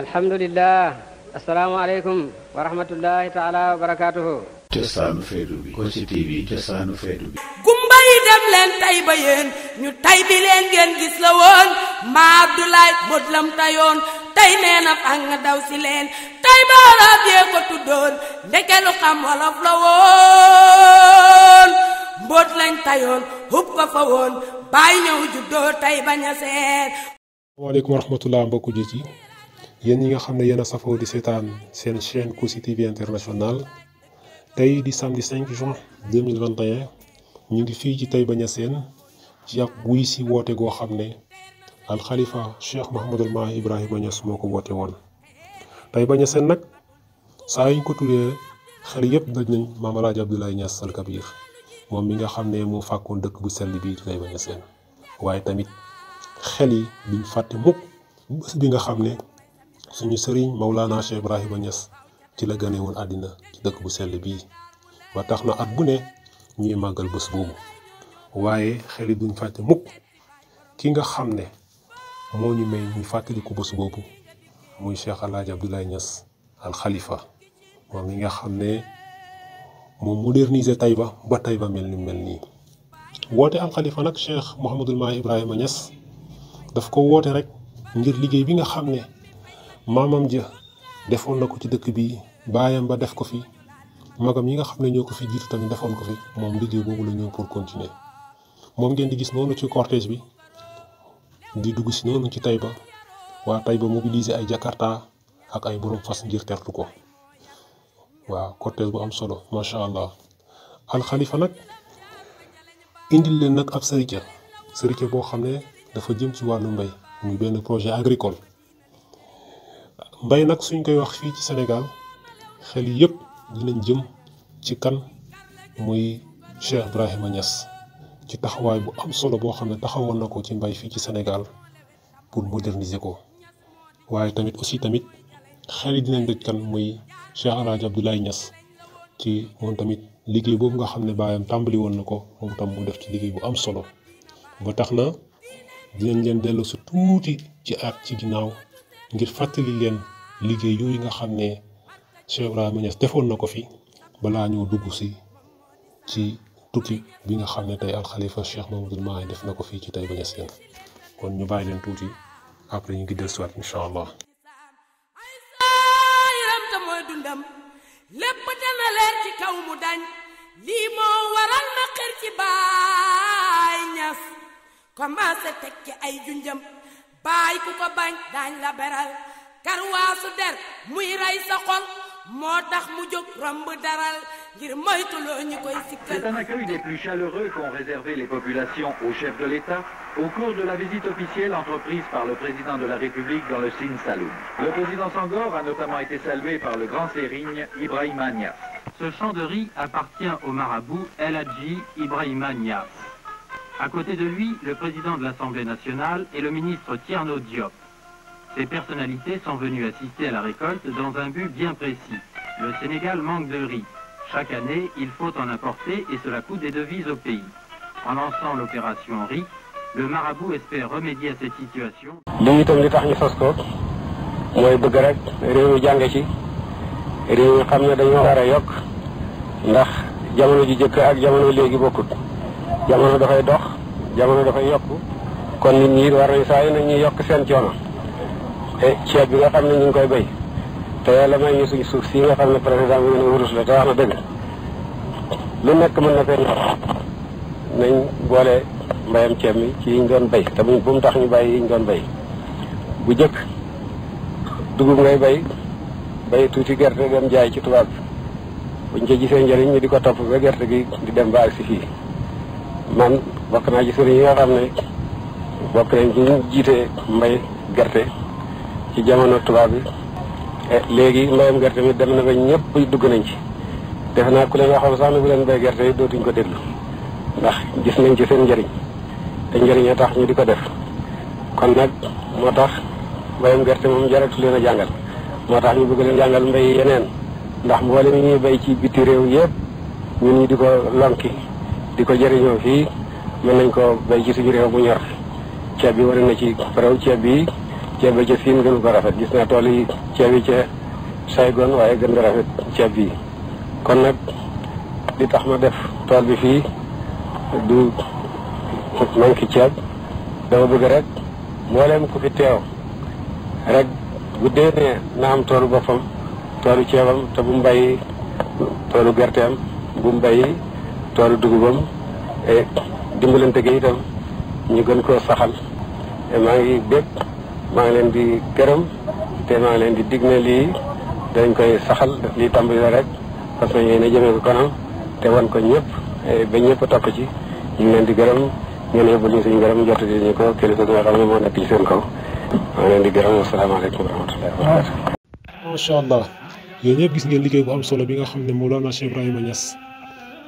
alhamdulilah asalaamualeykum wa rahmatullahi taala wa barakaatuhu cosaanu feetu bi Kossy TV cosaanu feetu bi gumba yi dem leen tay ba yéen ñu tay bi leen ngeen gis la woon ma Abdoulaye bët lam tayoon tey nee na fàng daw si leen tey baaraab yee ko tuddoon ndeke lu xam wolof la woon mbóot lañ tayoon hub ko fa woon bàyyi ñëw juddoo tey bañ a seet waaleykum mbokku nit yéen yi nga xam ne yéen a safoo di seetaan seen chaîne Kossy TV international tey di samedi 5 juin 2021 ñu ngi fii ci Taïba Niassène ci ab wuy si woote goo xam ne alxalifa Cheikh Mouhamadul Mahi Ibrahima Niass moo ko woote woon. Taïba Niassène nag saa yuñ ko tuddee xel yëpp daj nañ maam El Hadj Abdoulaye Niass Al moom mi nga xam ne moo fàkkoon dëkk bu sell bii di Taïba Niassène waaye tamit xel yi duñ fàtte mukk bés bi nga xam ne. suñu sëriñ Maulana Cheikh Ibrahima Niass ci la gane won adina ci dëkk bu sel bi ba taxna at bu ne ñuy màggal bés boobu waaye xeli duñ fàtte mukk ki nga xam ne moo ñu may ñu fàttaliku bés boobu muy Cheikh El Hadj Abdoulaye Niass al Khalifa moom mi nga xam ne moom moderniser Taïba ba Taïba mel ni mel nii. woote al Khalifa nag Cheikh Mouhamadul Mahi Ibrahima Niass daf ko woote rek ngir liggéey bi nga xam ne. maamam ja defoon na ko ci dëkk bi baayam ba def ko fi magam yi nga xam ne ñoo ko fi jiitu tamit defoon ko fi moom liggéey boobu la ñëw pour continuer moom ngeen di gis noonu ci cortège bi di dugg si noonu ci Taïba waa Taïba mobiliser ay jakarta ak ay borom fas ngir tertu ko waaw cortège bu am solo macha allah alxalifa nag indil leen nag ab sarica sarica boo xam ne dafa jëm ci wàllu mbay muy benn projet agricole mbay nag suñ koy wax fii ci Sénégal xel yëpp dinañ jëm ci kan muy Cheikh Ibrahima Niass ci taxawaay bu am solo boo xam ne taxawoon na ko ci mbay fii ci Sénégal pour moderniser ko waaye tamit aussi tamit xel yi dinañ dëj kan muy Cheikh El Hadj ñas ci moom tamit liggéey boobu nga xam ne baayam tàmbali woon na ko moom tam mu def ci liggéey bu am solo ba tax na dinañ leen dellu su tuuti ci aat ci ginnaaw. ngir fàttali leen liggéey yooyu nga xam ne Cheikh Ibrahima defoon na ko fi balaa ñoo dugg si ci tukki bi nga xam ne tey alxalifa Cheikh Mamadou Mahi def na ko fii ci Taïba Niassène kon ñu bàyyi leen tuuti après ñu ngi dellusiwaat incha allah. lépp dana leer ci kaw mu dañ lii moo waral na xër ci baay ñas commencé teg ay junjam C'est un accueil des plus chaleureux qu'ont réservé les populations au chef de l'État au cours de la visite officielle entreprise par le président de la République dans le SIN Saloum. Le président Sangor a notamment été salué par le grand sérigne Ibrahima Niass. Ce champ de riz appartient au marabout El Hadji Ibrahima à côté de lui, le président de l'Assemblée nationale et le ministre Thierno Diop. Ces personnalités sont venues assister à la récolte dans un but bien précis. Le Sénégal manque de riz. Chaque année, il faut en apporter et cela coûte des devises au pays. En lançant l'opération riz, le marabout espère remédier à cette situation. jamono dafay dox jamono dafay yokk kon nit ñi war nañ saa yu ne ñuy yokk seen coono te ceeb bi nga xam ne ñu ngi koy bay te yàlla may ngi suñ suuf si nga xam ne président bi ne wurus la te wax na dëgg lu nekk mën na fee nañ boole mbayam ceeb mi ci yiñ doon béy te bu mu tax ñu bàyyi yiñ doon bay bu jëkk dugub ngay bay bay tuuti gerte dem jaay ci tubaab bi buñ ca gisee njëriñ ñu di ko topp ba gerte gi di dem ba ak si fii man bokk naa ci sëriñ yi nga xam ne bokk nañ ci ñu jiite mbay gerte ci jamono tubaab bi eh, léegi mbayam gerte mi dem na ba ñëpp dugg nañ ci def naa ku leen waxoon sax ne bu leen bay gerte yi dootuñ ko déglu ndax gis nañ ci seen njëriñ te njëriñoo tax ñu di ko def kon nag moo tax mbayam gerte moom jaratu leen a jàngal moo tax ñu bëgg leen jàngal mbay yeneen ndax mboolem yi ñuy bay ci biti réew yëpp ñun ñu di ko lonki diko ko fi mën nañ ko bay ci suñu rew bu ñor ceeb bi waré na ci raw ceeb bi ceeb ba ci siin gën ko rafet gis naa tool yi ceeb yi ca saygon waaye gën nga rafet ceeb bi kon nak li tax ma def tol bi fi du manki ceeb dama bëgg rek mbooleem ku fi tew rek bu dee ne na am tolu boppam toolu ceebam te bu mu tolu toolu bu mu toolu dugubam e dimbalante gi itam ñu gën koo saxal e maa ngi bég maa ngi leen di gërëm te maa ngi leen di dig ne lii dañ koy saxal daf lii tàmbali rek parce que yéen a jëmee ko kanam te wan ko ñëpp e ba ñëpp topp ci ñu leen di gërëm ngeen yóbbal ñu suñu gërëm jot ñu ko kilifa gi nga xam ne moo nekk ci seen kaw maa ngi leen di gërëm asalaamaaleykum wa rahmatullahi wa barakatu macha allah gis ngeen liggéey bu am solo bi nga xam ne Mawlana Cheikh Ibrahima Niass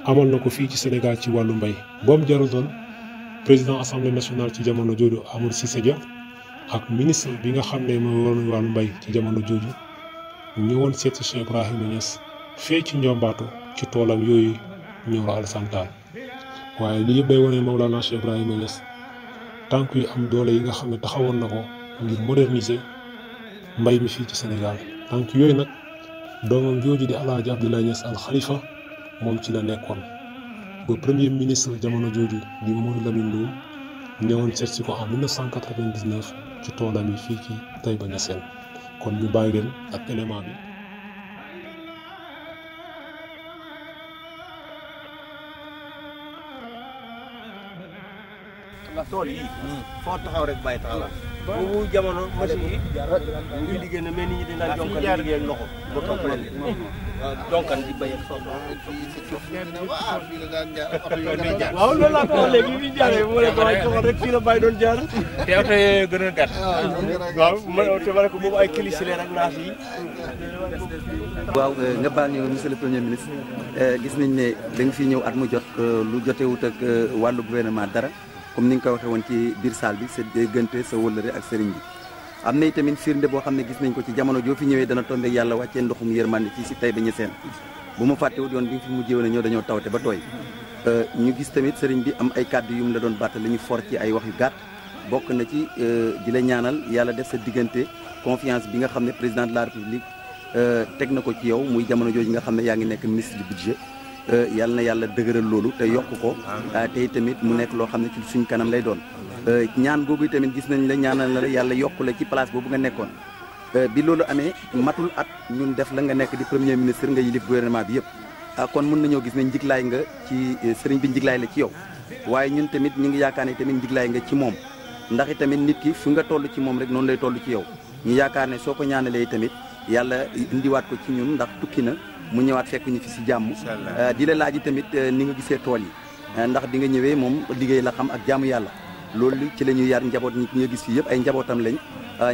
amal na ko fii ci Sénégal ci wàllu mbay moom jarutoon président assemblée nationale ci jamono jooju amul Cissé Dia ak ministre bi nga xam ne mooy waroon mbay ci jamono jooju ñëwoon seeti Cheikh Ibrahima Niass fee ci njombaatu ci toolam yooyu ñëw la Alassane Tall waaye li ay day wane Mawlana Cheikh Ibrahima Niass tànk yi am doole yi nga xam ne taxawoon na ko ngir moderniser mbay mi fii ci Sénégal tànk yooyu nag doomam jooju di Alaaji Abdoulaye Niass al Khalifa moom ci la nekkoon ba premier ministre jamono jooju di Mamadou Lamine Loum ñëwoon seet ko en ci toolam yi fii ci Taïba Niassène kon ñu bàyyi leen ak élément bi. taxaw rek boobu jamono machine yi ñuy liggéey na ba topp leen jonkan di béy waaw loolu laa ko wax bi jaaree mu ne ko wax soxla la bàyyi doon jaar te oto yee gën a gàtt waaw ma ne ko boobu ay kilisi leen ak naas yi waaw eh, nga baal ñu monsieur le premier ministre eh, gis nañ ne da nga fi ñëw at mu jot eh, lu jotewut ak wàllu gouvernement dara comme ni nga ko waxee ci biir saal bi sa déggante sa wëllëre ak sëriñ bi am na tamit firnde boo xam ne gis nañ ko ci jamono joo fi ñëwee dana tombe yàlla wàccee ndoxum yërmande fii si Taïba Niassène bu ma fàttewut yoon bi nga fi mujjee woon ñoo dañoo taw te ba tooy ñu gis tamit sëriñ bi am ay kàddu yu la doon bàtt la ñu for ci ay wax yu gàtt bokk na ci euh, di la ñaanal yàlla def sa diggante confiance bi nga xam ne président de la république euh, teg na ko ci yow muy jamono jooju nga xam ne yaa ngi nekk ministre du budget yal na yàlla dëgëral loolu te yok ko te tamit mu nek lo xamne ci suñu kanam lay doon ñaan googu tamit gis nañ la ñaanal la yalla yok la ci place bobu nga nekkon bi lolu amé matul at ñun def la nga nekk di premier ministre nga yilif gouvernement bi yëpp kon mën nañu gis nañ njiglaay nga ci sëriñ bi njiglaay la ci yow waye ñun tamit ñi ngi yakane tamit njiglaay nga ci mom ndax tamit nit ki fu nga tollu ci mom rek non lay tollu ci yow ñi yakane soko soo tamit yalla indi wat ko ci ñun ndax tukki na mu ñëwaat fekk ñu fi si jàmm euh, di la laaj tamit euh, ni nga gisee tool yi euh, ndax di nga ñëwee moom liggéey la xam ak jaamu yàlla loolu ci la ñuy yar njaboot ñi nga gis fi yëpp ay njabootam lañ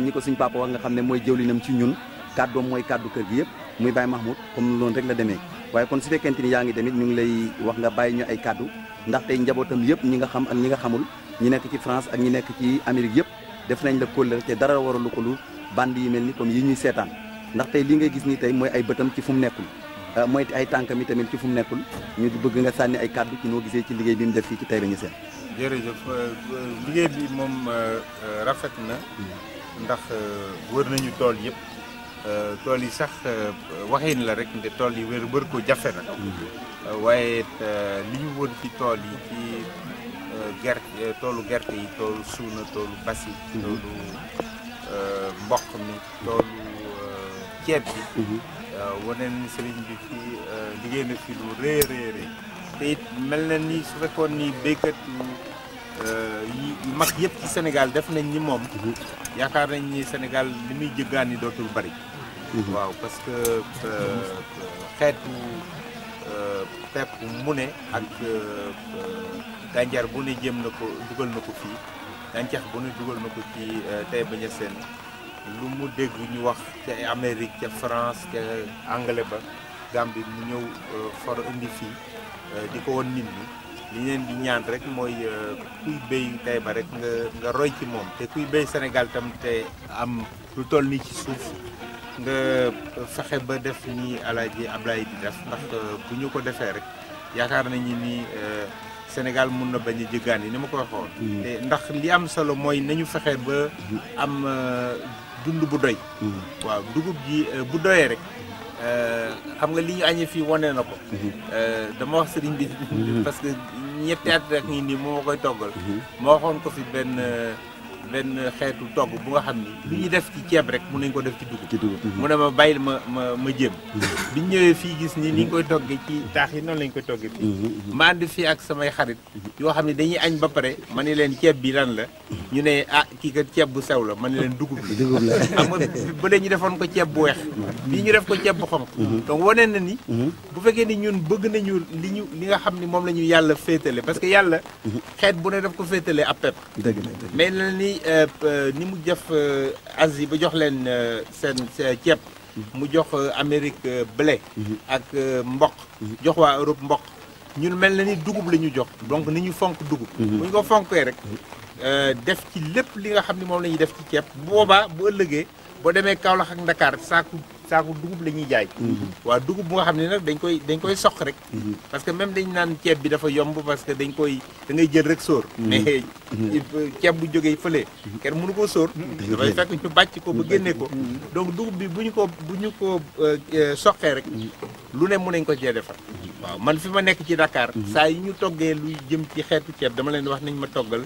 ñi ko suñ papa wax nga xam ne mooy jëwlinam ci ñun kàddoom mooy kàddu kër gi yëpp muy Baye Mahmoud comme noonu rek la demee waaye kon su fekkente ni yaa ngi tamit ñu ngi lay wax nga bàyyi ñu ay kàddu ndax tey njabootam yëpp ñi nga xam ak ñi nga xamul ñi nekk ci France ak ñi nekk ci Amérique yëpp def nañ la kóllëre te dara waralu ko lu band yi mel ni comme yi ñuy seetaan ndax li ngay gis ni tey mooy ay bëtam ci fu mu nekkul Euh, mooy ay tànkam yi tamit ci fu mu nekkul ñu bëgg nga sànni ay kàddu ci noo gisee ci liggéey bi mu def fii ci Taïba Niassène. jërëjëf euh, euh, liggéey bi moom rafet na hmm. ndax wër nañu tool yëpp tool yi sax waxin la rek nde tool yi wër wër ko jafe na hmm. waaye li ñu wër ci tool yi ci gerte toolu gerte yi toolu suuna toolu basi hmm. toolu mboq mi toolu ceeb bi Euh, wane na sëriñ bi fii euh, liggéey na fi lu rëy rëy rëy mel na ni su fekkoon ni béykat yi euh, mag yëpp ci Sénégal def nañ ni moom mhm. yaakaar nañ ni Sénégal li muy jëggaan dootul bari mhm. waaw parce que xeetu pepp mu ne ak gànjar bu ne jéem na ko dugal na ko fii gàncax bu ne dugal na ko ci Taïba Niassène lu mu dégg ñu wax ca Amérique ca France ca anglais ba Gambie mu ñëw euh, for indi fii euh, di ko woon nit ñi li leen di ñaan rek mooy euh, kuy béy tey ba rek nga roy ci moom te kuy béy Sénégal tam te am lu toll nii ci suuf nga fexe ba def ni Alaaji Ablaye di def ndax bu ñu ko defee rek yaakaar nañu ni Sénégal mun na bañ a yi ni ma ko waxoon. Mm. ndax li am solo mooy nañu fexe ba mm. am. dund bu doy mm-hmm. waaw dugub ji euh, bu doyee rek euh, xam nga li ñu añee fii wane na ko mm-hmm. euh, dama wax sëriñ bi mm-hmm. parce que ñetti at rek nii nii moo koy toggal moo waxoon ko fi benn benn xeetu togg bu nga xam ni lu ñu def ci ceeb rek mun nañ ko def ci dugub mhm. mu ne ma bàyyil ma ma ma bi mhm. biñ ñëwee fii gis nii ni ñu koy toggee ci mhm. taax yi noonu lañ koy toggee fii ma ànd fii ak samay xarit yoo xam ne dañuy añ ba pare ma ne leen ceeb bi lan la ñu ne ah kii kat ceeb bu sew la ma ne leen dugub la dugub la xam nga ba dee ñu defoon ko ceeb bu weex fii ñu def ko ceeb bu xonq donc wonee na ni bu fekkee ni ñun bëgg nañu li ñu li nga xam ne moom la ñu yàlla féetale parce que yàlla xeet bu ne def ko féetale ab pepp mais na tey eh, eh, ni mu jëf eh, Asie ba jox leen seen ceeb mu jox Amérique blé mhm. ak mboq mhm. jox waa Europe mboq ñun mel na ni dugub la ñu jox donc mhm. ni ñu fonk dugub bu ñu ko fonkee rek def ci lépp li nga xam ni moom la ñuy def ci ceeb boobaa bu ëllëgee boo demee Kaolack ak Ndakaar saaku saaku dugub la ñuy jaay mhm. waaw dugub bu nga xam ne nag dañ koy dañ koy soq rek mhm. parce que même dañ naan ceeb bi dafa yomb parce que dañ koy da ngay jël rek sóor mhm. mais ceeb bu jógee fële kenn mënu koo sóor dafay fekk ñu bàcc ko ba génne ko donc dugub bi bu ñu ko bu ñu ko euh, euh, soqee rek lu ne mën nañ ko cee defar waaw man fi ma nekk ci dakaar saa yi ñu toggee luy jëm ci xeetu ceeb dama leen wax nañ ma toggal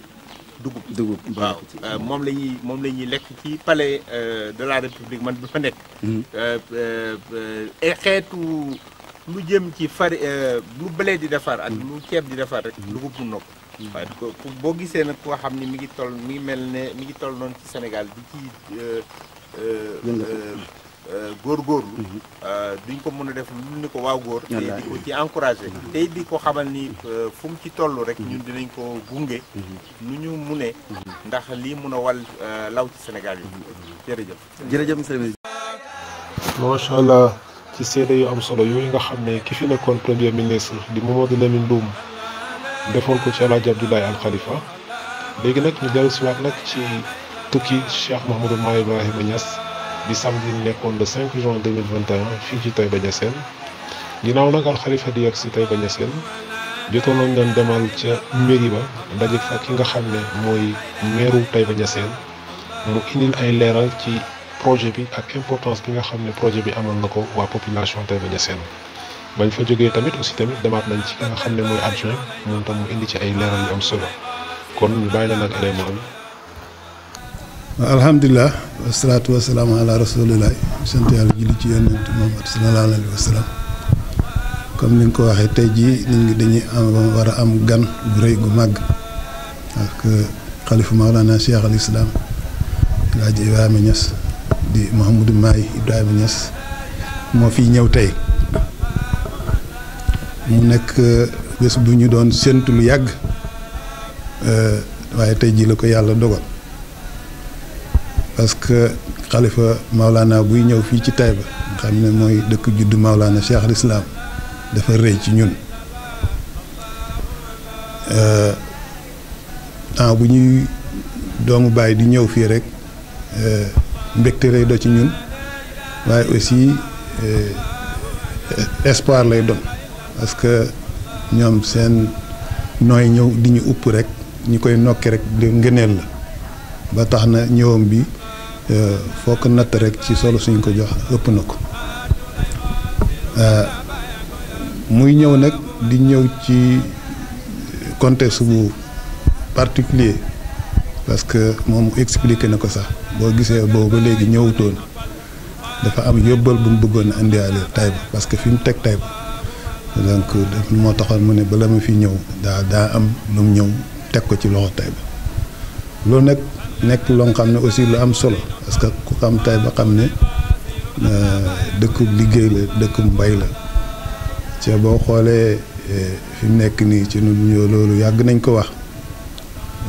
dugub dugub waaw euh, moom la palais euh, de la république man bi fa nekk mhm. euh, xeetu lu jëm ci fari lu blé di defar ak mhm. lu ceeb di defar rek mhm. dugub bu boo gisee nag koo mi ngi mi mi Sénégal ci góor góorgóorlu mhm. euh, duñ ko mën a def lu ni ko waaw góor te di ko ci encouragé mhm. tey di ko xamal ni euh, fu ci toll rek mhm. ñun dinañ ko gunge nu ñu ne ndax lii mun a wal euh, law ci Sénégal yi jërëjëf jërëjëf monsieur le ministre macha allah ci seede yu am solo yooyu nga xam ne ki fi nekkoon premier ministre di Mamadou Lamine Loum defoon ko ci El Hadj Abdoulaye Al Khalifa léegi nag ñu dellu siwaat nag ci tukki Cheikh Mouhamadou Mahi Ibrahima Niass di samedi nekkoon le 5 juin 2021 fii ci Taïba Niassène ginnaaw nag al xalifa di yegg si Taïba Niassène jotoon nañ leen demal ca mairie ba daje fa ki nga xam ne mooy meeru Taïba Niassène mu indil ay leeral ci projet bi ak importance ki nga xam ne projet bi amal na ko waa population Taïba Niassène bañ fa jógee tamit aussi tamit demaat nañ ci nga xam ne mooy adjoint moom tam mu indi ci ay leeral yu am solo kon ñu bàyyi la nag élément bi alhamdulillah wassalatu wassalamu ala rasulillah sant yalla julli ci yonent muhammad sallallahu alaihi wasallam comme ni ko waxe tay ji ni ngi dañuy am wara am gan bu reuy gu mag ak khalifa maulana cheikh al islam laaji wa di mohamadou may ibrahim niass mo fi ñew tay mu nek euh, bes bu ñu doon sentu lu yag euh waye tay ji lako yalla dogal parce que xalifa Maolana buy ñëw fii ci Taïba xam ne mooy dëkk juddu Maolana Cheikh al dafa rëy ci ñun euh, temps bu ñuy doomu bàyyi di ñëw fii rek euh, mbégte lay do ci ñun waaye aussi euh, espoir lay doon parce que ñoom seen nooy ñëw di ñu upp rek ñu koy nokki rek ngëneel la ba tax na ñëwoom bi Euh, foo natt rek ci solo suñu ko jox ëpp na ko euh, muy ñëw nag di ñëw ci contexte bu particulier parce que moom expliqué na ko sax boo gisee boobu léegi ñëwutoon dafa am yóbbal bu mu bëggoon a indiwaale Taïba parce que fi mu teg Taïba donc moo taxoon mu ne bala ma fi ñëw daa daa am lu mu ñëw teg ko ci loxo Taïba loolu nag. nekk loo nga xam ne aussi lu am solo parce que ku xam tay ba xam ne euh, dëkkub liggéey la bu mbay la ci boo xoolee euh, fi mu nekk nii ci ñun ñoo loolu yàgg nañ ko wax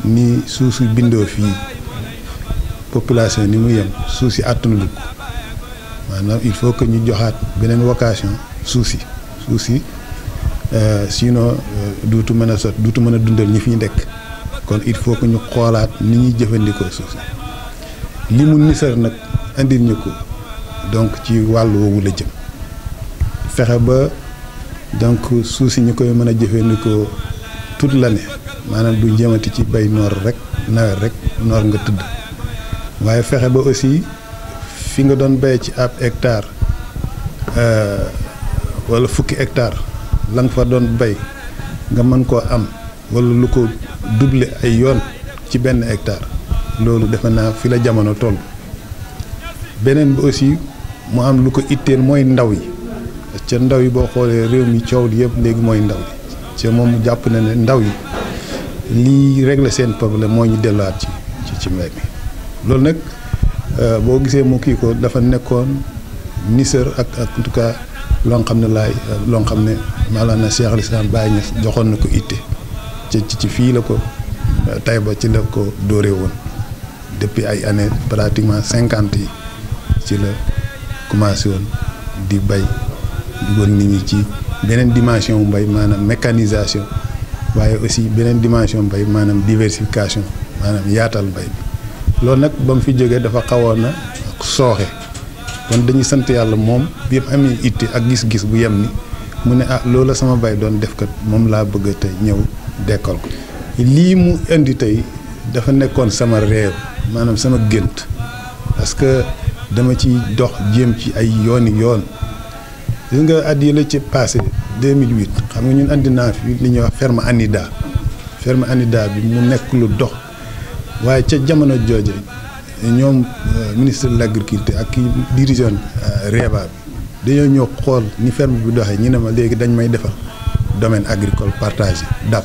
ni suuf si bindoo fii population ni mu yem suuf si àttanul ko maanaam il faut que ñu joxaat beneen vocation suuf si suuf si euh, sinon duutu mën a sot duutu mën a dundal ñi fi ñu nekk. kon il faut que ñu xoolaat ni ñuy jëfandikoo suuf si li mu nisar nag indil ñu ko donc ci wàll woowu la jëm fexe ba donc suuf si ñu koy mën a jëfandikoo la ne maanaam du jëmati ci bay noor rek nawet rek noor nga tëdd waaye fexe ba aussi fi nga doon bay ci ab hectare euh, wala fukki hectare lan fa doon bay nga mën koo am wala lu ko doubler ay yoon ci benn hectare loolu defe naa fi la jamono toll beneen bi aussi mu am lu ko itteel mooy ndaw yi ca ndaw yi boo xoolee réew mi coow li yëpp léegi mooy ndaw yi ca moom jàpp na ne ndaw yi lii régler seen problème moo ñu delluwaat ci ci ci mbay mi loolu nag euh, boo gisee mu kii ko dafa nekkoon niseur ak ak en loo xam ne laay loo xam ne maanaam Cheikh al Islam Baye Niass joxoon na ko itte. ci ci fii la ko euh, Taïba ci la ko dóoree woon depuis ay années pratiquement cinquante yi ci la commencé woon di bay di woon ci beneen dimension bu mbay maanaam mécanisation waaye aussi beneen dimension mbay maanaam diversification maanaam yaatal mbay loolu nag ba mu fi jógee dafa xawoon na sooxe kon dañuy sant yàlla moom bi mu amee itti ak gis-gis bu yem ni mu ne ah loolu sama bay doon def ko moom laa bëgg a tey ñëw dekkal Li mu indi tay dafa nekkoon sama réew manam sama gént parce que dama ci dox jëm ci ay yoni yoon gis nga at yi la ci passé 2008 xam nga ñun andi naa fi li ñuy wax ferme Anida ferme Anida bi mu nekk lu dox waaye ca jamono jooje ñoom euh, ministre de l'agriculture ak ki dirigeant euh, bi dañoo ñëw xool ni ferme bi doxee ñu ne ma léegi dañ may defal domaine agricole partagé dab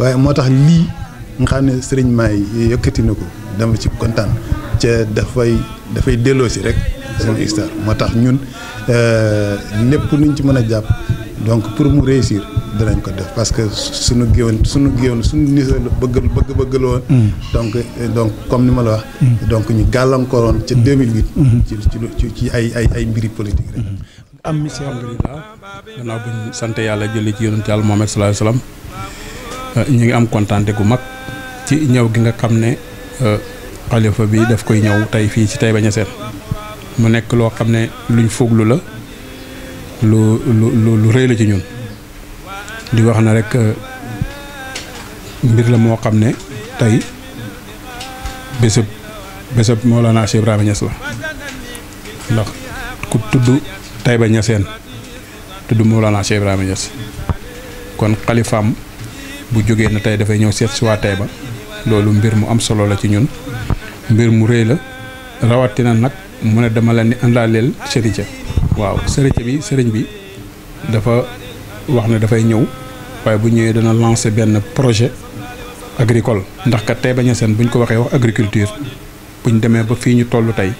waaye moo tax lii nga xam ne sëriñ maay yëkkati na ko dama ci kontaan ca dafay dafay delloosi rek seen histoire moo tax ñun euh, lépp ñu ci mën a jàpp donc pour mu réussir dinañ ko def parce que suñu géwoon suñu géwoon suñu nisal bëgg bëgg bëgg la mm. donc euh, donc comme ni ma la wax mm. donc ñu gàllankooroon ca 2008 mm. mm-hmm. ci ci ci ay ay ay mbiri politique rek mm-hmm. am misi alhamdulilah gannaaw bu ñu sant yàlla jële ci yonente yàlla Muhammad sallallahu alayhi Euh, ñu ngi am kontaante gu mag ci ñëw gi nga xam ne euh, xalifa bi daf koy ñëw tey fii ci Taïba Niassène mu nekk loo xam ne luñ fooglu la lu lu lu rëy la ci ñun di wax na rek euh, mbir la moo xam ne tey bésëb bésëb Mawlana Cheikh Ibrahima Niass la ndax ku tudd Taïba Niassène tudd Mawlana Cheikh Ibrahima Niass kon xalifaam bu jógee na tey dafay ñëw seet si waa Taïba loolu mbir mu am solo la ci ñun mbir mu rëy la rawatina nag mu ne dama leen di àndaaleel sëriñ waaw sëriñ bi sëriñ bi dafa wax ne dafay ñëw waaye bu ñëwee dana lancer benn projet agricole ndax kat Taïba Niassène bu ñu ko waxee wax agriculture bu ñu demee ba fii ñu toll tey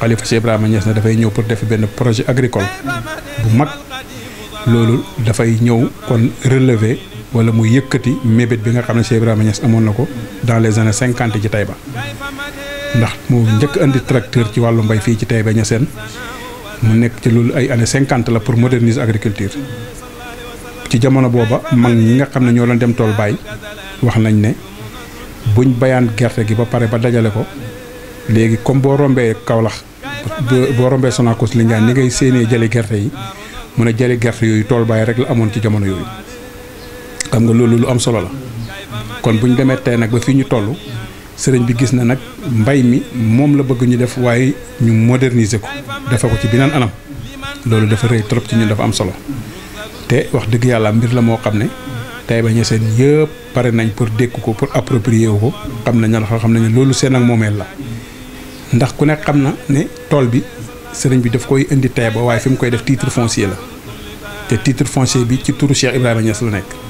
Khalifa Cheikh Ibrahima Niass ne dafay ñëw pour def benn projet agricole bu mag loolu dafay ñëw kon relever. wala mu yëkkati mébét bi nga xam ne Cheikh Ibrahima Niass amoon na ko dans les années 50 ci Taïba ndax moo njëkk andi tracteur ci wàllu mbay fii ci Taïba Niassène mu nekk ci loolu ay années 50 la pour moderniser agriculture ci jamono booba mag ñi nga xam ne ñoo doon dem tool bàyyi wax nañ ne buñ bayaan gerte gi ba pare ba dajale ko léegi comme boo rombee Kaolack boo rombee Sonacos li ngaan ni ngay séenee jëli gerte yi mu ne jëli gerte yooyu tool bàyyi rek la amoon ci jamono yooyu xam nga loolu lu am solo la kon bu ñu demee tey nag ba fii ñu toll sëriñ bi gis na nag mbay mi moom la bëgg ñu def waaye ñu moderniser ko dafa ko ci beneen anam loolu dafa rëy trop ci ñun dafa am solo te wax dëgg yàlla mbir la moo xam ne tey ba ñeseen yëpp pare nañ pour dékk ko pour approprier ko xam nañ la xam nañ loolu seen ak moomeel la ndax ku nekk xam na ne tool bi sëriñ bi daf koy indi tey ba waaye fi mu koy def titre foncier la te titre foncier bi ci turu Cheikh Ibrahima Niass la nekk.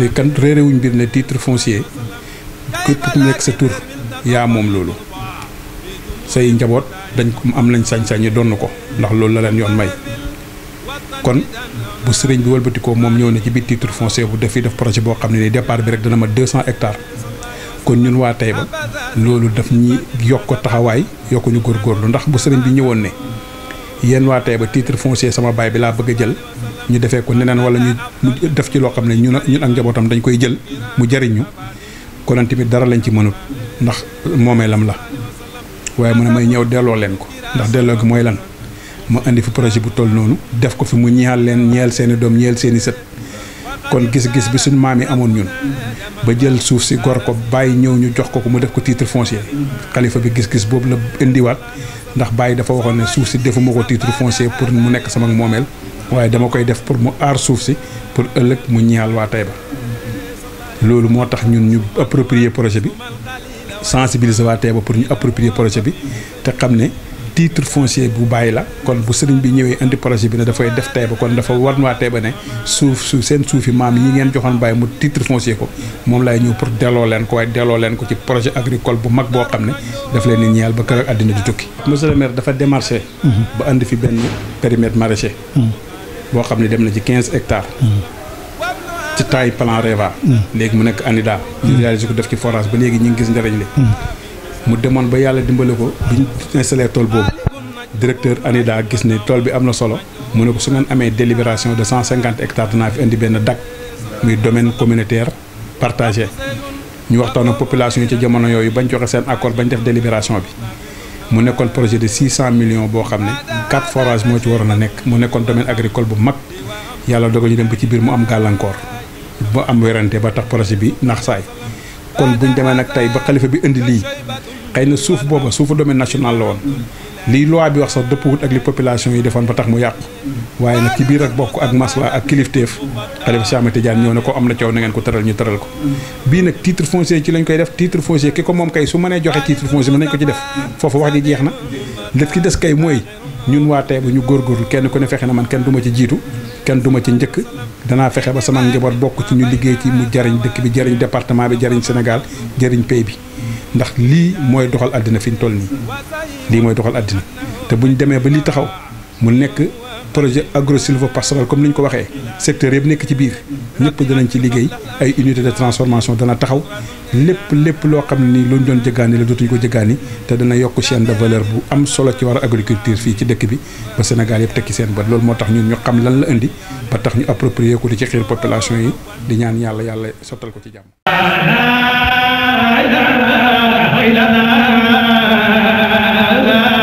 te kan réerewuñ mbir ne titre foncier képp ku nekk sa tur yaa moom loolu say njaboot dañ ko am nañ sañ-sañ ñu donn ko ndax loolu la leen yoon may kon bu sëriñ bi wëlbatikoo moom ñëw na ci biir titre foncier bu def fi def projet boo xam ne ni départ bi rek dana ma 200 hectares kon ñun waa Taïba loolu daf ñi yokk ko taxawaay yokk ñu góorgóorlu ndax bu sëriñ bi ñëwoon ne yéen waa ba titre foncier sama baay bi laa bëgg jël ñu defee ko neneen wala ñu mu def ci loo xam ne ñun ak ñun ak njabootam dañ koy jël mu jariñu konoon tamit dara lañ ci mënut ndax moomeelam la waaye mu ne may ñëw delloo leen ko ndax delloo ko mooy lan ma indi fi projet bu toll noonu def ko fi mu ñaal leen ñeel seeni doom ñeel seeni sët kon gis-gis bi suñ maam yi amoon ñun ba jël suuf si gor ko bàyyi ñëw ñu jox ko ko mu def ko tiitre foncier xalifa bi gis-gis boobu la indiwaat ndax bàyyi dafa waxoon ne suuf si defuma ko titre foncier pour mu nekk sama moomeel waaye dama koy def pour mu aar suuf si pour ëllëg mu ñaal waa Taïba loolu moo tax ñun ñu approprier projet bi sensibiliser waa Taïba pour ñu approprier projet bi te xam ne titre foncier bu bàyyi la kon bu sëriñ bi ñëwee indi projet bi ne dafay def Taïba kon dafa war waa Taïba ne suuf su seen suufi maam yi ngeen joxoon bàyyi mu titre foncier ko moom lay ñëw pour delloo leen ko waaye delloo leen ko ci projet agricole bu mag boo xam ne daf leen di ñeel ba kër ak àddina di tukki monsieur le maire dafa démarché mm-hmm. ba andi fi benn périmètre maraîcher mm-hmm bo xamné dem na ci 15 hectares. ci taay plan REVA. légui mu nek ANIDA. ñu réalisé ko def ci forage ba légui ñi ngi gis njëriñ li. mu demoon ba yalla dimbalé ko. bi ñu installé tool boobu. directeur ANIDA gis né tol bi amna solo. mu ne ko su ngeen amee délibération de 150 hectares dinaa fi indi benn DAC. muy domaine communautaire partagé. ñu waxtaan ak population yi ci jamono yooyu bañ joxe seen accord bañ def délibération bi. mu nekkoon projet de 600 millions boo xam ne quatre forages moo ci waroon a nekk mu nekkoon domaine agricole bu mag yàlla dogal ñu dem ba ci biir mu am gàllankoor ba am werante ba tax projet bi nax saay kon buñ demee nag tey ba xalifa bi indi lii xëy na suuf booba suufu domaine national la woon lii loi bi wax sax dëppwut ak li population yi defoon ba tax mu yàqu waaye na ci biir ak bokk ak masla ak kilifteef xalifa Cheikh Ahmed Tidiane ñëw ne ko am na coow na ngeen ko tëral ñu tëral ko bii nag titre foncier ci lañ koy def titre foncier ki ko moom kay su mënee joxe titre foncier mën nañ ko ci def foofu wax ji jeex na lépp ki des kay mooy ñun waa Taïba ñu góorgóorlu kenn ku ne fexe na man kenn du ma ci jiitu duma ci njëkk danaa fexe ba sama njaboot bokk ci ñu liggéey ci mu jariñ dëkk bi jariñ département bi jariñ Sénégal jariñ pays bi ndax lii mooy doxal àddina fi ñu toll nii lii mooy doxal àddina te bu ñu demee ba lii taxaw mu nekk projet agro-sylvo-pastoral comme ni ñu ko waxee secteur yëpp nekk ci biir ñëpp danañ ci liggéey ay unité de transformation dana taxaw lépp lépp loo xam ne nii lu doon jëggaani la dootuñu ko jëggaani te dana yokk chaîne de valeur bu am solo ci war a agriculture fii ci dëkk bi ba Sénégal yëpp tekki seen bët loolu moo tax ñun ñu xam lan la indi ba tax ñu approprier ko di ci xiir population yi di ñaan yàlla yàlla ko ci jàmm إله إلا أنت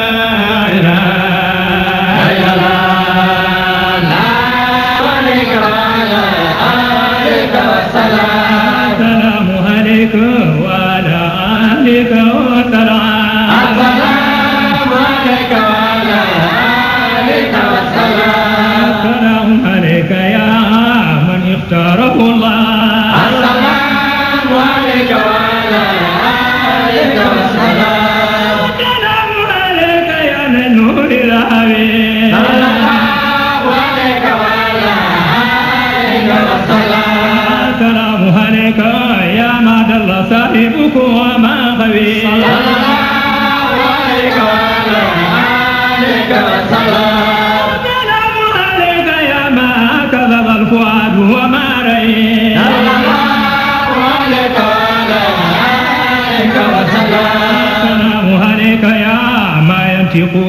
You.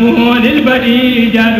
جهود البديجة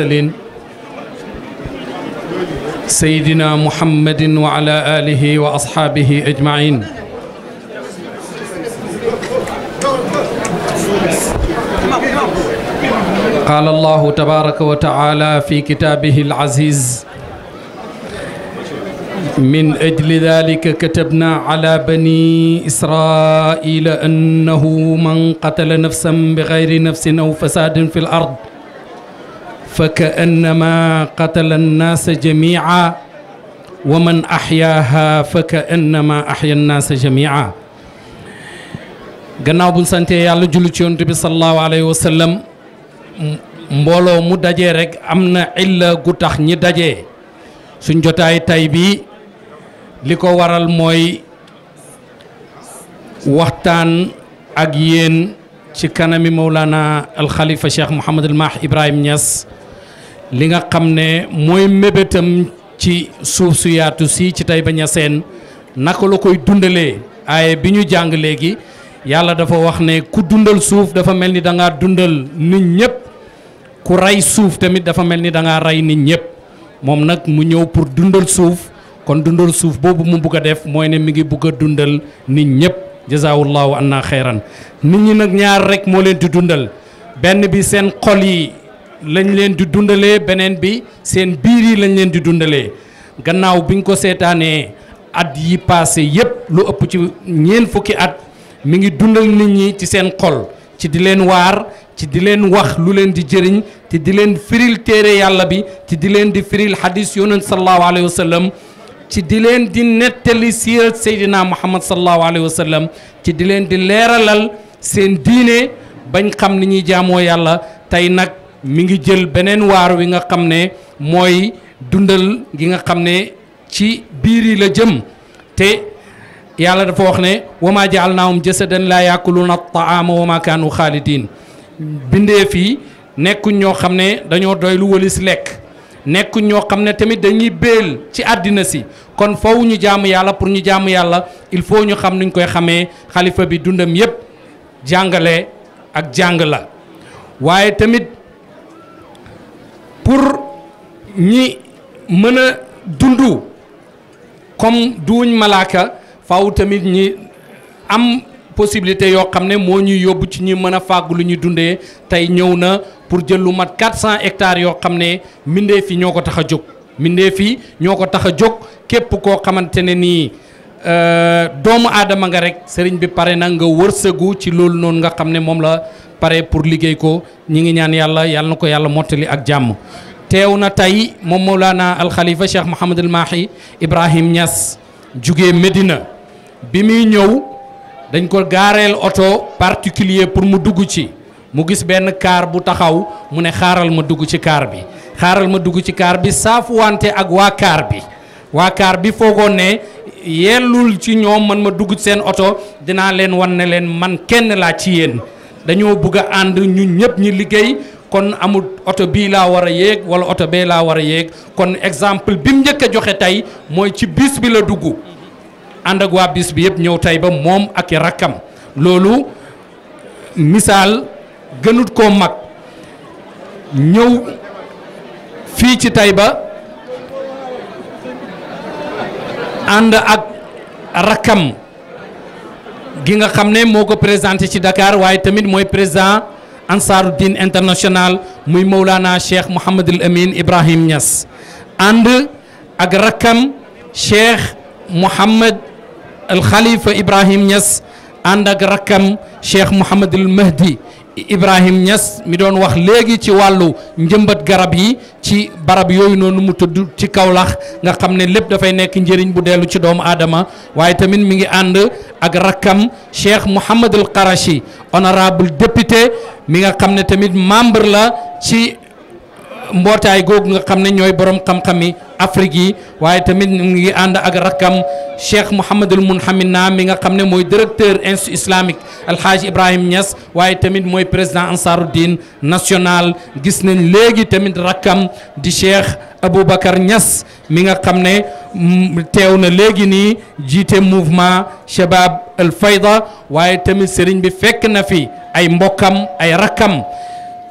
المرسلين سيدنا محمد وعلى آله وأصحابه أجمعين قال الله تبارك وتعالى في كتابه العزيز من أجل ذلك كتبنا على بني إسرائيل أنه من قتل نفسا بغير نفس أو فساد في الأرض فكأنما قتل الناس جميعا ومن أحياها فكأنما أحيا الناس جميعا غناو بن سانتي يالا جولي تي صلى الله عليه وسلم مبولو مو داجي امنا الا غو تخ ني تايبي سون جوتاي تاي ليكو وارال موي وقتان اك يين سي مولانا الخليفه شيخ محمد الماح ابراهيم نياس li nga xam ne mooy mébétam ci suuf su yaatu si ci Taïba Niassène naka la koy dundalee aaye bi ñu jàng léegi yàlla dafa wax ne ku dundal suuf dafa mel ni da ngaa dundal nit ñëpp ku rey suuf tamit dafa mel ni da rey nit ñëpp moom nag mu ñëw pour dundal suuf kon dundal suuf boobu mu bugg a def mooy ne mi ngi bugg a dundal nit ñëpp jazaawullahu anna xeyran nit ñi nag ñaar rek moo leen dundal benn bi seen xol yi lañ leen di dundale beneen bi seen biir yi lañ leen di dundalee gannaaw bi biñ ko seetaanee at yi passé yépp lu ëpp ci ñeent fukki at mi ngi dundal nit ñi ci seen xol ci di leen waar ci di leen wax lu leen di jëriñ te di leen firil téere yàlla bi ci di leen di firil hadis yonent sallallahu alayhi wa ci di leen di nettali siirat Seydina Muhammad sallallahu alayhi wa sallam ci di leen di leeralal seen diine bañ xam ni ñuy jaamoo yàlla tey nag mu ngi jël beneen waar wi nga xam ne mooy dundal gi nga xam ne ci biir yi la jëm te yàlla dafa wax ne wama jaalnaahum jasadan laa yaakuluna taama wama kaanu xaalidin bindee fii nekkuñ ñoo xam ne dañoo doy walis lekk nekkuñ ñoo xam ne tamit dañuy béel ci àddina si kon foofu ñu jàmm yàlla pour ñu jàmm yàlla il faut ñu xam nuñ koy xamee xalifa bi dundam yépp jàngale ak jàng la waaye tamit pour ñi mën a dund comme duuñ malaaka faaw tamit ñi am possibilité yoo xam ne moo ñuy yóbbu ci ñi mën a fàgg lu ñu dundee tey ñëw na pour jël lu mat 400 hectares yoo xam ne mbindee fi ñoo ko tax a jóg mbindee fi ñoo ko tax a jóg képp koo xamante ne nii Euh, doomu aadama nga rek sëriñ bi pare na nga wërsëgu ci loolu noonu nga xam ne moom la pare pour liggéey ko ñi ngi ñaan yàlla yàlla na ko yàlla mottali ak jàmm teew na tey moom laa Mawlana alxalifa Cheikh Mouhamadul Mahi Ibrahim ñas jóge Medina bi muy ñëw dañ ko gaareel oto particulier pour mu dugg ci mu gis benn kaar bu taxaw mu ne xaaral ma dugg ci kaar bi xaaral ma dugg ci kaar bi saafu wante ak waa kaar bi waa kaar bi foogoon ne yellul ci ñoom man ma dugg seen oto dinaa leen wan ne leen man kenn laa ci yéen dañoo bëgg a ànd ñu ñëpp ñi liggéey kon amul oto bii laa war a yéeg wala oto bee laa war a yéeg kon exemple bi mu njëkk joxe tey mooy ci bis bi la dugg ànd ak waa bis bi yëpp ñëw tey ba moom ak rakkam loolu misaal gënut koo mag ñëw fii ci Taïba ànd ak rakkam gi nga xam ne moo ko présenté ci Dakar waaye tamit mooy président Ansaruddin international muy Mawlana Cheikh Mouhamadul Amin Ibrahim Niass ànd ak rakkam Cheikh Mouhamad al Khalifa Ibrahim Niass ànd ak rakkam Cheikh Mouhamadul Mahdi. Ibrahim Niass mi doon wax léegi ci wàllu njëmbat garab yi ci barab yooyu noonu mu tudd ci Kaolack nga xam ne lépp dafay nekk njëriñ bu dellu ci doomu aadama waaye tamit mi ngi ànd ak rakkam Cheikh Mouhamadul Qarachi honorable député mi nga xam ne tamit membre la ci mbootaay googu nga xam ne ñooy borom xam-xami Afrique yi waaye tamit ñu ngi ànd ak rakkam Cheikh Mouhamadul Mounhamina mi nga xam ne mooy directeur institut islamique Alhaji Ibrahim ñas waaye tamit mooy président Ansaruddin national gis nañ léegi tamit rakkam di Cheikh Aboubacar ñas mi nga xam ne mm, teew na léegi nii jiite mouvement Shabab al Fayda waaye tamit sëriñ bi fekk na fi ay mbokkam ay rakkam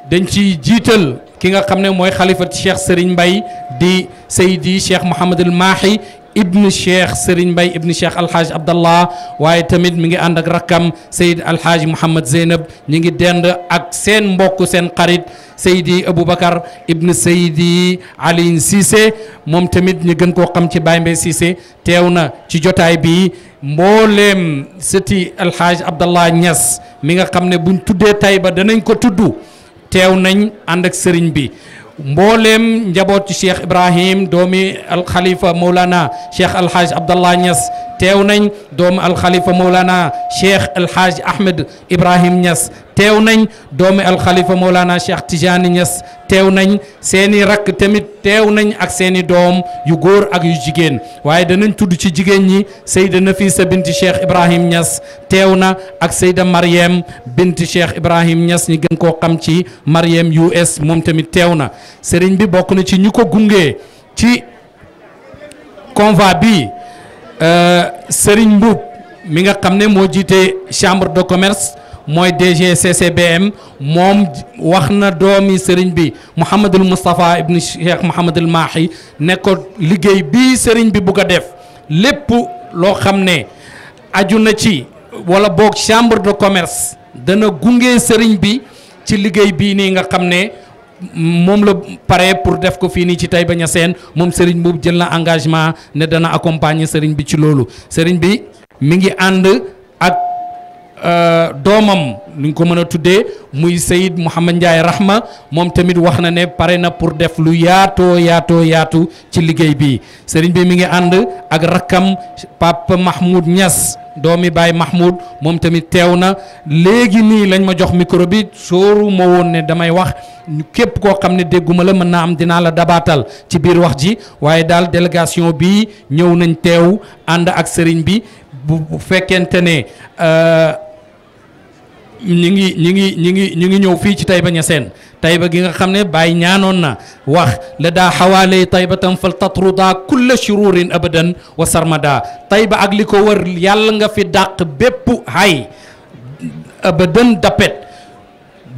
dañ ci jiital. ki nga xamne moy khalifa cheikh Serigne mbay di Seydi cheikh el Mahi ابن الشيخ سرين باي ابن الشيخ الحاج عبد الله واي تميد ميغي اندك رقم سيد الحاج محمد زينب نيغي دند اك سين مبوك سين mbokk سيدي ابو بكر ابن سيدي علي سيسي موم تميد ني گن كو koo سي باي مبي سيسي تيونا سي جوتاي بي مولم bi الحاج عبد الله نياس ميغا mi nga xam ne buñ tuddee Taïba danañ teew nañ ànd ak sëriñ bi mboolem njaboot ci cheikh ibrahim doomi alxalifa mawlana cheikh alhaaj abdallah Niass teew nañ doomi alxalifa mawlana cheikh alhaaj ahmed ibrahim ñas teew nañ doomi khalifa maulana Cheikh Tidiane Niass teew nañ seeni rak tamit teew nañ ak seeni Dom yu góor ak yu jigéen waaye danañ tudd ci jigen ñi sayyida Nafisa binti Cheikh Ibrahim Niass teew na ak sayyida Mariem binti Cheikh Ibrahim Niass ñi gën ko xam ci Mariem US mom tamit teew na serigne bi bokku na ci ñuko gungé gunge ci convoi bi euh, Serigne mbou mi nga xamne mo jité chambre de commerce mooy DG CCBM moom wax na doomi sëriñ bi Mouhamadul Moustapha ibn Cheikh Mouhamadul Mahi ne liggéey bi sëriñ bi bugg a def lépp loo xam ne aju na ci wala boog chambre de commerce dana gunge sëriñ bi ci liggéey bii nii nga xam ne moom la pare pour def ko fii nii ci Taïba seen moom sëriñ boobu jël na engagement ne dana accompagner sëriñ bi ci loolu sëriñ bi mi ngi ànd ak. Euh, doomam lu nu ko mën a tuddee muy Seyid Mouhamed Ndiaye Rahma moom tamit wax na ne pare na pour def lu yaatoo yaatoo yaatu ci liggéey bi sëriñ bi mi ngi ànd ak rakkam Pape Mahmoud Niass doomi Baye Mahmoud moom tamit teew na léegi nii lañ ma jox micro bi sóoru ma woon ne damay wax képp koo xam ne dégguma la mën naa am dinaa la dabaatal ci biir wax ji waaye daal délégation bi ñëw nañ teew ànd ak sëriñ bi bu fekkente ne euh, ñi ngi ñi ngi ñi ngi ñi ngi ñëw fii ci tayba ñaseen tayba gi nga xam ne bàyyi ñaanoon na wax la daa xawaalee taybatan fal tatruda kulla shururin abadan wa sarmada tayba ak li ko wër yàlla nga fi dàq bépp hay abadan dapet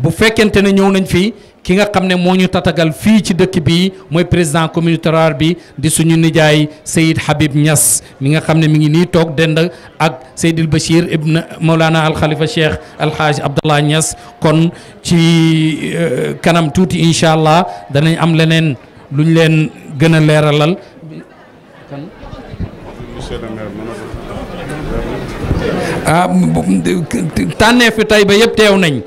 bu fekkente ne ñëw nañ fii ki nga xam ne moo ñu tatagal fii ci dëkk bi mooy président communauté rurale bi di suñu nijaay Seyid Habib ñas mi nga xam ne mi ngi nii toog dend ak Seydil Bachir ibn Maulana al Khalifa Cheikh Al Hadj Abdallah Niass kon ci euh, kanam tuuti incha allah danañ am leneen lu ñu leen gën a leeralal. ah tànnee fi tey ba yëpp teew nañ.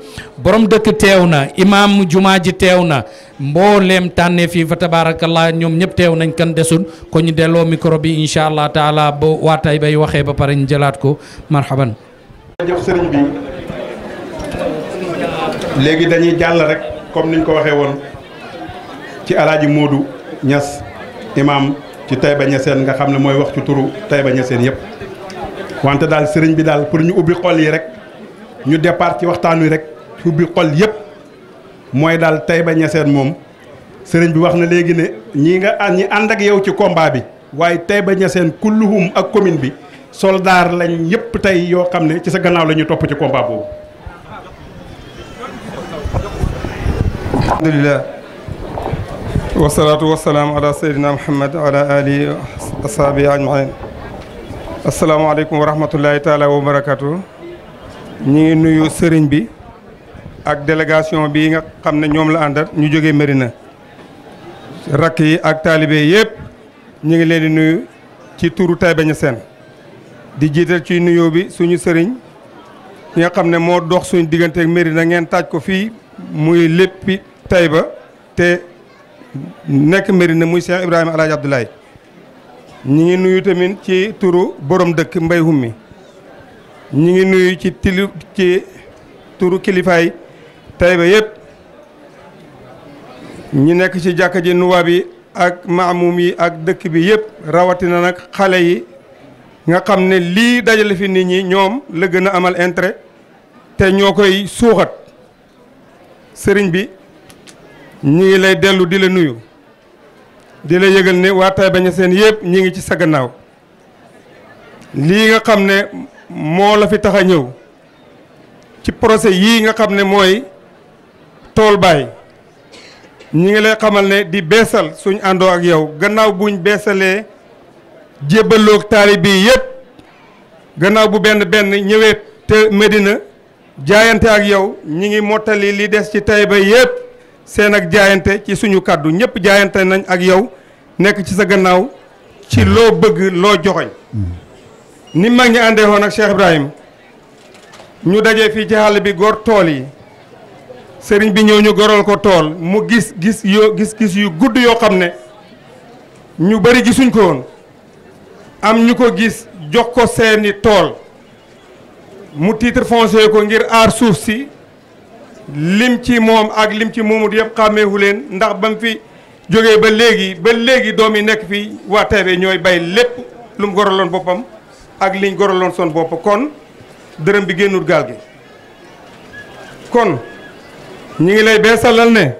borom dëkk teew na imaam jumaa ji teew na mbooleem tànnee fii fa tabaarakallah ñoom ñëpp teew nañ kan desul ko ñu delloo micro bi incha allah taalaa ba waa tay bay waxee ba pare ñu jëlaat ko marhaban jëf sëriñ bi léegi dañuy jàll rek comme niñ ko waxee woon ci alaaji muudu ñas imaam ci Taïba Niassène nga xam ne mooy wax ci turu Taïba Niassène yëpp wante daal sëriñ bi daal pour ñu ubbi xol yi rek ñu départ ci waxtaan wi rek ubbi xol yëpp mooy daal Taïba Niassène moom sëriñ bi wax na léegi ne ñi nga ñi ànd ak yow ci combat bi waaye Taïba Niassène kulluhum ak commune bi soldaar lañ yëpp tey yoo xam ne ci sa gannaaw la ñuy topp ci combat boobu. alhamdulilah wasalaatu wasalaam ala sayyidina muhammad ala alihi wa ashabi ajmain asalaamaaleykum wa rahmatullahi taala wa barakatu ñu ngi nuyu sëriñ bi ak délégation bi nga xam ne ñoom la àndal ñu jógee Medina rakk yi ak taalibe yëpp ñu ngi leen di nuyu ci turu Taïba seen di jiital ci nuyoo bi suñu sëriñ ñi nga xam ne moo dox suñu diggante ak na ngeen taaj ko fii muy léppi Taïba te nekk na muy Cheikh Ibrahima Alaaji Abdoulaye ñi ngi nuyu tamit ci turu borom dëkk mbay hummi ñi ngi nuyu ci tilu ci turu kilifaay Taïba yëpp ñu nekk ci jàkka ji nuwaab yi ak maamum yi ak dëkk bi yëpp rawatina nag xale yi nga xam ne lii dajale fi nit ñi ñoom la gën a amal intérêt te ñoo koy suuxat sëriñ bi ñu ngi lay dellu di la nuyu di la yëgal ne waa Taïba Niassène yëpp ñu ngi ci sa gannaaw lii nga xam ne moo la fi tax a ñëw ci procès yii nga xam ne mooy tool baay ñi ngi lay xamal ne di beesal suñu àndoo ak yow gannaaw buñ beesalee jébbaloog taalibe yi yëpp gannaaw bu benn benn ñëwee te Medina jaayante ak yow ñi ngi mottali li des ci Taïba yëpp seen ak jaayante ci suñu kàddu ñëpp jaayante nañ ak yow nekk ci sa gannaaw ci loo bëgg loo joxoñ ni mag ñi àndee ak Cheikh Ibrahim ñu dajee fii ci xàll bi gor tool yi Sering bi ñew ñu gorol ko tol mu gis gis yo gis gis yu gudd yo xamne ne ñu bari gisun ko won am ñuko gis jox ko seeni tol, mu titre foncier ko ngir ar souf ci lim ci mom ak lim ci yeb yëpp xàmmeewu len ndax bam fi jógee ba léegi ba léegi domi nek fi wa Taïba ñoy bay lepp lum gorolon bopam ak liñ goroloon son bop kon deureum bi gennur kon ñu ngi lay beesalal ne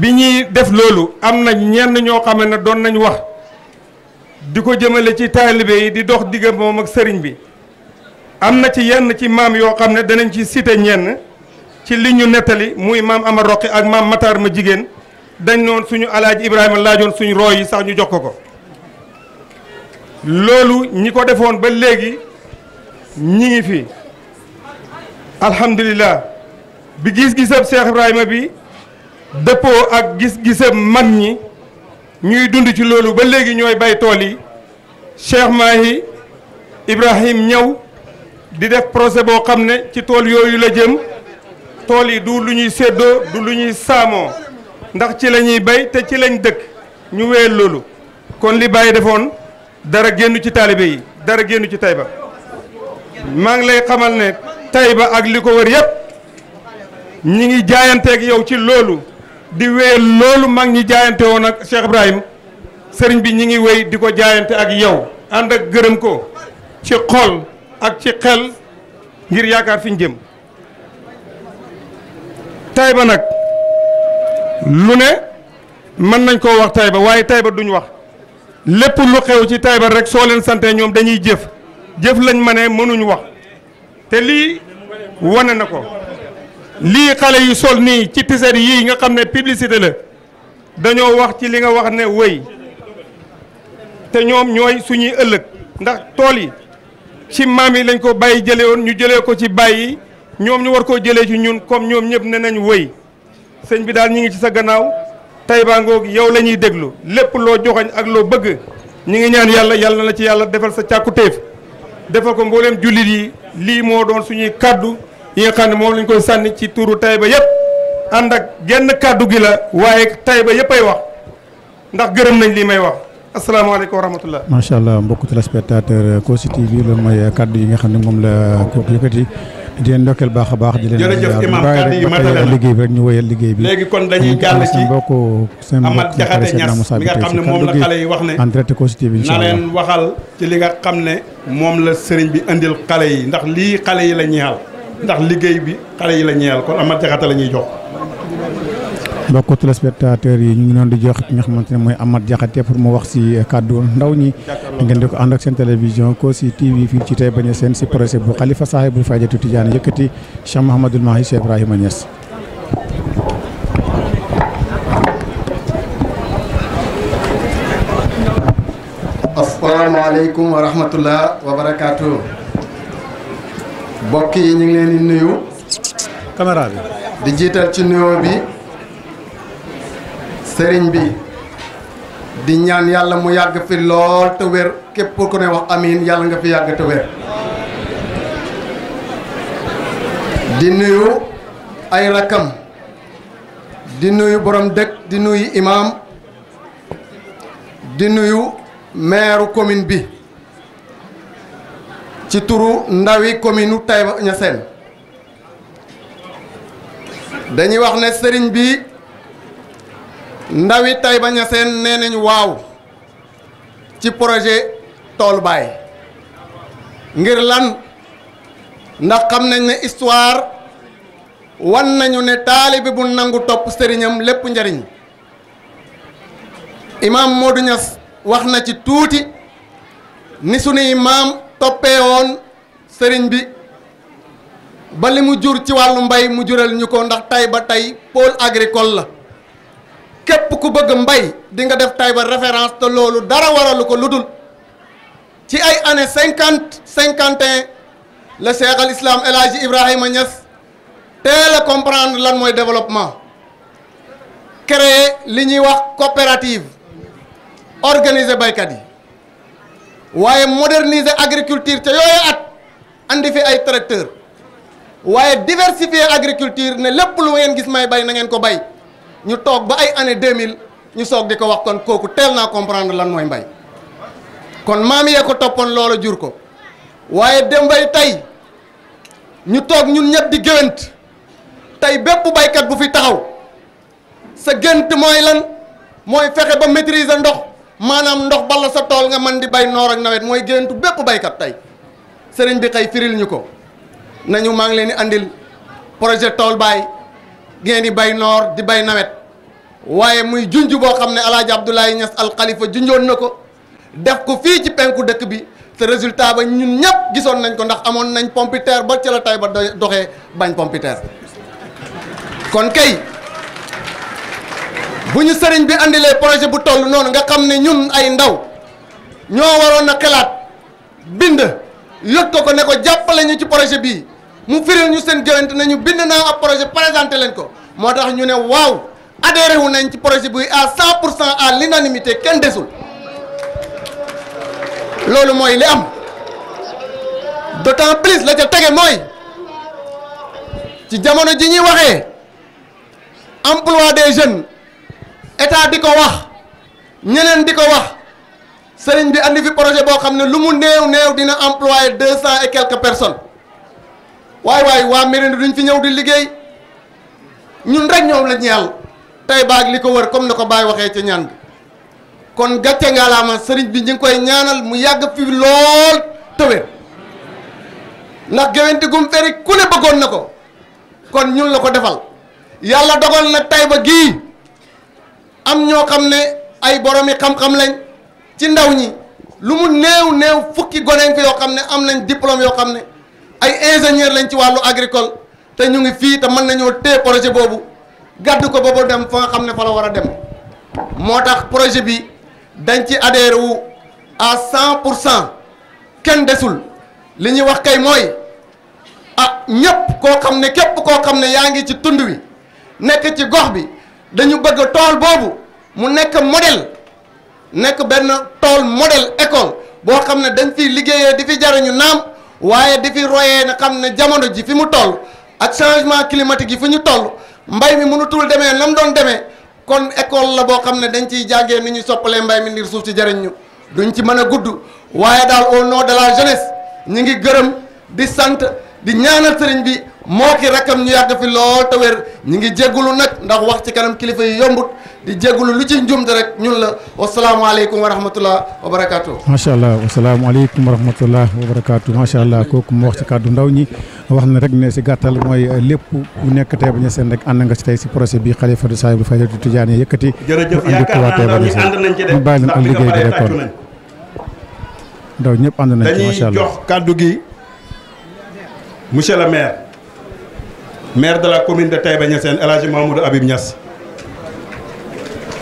bi ñuy def loolu am na ñenn ñoo xam ne doon nañu wax di ko jëmale ci taalibe yi di dox digga moom ak sëriñ bi am na ci yenn ci maam yoo xam ne danañ ci cité ñenn ci li ñu nettali muy maam ama roqi ak maam Matar ma jigéen dañ noon suñu alaaji Ibrahima laajoon suñu rooy yi sax ñu jox ko ko loolu ñi ko defoon ba léegi ñi ngi fi alhamdulilah. bi gis-gisam Cheikh Ibrahima bi dëppoo ak gis-gisam mag ñi ñuy dund ci loolu ba léegi ñooy bay tool yi Cheikh Mahi Ibrahim ñëw di def projet boo xam ne ci tool yooyu la jëm tool yi du lu ñuy séddoo du lu ñuy saamoo ndax ci lañuy bay te ci lañ dëkk ñu wéyal loolu kon li bay defoon dara génn ci taalibe yi dara génn ci ba maa ngi lay xamal ne ba ak li ko wër yépp ñi ngi jaayanteeg yow ci loolu di wéyal loolu mag ñi jaayante woon ak Cheikh Ibrahim sëriñ bi ñi ngi wéy di ko jaayante ak yow ànd ak gërëm ko ci xol ak ci xel ngir yaakaar fi ñu jëm Taïba nag lu ne mën nañ koo wax ba waaye Taïba duñ wax lépp lu xew ci Taïba rek soo leen sante ñoom dañuy jëf jëf lañ mënee mënuñu wax te lii wane na ko lii xale yu sol nii ci tiser yii nga xam ne publicité la dañoo wax ci li nga wax ne wéy te ñoom ñooy suñuy ëllëg ndax tool yi ci maam yi lañ ko bàyyi jëlee woon ñu jëlee ko ci bàyyi ñoom ñu war koo jëlee ci ñun comme ñoom ñëpp ne nañu wéy sëñ bi daal ñi ngi ci sa gannaaw tay baangoog yow lañuy déglu lépp loo joxoñ ak loo bëgg ñu ngi ñaan yàlla yàlla na la ci yàlla defal sa càkkutéef defal ko mbooleem jullit yi lii moo doon suñuy kàddu yi nga moom lañ koy sànni ci tuuru Taïba yëpp ànd ak genn kàddu gi la waaye Taïba yëpp ay wax ndax gërëm nañ lii may wax asalaamaaleykum wa rahmatullah macha allah mbokk téléspectateur Kossy TV loolu mooy kàddu yi nga xam ne moom la kooku yëkkati di leen baax a baax di leen jërëjëf imam kàddu yi matale na liggéey liggéey bi léegi kon dañuy jàll ci mbokk seen mbokk Jaxate Ñas mi nga xam ne moom la xale yi wax ne en direct Kossy TV incha allah na leen waxal li nga xam ne moom la sëriñ bi indil xale yi ndax lii xale yi la ñuy ndax liggey bi xalé yi la ñeel kon Amath Diakhaté la ñuy jox. mbokku téléspectateur yi ñu ngi non di jox ki nga xamante ne mooy Amath pour mu wax si cadeau ndaw ñi ngeen di ko and ak sen télévision ci TV fi ci tay bañ sen ci projet bu Khalifa Sahibou Fadilatou Tidiane yëkëti Cheikh Mouhamadoul Mahi Cheikh Ibrahima Niass. asalaamaaleykum wa rahmatullah wa mbokk yi ñu ngi leen di nuyu. caméra bi. di jiital ci nuyoo bi sëriñ bi di ñaan yàlla mu yàgg fi lool te wér képp pour ko ne wax amin yàlla nga fi yàgg te wér. di nuyu ay rakam di nuyu borom dëkk di nuyu imam di nuyu maire commune bi. ci turu ndawi commune Taïba Niassène dañuy wax ne sëriñ bi ndawi Taïba Niassène nee nañu waaw ci projet toolu baay ngir lan ndax xam nañ ne histoire wan nañu ne taalibe bu nangu topp sëriñam lépp njariñ imaam Modou Niass wax na ci tuuti ni sunuy maam topé won sëriñ bi ba limu jur ci walu mbay mu jural ñuko ndax tay ba tay pôle agricole la képp ku bëgg mbay di nga def ba référence te lolu dara waralu ko ludul ci ay années 50 51 le Cheikh al Islam El ibrahim Ibrahima Niass teel comprendre lan moy développement créer li ñi wax coopérative organiser baykat waaye moderniser agriculture ca yooyu at andi fi ay tracteur waaye diversifier agriculture ne lépp lu ngeen gis may bay na ngeen ko bay ñu toog ba ay année mille ñu soog di ko wax kon kooku teel naa comprendre lan mooy mbay kon maam yee ko toppoon loola jur ko waaye dem bay tey ñu toog ñun ñëpp di géwént tey bépp baykat bu fi taxaw sa gént mooy lan mooy fexe ba maîtriser ndox maanaam ndox bala sa tool nga man di bay noor ak nawet mooy géntu bépp baykat tey sëriñ bi xëy firil ñu ko nañu maa ngi leen di andil projet tool baay ngeen di bay noor di bay nawet waaye muy junj boo xam ne alaaji Abdoulaye Niass al Khalifa junjoon na ko def ko fii ci penku dëkk bi te résultat ba ñun ñëpp gisoon nañ ko ndax amoon nañ pompiteer ba ca la tay ba doxee bañ pompiteer kon kay bu ñu sëriñ bi andilee projet bu toll noonu nga xam ne ñun ay ndaw ñoo waroon a xalaat bind yot ko ne ko jàppale ñu ci projet bii mu firil ñu seen jëwante nañu bind naa ab projet présenté leen ko moo tax ñu ne waaw adhéré wu nañ ci projet bi à 100 pour cent à l'unanimité kenn desul loolu mooy li am d'autant plus la ca tege mooy ci jamono ji ñuy waxee emploi des jeunes état diko wax ñeneen di wax serigne bi andi fi projet bo xamne lu mu neew neew dina employer 200 et quelques personnes way way wa Mérina duñ fi ñew di liggéey ñun rek ñoom la ñeel tay baag liko wër comme nako bay waxe ci ca kon bi kon la ma serigne bi ñu koy ñaanal mu yàgg fi lool tëwér nak géwénti gum feri ku ne bëggon nako kon ñun la ko defal yalla dogal na ba gi am ñoo xam ne ay boromi xam-xam lañ ci ndaw ñi lu mu néew néew fukki goneen fi yoo xam ne am nañ diplôme yoo xam ne ay ingénieur lañ ci wàllu agricole te ñu ngi fii te mën nañoo téye projet boobu gàddu ko boobu dem fa nga xam ne fa la war a dem moo tax projet bi dañ ci adhéré wu à cent pour cent kenn desul li ñuy wax kay mooy ah ñépp koo xam ne képp koo xam ne yaa ngi ci tund wi nekk ci gox bi dañu bëgg tool boobu mu nekk modèle nekk benn tool modèle école boo xam ne dañ fiy liggéeyee di fi jariñu naam waaye di fi royee xam ne jamono ji fi mu toll ak changement climatique yi fi ñu toll mbay mi mënutul demee mu doon demee kon école la boo xam ne dañ ciy jàngee ni ñuy soppalee mbay mi ngir suuf si jariñ ñu ci mën a gudd waaye daal au nom de la jeunesse ñu ngi gërëm di sant di ñaanal sëriñ bi moo ki rakkam ñu yàgg fi lool te ñu ngi jéggulu nag ndax wax ci kanam kilifa yi yombut di jéggulu lu ci njumte rek ñun la wasalaamaaleykum wa rahmatullah wa barakaatu. macha allah wasalaamaaleykum wa rahmatullah wa barakaatu macha allah kooku mu wax ci kàddu ndaw ñi wax na rek ne si gàttal mooy lépp bu nekk tey ba ñu seen rek ànd nga si tey si projet bi xalifa du saahibul faydatu tijaani yëkkati. jërëjëf yaakaar naa ñu ànd nañ ci de ndax li nga liggéey bi rek ndaw ñëpp ànd nañ ci macha allah kàddu gi le maire maire de la commune de Taïba Niassène El Hadj Mamadou Habib Niass.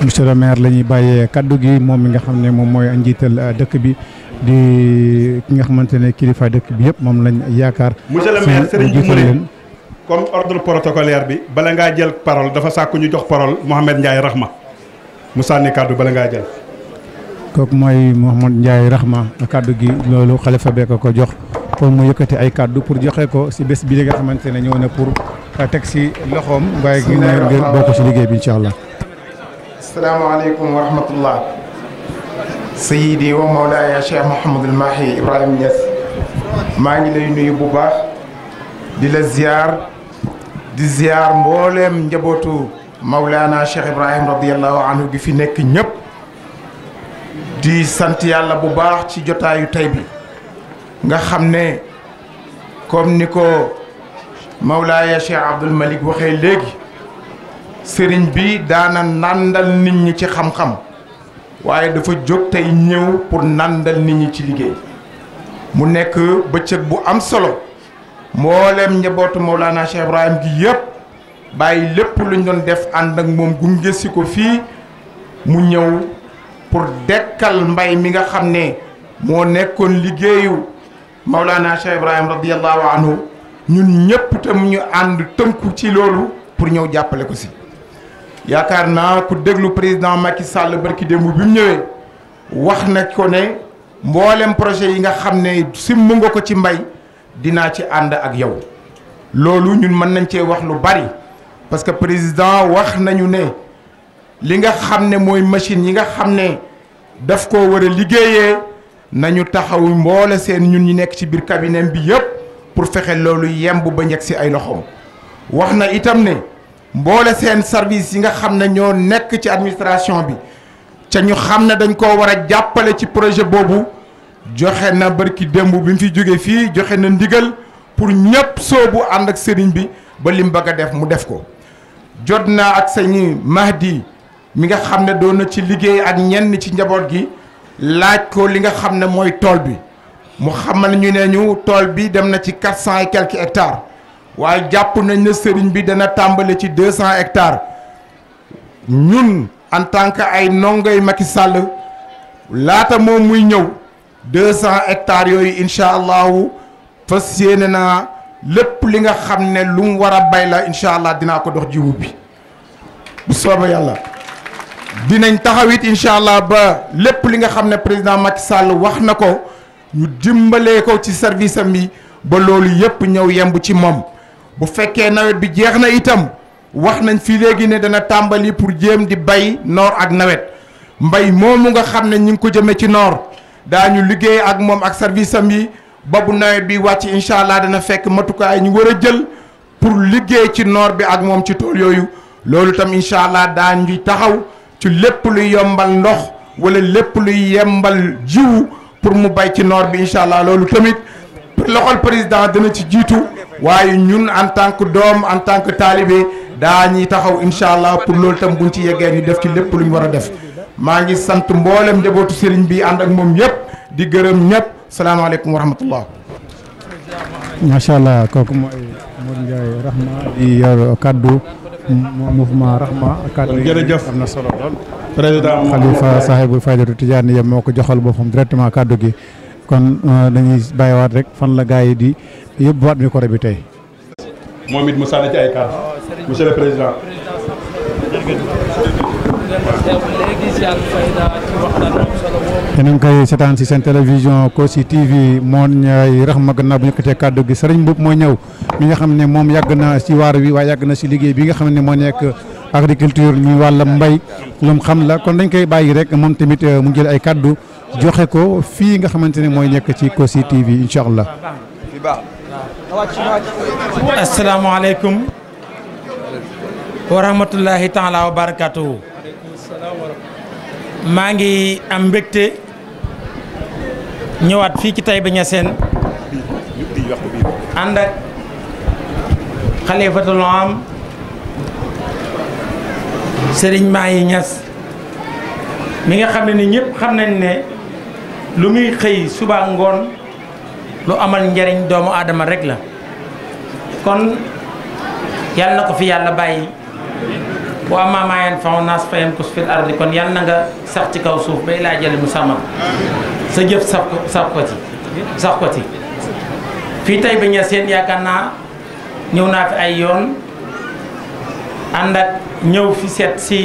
monsieur le maire lañuy bayé kaddu gi mom mi nga xamné mom moy mooy euh, dëkk bi di ki nga xamantene kilifa dëkk bi yëpp mom lañ yaakar. monsieur le maire sëriñ bi mu ne comme ordre protocolaire bi bala nga jël parole dafa sàkku ñu jox parole Mohamed Ndiaye Rahma Moussa sànni kaddu bala nga jël. Kok moy Mohamed Ndiaye Rahma kaddu gi lolu Khalifa bee ko jox pour mu yëkëti ay kaddu pour joxé ko ci bës bi nga xamantene ne ñëw na pour. teg si loxoom waaye gi ne ngeen bokk ci liggéey bi incha allah. asalaamaaleykum wa rahmatullah. Sayyidi wa Mawlaaya Cheikh Mouhamadul Mahi Ibrahima Niass. maa ngi lay nuyu bu baax. di la ziar. di ziar mbooleem njabootu Mawlaana Cheikh Ibrahim radiyallahu anhu gi fi nekk ñëpp. di sant yàlla bu baax ci jotaayu tey bi. nga xam ne comme ni ko. Mawlaaya Cheikh Abdoul Malick waxee léegi sëriñ bi daana nàndal nit ñi ci xam-xam waaye dafa jóg tey ñëw pour nàndal nit ñi ci liggéey mu nekk bëccëg bu am solo mboolem njabootu Mawlaana Cheikh Ibrahim gi yépp bàyyi lépp luñ doon def ànd ak moom gunge si ko fii mu ñëw pour dekkal mbay mi nga xam ne moo nekkoon liggéeyu Mawlaana Cheikh Ibrahim radiyallahu anhu ñun ñëpp tam ñu ànd tënku ci loolu pour ñëw jàppale ko si yaakaar naa ku déglu président Macky Sall barki bu bi mu ñëwee wax na ko ne mboolem projet yi nga xam ne simm nga ko ci mbay dinaa ci ànd ak yow loolu ñun mën nañ cee wax lu bari parce que président wax nañu ne li nga xam ne mooy machine yi nga xam ne daf ko war a liggéeyee nañu taxaw mboole seen ñun ñi nekk ci biir cabinet bi yëpp pour fexe loolu yemb ba njëkk si ay loxoom wax na itam ne mboole seen service yi nga xam ne ñoo nekk ci administration bi ca ñu xam ne dañ ko war a jàppale ci projet boobu joxe na barki démb bi mu fi jóge fii joxe na ndigal pour ñëpp bu ànd ak sëriñ bi ba lim bëgg a def mu def ko jot naa ak sañu Mahdi mi nga xam ne doon na ci liggéey ak ñenn ci njaboot gi laaj ko li nga xam ne mooy tool bi mu xamal ñu ne ñu tool bi dem na ci quatre cent et quelques hectares waaye jàpp nañ ne sëriñ bi dana tàmbale ci deux cent hectares ñun en tant que ay nongoy Macky Sall laata moom muy ñëw deux cent hectares yooyu incha allahu fas yéene naa lépp li nga xam ne lu mu war a bay la incha allah dinaa ko dox jiwu bi bu soobee yàlla dinañ taxawit incha allah ba lépp li nga xam ne président Macky Sall wax na ko. ñu dimbalee ko ci service am yi ba loolu yépp ñëw yemb ci moom bu fekkee nawet bi jeex na itam wax nañ fi léegi ne dana tàmbali pour jéem di bay noor ak nawet mbay moomu nga xam ne ñu ngi ko jëmee ci noor daañu liggéey ak moom ak service am yi ba bu nawet bi wàcc incha allah dana fekk matukaay ñu war a jël pour liggéey ci noor bi ak moom ci tool yooyu loolu tam incha daa daañu taxaw ci lépp luy yombal ndox walla lépp luy yembal jiwu. pour mu bay ci noor bi incha allah loolu tamit loxol président dina ci jiitu waaye ñun en tant doom en tant que taalibe daa ñi taxaw incha allah pour loolu tam buñ ci yeggee yi def ci lépp lu ñu war a def maa ngi sant mboolem njabootu sëriñ bi ànd ak moom yëpp di gërëm ñëpp salaamaaleykum wa rahmatullah macha allah kooku mooy Mor Ndiaye Rahma di yor kaddu mouvement Rahma kaddu jërëjëf am na solo président xalifa saaxibu faydatu tijaan yam moo ko joxal boppam directement kàddu gi kon euh, dañuy bàyyiwaat rek fan la di yeb buat mi bi tey. moom it mu sànni ci ay kàddu monsieur le président. yeneen koy seetaan si seen TV mon nyai rahma gannaaw bu ñu yëkkatee kàddu gi sëriñ Mboup mooy ñëw mi nga xam ne moom yàgg na si waar wi waaye yàgg si liggéey bi nga xam ne nyai ke agriculture ñu walam mbay lum xam la kon dañ koy bayyi rek mom tamit euh, mu jël ay cadeau joxe ko fi nga moy ci TV ba assalamu alaykum wa rahmatullahi taala wa barakatuh ma ngi am mbégte ñëwaat fi ci tay ñasen khalifatul am sëriñ yi ñas mi nga xam ne ni ñëpp xam nañ ne lu muy xëy suba ngoon lu amal njariñ doomu aadama rek la kon yàlla na ko fi yàlla bàyyi bu amaa maa yanfa'u naas fa yamkus fil ardi kon yàlla na nga sax ci kaw suuf ba ilaa jëli mu sàmmal sa jëf sax ko ko ci sax ko ci fii tey ba ña seen yaakaar naa ñëw naa fi ay yoon ànd ak ñëw fi seet si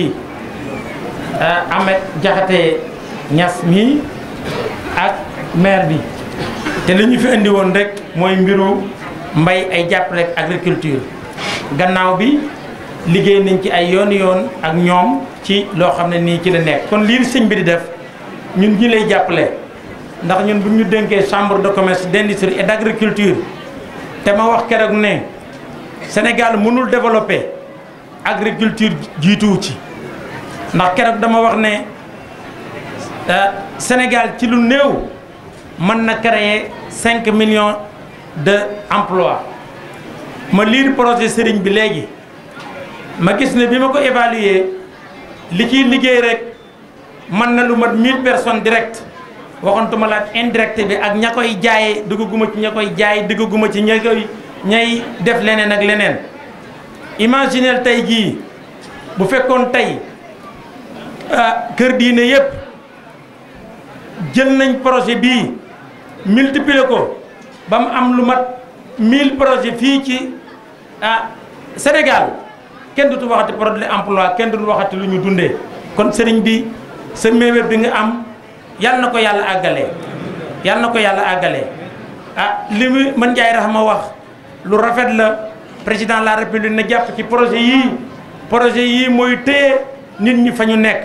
eh, Ahmed Diakhaté ñas mi ak maire bi te li ñu fi indi woon rek mooy mbiru mbay ay jàppale agriculture gannaaw bi liggéey nañ ci ay yoon yoon ak ñoom ci loo xam ne nii ci la nekk kon lii sëñ bi di def ñun ñi jàppale ndax ñun bu ñu dénkee chambre de commerce d'industrie et d'agriculture te ma wax keroog ne Sénégal mënul développer agriculture jiituwu ci ndax keroog dama wax ne euh, Sénégal ci lu néew mën na créer cinq millions de emplois ma liir projet Serigne bi léegi ma gis ne bi ma ko évaluer li ciy liggéey rek mën na lu mat mille personnes direct waxantuma la ak indirect bi ak ña koy jaaye dugguma ci koy jaay dugguma ci ña koy ñay def leneen ak leneen imaginel tey jii bu fekkoon tey ah, kër diine yépp jël nañ projet bii multiplier ko ba mu am lu mat 1000 projet fii ci ah Sénégal kenn dutu waxati projet emploi kenn dutu waxati lu ñu dundee kon sëriñ bi sa méewér bi nga am yal na ko yàlla àggalee yal na ko yàlla àggalee ah, li mu mën njaay raxma wax lu rafet la président de la république na jàpp ci projet yii projet yii mooy téye nit ñi fa ñu nekk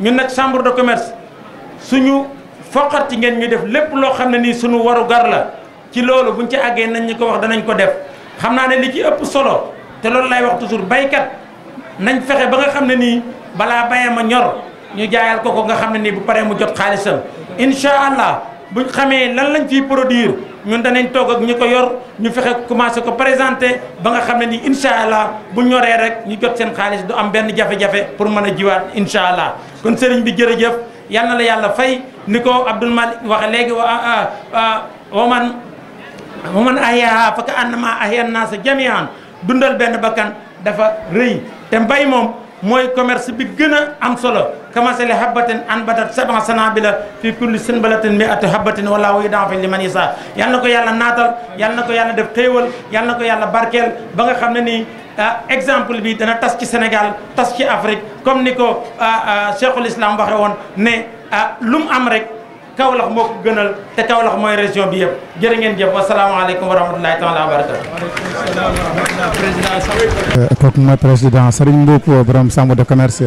ñun nag chambre de commerce suñu foqat ci ngeen ñu def lépp loo xam ne nii suñu waru gar la ci loolu buñ ci àggee nañ ñu ko wax danañ ko def xam naa ne li ci ëpp solo te loolu lay wax toujours baykat nañ fexe ba nga xam ne nii balaa bayam ma ñor ñu jaayal ko ko nga xam ne nii bu paree mu jot xaalisam incha allah buñ xamee lan lañ ciy produire ñun danañ toog ak ñi ko yor ñu fexe commencé ko présenté ba nga xam ni incha allah bu ñoree rek ñu jot seen xaalis du am benn jafe-jafe pour mën a jiwaat allah kon sëriñ bi jërëjëf yal na la yàlla fay ni ko Abdoul Malick waxe léegi wa man wa man ahyaha fa ka annama ahya an-naasa jami'an dundal benn bakkan dafa rëy te mbay moom. mooy commerce bi gën a am solo commencé li habbatin an batat sab'a sanabila fi kulli sanbalatin mi'atu habbatin wallahu yudaafi liman yasha yal na ko yàlla naatal yal na ko yàlla def xéewal yal na ko yàlla barkeel ba nga xam ne nii ah, exemple bi dana tas ci Sénégal tas ci Afrique comme ni ko ah, ah, cheikhul islam waxe woon ne lu mu am rek Kaolack moko gënal té Kaolack moy région bi yëpp jërë ngeen jëf alaykum wa rahmatullahi taala wa barakatuh eh, kooku mooy président Serigne Mboup borom sambu de commerce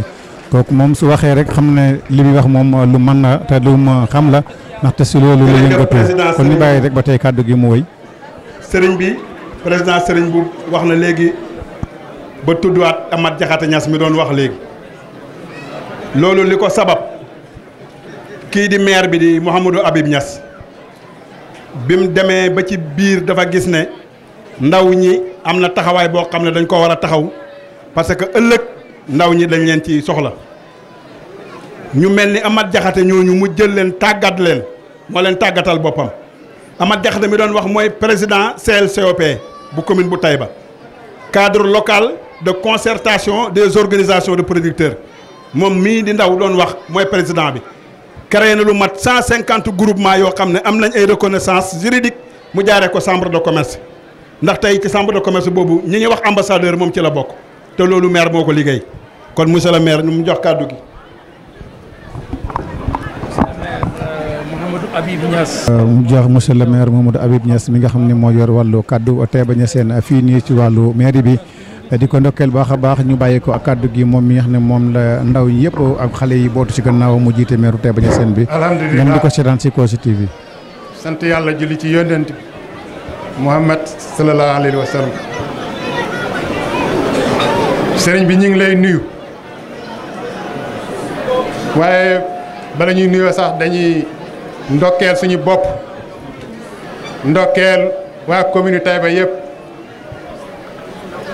kooku mom su waxé rek xamné limi wax mom lu man na té lu mu xam la ndaxte si loolu la gëpp kon ni bayé rek ba tay kàddu gi mu bi président Serigne bu wax na légui ba amat jaxata ñass mi doon wax légui lolu liko sabab kii di maire bi di Mouhamadou Habib Niass bi mu demee ba ci biir dafa gis ne ndaw ñi am na taxawaay boo dañ ko war taxaw parce que ëllëg ndaw ñi dañ leen ci soxla ñu mel ni Amath Diakhaté ñooñu mu jël leen tàggat leen moo leen tàggatal boppam Amath Diakhaté mi doon wax mooy président CLCOP bu commune bu Taïba cadre local de concertation des organisations de producteurs moom mii di ndaw doon wax mooy président bi créé na lu mat cent cinquante groupement yoo xam ne am nañ ay reconnaissance juridique mu jaaree ko sembre de commerce ndax tey ci chambre de commerce boobu ñi ñuy wax ambassadeur moom ci la bokk te loolu maire moo ko liggéey kon monsieur le maire ñu mu jox kàddu gi. Habib Niass euh, mu jox monsieur le maire Mamadou Habib Niass mi nga xam ne moo yor wàllu kaddu Taïba Niassène fii nii ci wàllu mairie bi Eh, di ko ndokel baax baax ñu baye ko ak kaddu gi mom mi nga mom la ndaw yépp ak xalé yi bootu ci gannaaw mu jiite meeru Taïba Niassène bi. alhamdulilah diko ci ko ci cause TV. sante yalla julli ci yonent bi. Muhammad sallallahu Alaihi Wasallam. sallam. sëriñ bi ñi ngi lay nuyu. waye ba lañuy nuyu sax dañuy ndokel suñu bop ndokel wa communauté ba yépp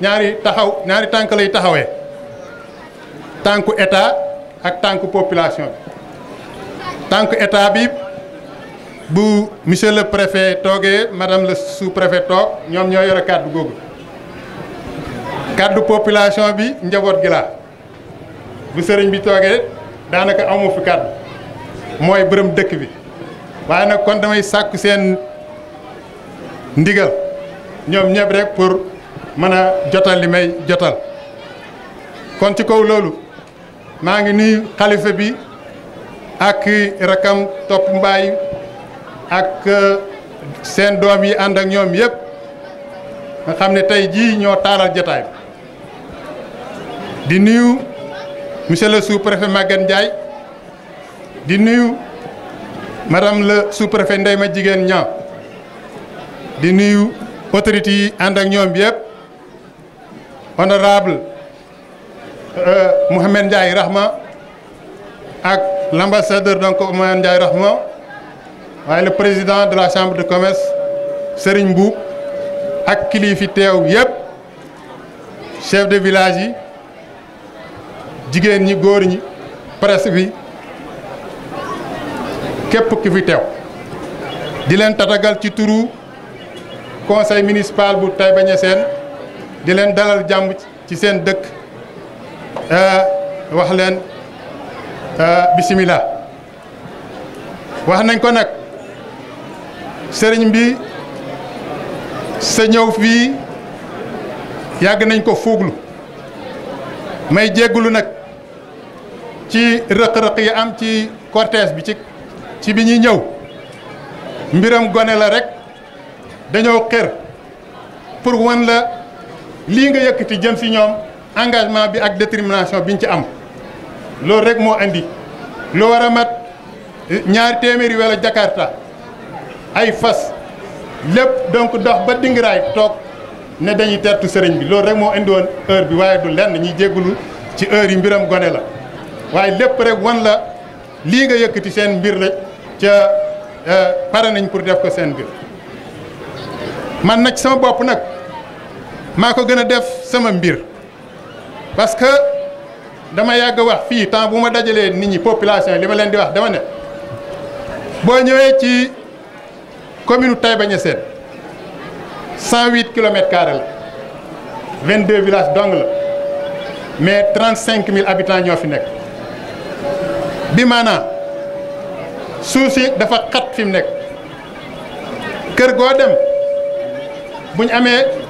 ñaari taxaw ñaari tànk lay taxawee tanku état ak tanku population tanku état bi bu monsieur le préfet togué madame le sous-préfet tok ñom ñoy yoré cadre gogu cadre population bi njabot gi la bu sëriñ bi togué danaka amu fi cadre moy bërem dëkk bi nak kon damay sakku sen ndigal ñom ñeb rek pour mana jotal li may jotal kon ci kaw lolu ma ngi nuyu bi ak rakam top mbay ak euh, sen dom yi and ak ñom yeb nga xamne tay ji ño taral jotaay di nuyu monsieur le sous-préfet Maguette Ndiaye di nuyu madame le sous-préfet Ma di nuyu autorité and ak ñom yeb honorable euh, Mohamed Ndiaye Rahma l'ambassadeur donc Mohamed Ndiaye le président de la chambre de commerce Serigne Bou ak Yep, chef de village yi jigéen ñi goor ñi presse bi képp ki fi tatagal conseil municipal bu Taïba di leen dalal jàmm ci seen dëkk eh, wax leen eh, bisimilah wax nañ ko nag sëriñ bi sa ñëw fii yàgg nañ ko fuuglu may jéggulu nag ci rëq-rëq yi am ci cortège bi ci ci bi ñuy ñëw mbiram gone la rekk dañoo xër pour wan la lii nga yëkkati jën si ñoom engagement bi ak détermination biñ ci am loolu rek moo indi lu war a mat ñaari téeméeri wala jakarta ay fas lépp donc dox ba dingiraay toog ne dañuy tertu sëriñ bi loolu rek moo indi woon heure bi waaye du lenn ñuy jéggulu ci heure yi mbiram gone la waaye lépp rek wan la lii nga yëkkati seen mbir la ca euh, pare nañ pour def ko seen mbir man nag sama bopp nag maa ko gën a def sama mbir parce que dama yàgg wax fii temps bu ma dajalee nit ñi population li ma leen di wax dama ne boo ñëwee ci commune Taïba Niassène 108 kilomètres carrés la 22 villages dong la mais 35 000 habitants ñoo fi nekk bi maanaam suuf si dafa xat fi mu nekk kër goo dem buñ amee.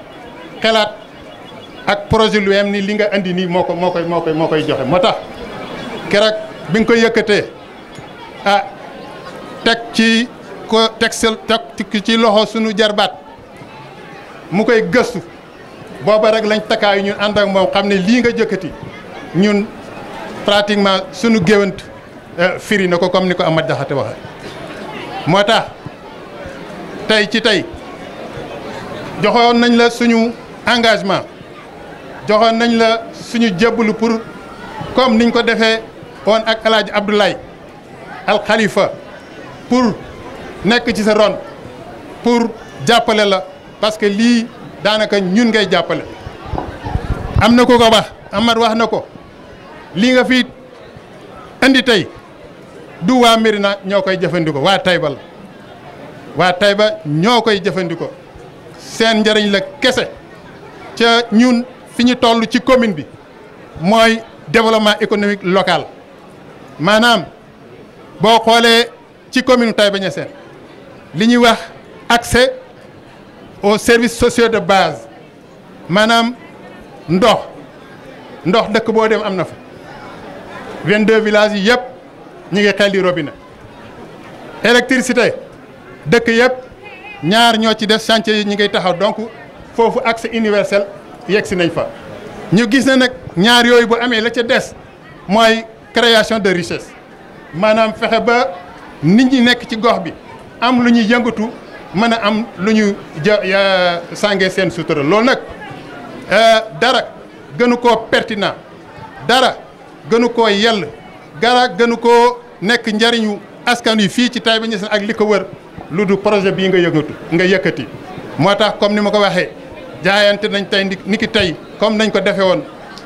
xalaat ak projet lu yem ni li nga indi nii moo ko moo koy moo koy koy joxe moo tax keroog bi nga koy yëkkatee a ah, teg ci ko teg sa teg ci loxo sunu jarbaat mu koy gëstu booba rek lañ takkaayu ñun ànd ak moom xam ne lii nga jëkkati ñun pratiquement sunu géwant eh, firi na ko comme ni ko Amath Diakhaté waxee moo tax tey ci tey joxoon nañ la suñu engagement joxoon nañ la suñu jébbalu pour comme niñ ko defee woon ak El Hadj Abdoulaye Al pour nekk ci sa ron pour jàppale la parce que lii daanaka ñun ngay jàppale. am na ko ko wax Amar wax na ko lii nga fi indi tey du waa Médina ñoo koy jëfandikoo waa Taïba la waa ba ñoo koy jëfandikoo seen njëriñ la kese. ci ñun fi ñu toll ci commune bi moy développement économique local manam bo xolé ci commune Taïba Niassène li ñuy wax accès aux services sociaux de base manam ndox ndox dëkk bo dem amna fa 22 villages yépp ñi ngi xel di robinet électricité dëkk yépp ñaar ñoo ci def chantier yi ñu ngi taxaw donc. foofu accès universel yegg si nañ fa ñu gis na nag ñaar yooyu bu amee la ca des mooy création de richesse maanaam fexe ba nit ñi nekk ci gox bi am lu ñuy yëngatu mën a am lu ñu ja sange seen sutura lool nag euh, dara gënu koo pertinent dara gënu koo yell dara gënu ko nekk njariñu askan yi fii ci Taïba Niassène ak li ko wër lu du projet bii nga yëngatu nga yëkkati moo tax comme ni ma ko waxee jaayante nañ tey ni ki tey comme nañ ko defee woon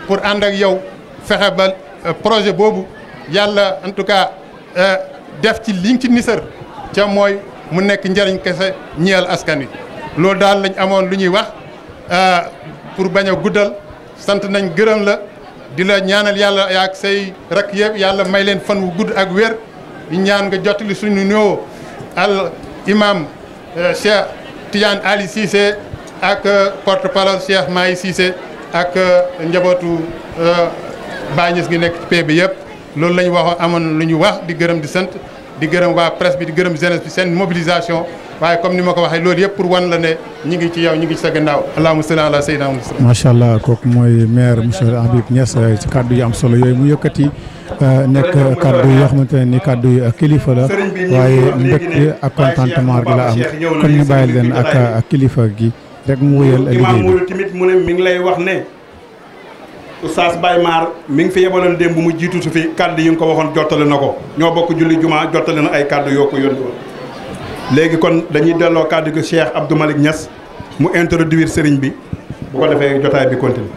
pour ànd ak yow fexe ba euh, projet boobu yàlla en tout cas euh, def ci liñ ci nisër ca mooy mu nekk njëriñ kese ñeel askan wi. loolu daal lañ amoon lu ñuy wax euh, pour bañ a guddal sant nañ gërëm la di la ñaanal yàlla yaak say rakk yëpp yàlla may leen fan wu gudd ak wér ñu ñaan nga jottali suñu nuyoo al imam Cheikh Tidiane Ali Cissé. ak euh, porte parole Cheikh Mahi Cissé ak euh, njabootu euh, baañis gi nekk ci pee bi yëpp loolu la ñu waxoon amoon lu ñu wax di gërëm di sant di gërëm waa presse bi di gërëm jeunesse bi seen mobilisation waaye comme ni ma ko waxee loolu yëpp pour wan la ne ñi ngi ci yow ñi ngi ci sa gannaaw allahumma salli ala sayyidina Muhammad macha allah kooku mooy maire monsieur Habib Niass ci kaddu yi am solo yooyu mu yëkkati nekk kaddu yoo xamante ne ni kaddu yu kilifa la waaye mbégte ak contentement gi la am kon ñu bàyyi leen ak kilifa gi. rek mu wéyal imaam Mourou mu ne mi ngi lay wax ne Oustaz baay Mar mi ngi fi yebaloon démb mu jiitu su fi kàddu yi nga ko waxoon jottali na ko ñoo bokk julli jumaa jottali na ay kàddu yoo ko yónni woon léegi kon dañuy delloo kàddu gi Cheikh Abdou Malick ñas mu introduire sëriñ bi bu ko defee jotaay bi continue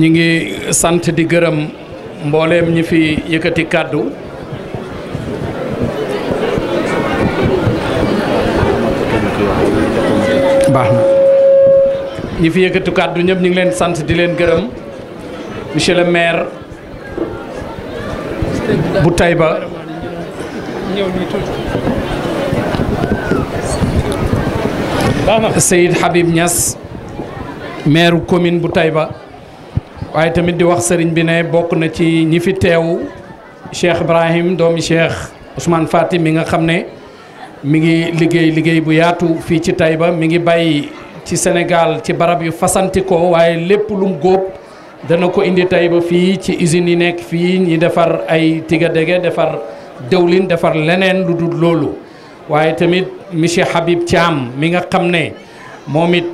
ñi ngi sante di gërëm mbooleem ñi fi yëkëti kaddu baax na ñi fi yëkëti kaddu ñëpp ñi ngi leen sante di leen gërëm monsieur le maire bu tayba Habib Nias maire commune bu waaye tamit di wax sëriñ bi ne bokk na ci ñi fi teew Cheikh Ibrahim doomi Cheikh Ousmane Fatim mi nga xam ne mi ngi liggéey liggéey bu yaatu fii ci ba mi ngi bàyyi ci Sénégal ci barab yu fasanti ko waaye lépp lum góob dana ko indi ba fii ci usines yi nekk fii ñi defar ay tigadege defar dëwlin defar leneen lu dul loolu waaye tamit monsieur Habib Thiam mi nga xam ne moom it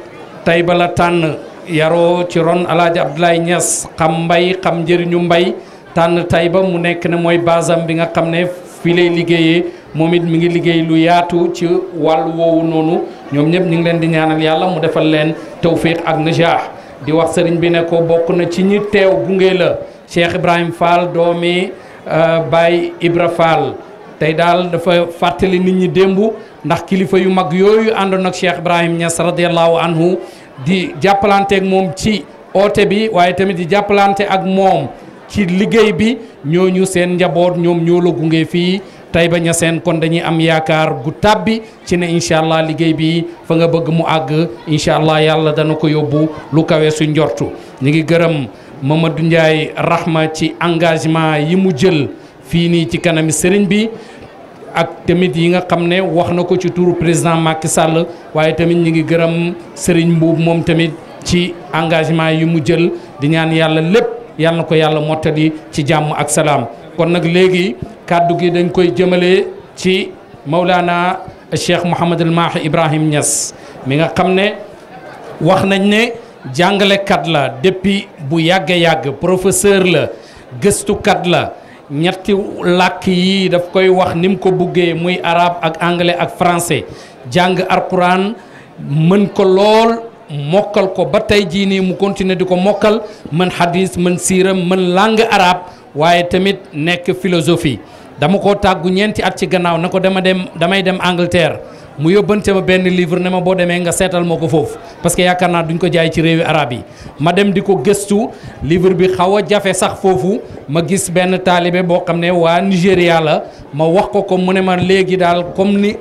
Taïba la tànn yaroo ci ron alaaji Abdoulaye Niass xam mbay xam njëriñu mbay tànn ba mu nekk na mooy basam bi nga xam ne fii lay liggéeyee moom it mu ngi liggéey lu yaatu ci wàll woowu noonu ñoom ñëpp ñu ngi leen di ñaanal yàlla mu defal leen tawfiq ak najaax di wax sëriñ bi ne ko bokk na ci ñi teew gunge la Cheikh Ibrahim Fall doomi euh, Baye Ibra Fall tey daal dafa fàttali nit ñi démb ndax kilifa yu mag yooyu àndoon ak Ibrahim Niass radiallahu anhu di jàppalante ak moom ci oote bi waaye tamit di jàppalante ak moom ci liggéey bi ñooñu seen njaboot ñoom ñoo la gunge fii ba Taïba seen kon dañuy am yaakaar gu tàbbi ci ne incha liggéey bi fa nga bëgg mu àgg incha allah yàlla dana ko yóbbu lu kawe su njortu ñu ngi gërëm Mamadou Ndiaye Rahma ci engagement yi mu jël fii nii ci kanami sëriñ bi ak tamit yi nga xam ne wax na ko ci turu président Macky Sall waaye tamit ñu ngi gërëm Serigne Mbuub moom tamit ci engagement yi mu jël di ñaan yàlla lépp yàlla na ko yàlla mottali ci jàmm ak salaam kon nag léegi kàddu gi dañ koy jëmale ci Maulana Cheikh Mouhamadul Mahi Ibrahim Niass mi nga xam ne wax nañ ne jàngalekat la depuis bu yàgg yàgg professeur la gëstukat la. ñetti làkk yi daf koy wax ni mu ko buggee muy araab ak anglais ak français jàng alquran mën ko lool mokkal ko ba tey jii nii mu continuer di ko mokkal mën hadis mën siiram mën langue araab waaye tamit nekk philosophie dama ko tàggu ñeenti at ci gannaaw na ko dama dem damay dem Angleterre mu yóbbante ma benn livre ne ma boo demee nga seetal ma ko foofu parce que yaakaar naa duñ ko jaay ci réewi arab yi ma dem di ko gëstu livre bi xaw a jafe sax foofu ma gis benn taalibe boo xam ne waa Nigéria la ma wax ko ko mu ne ma léegi daal comme ni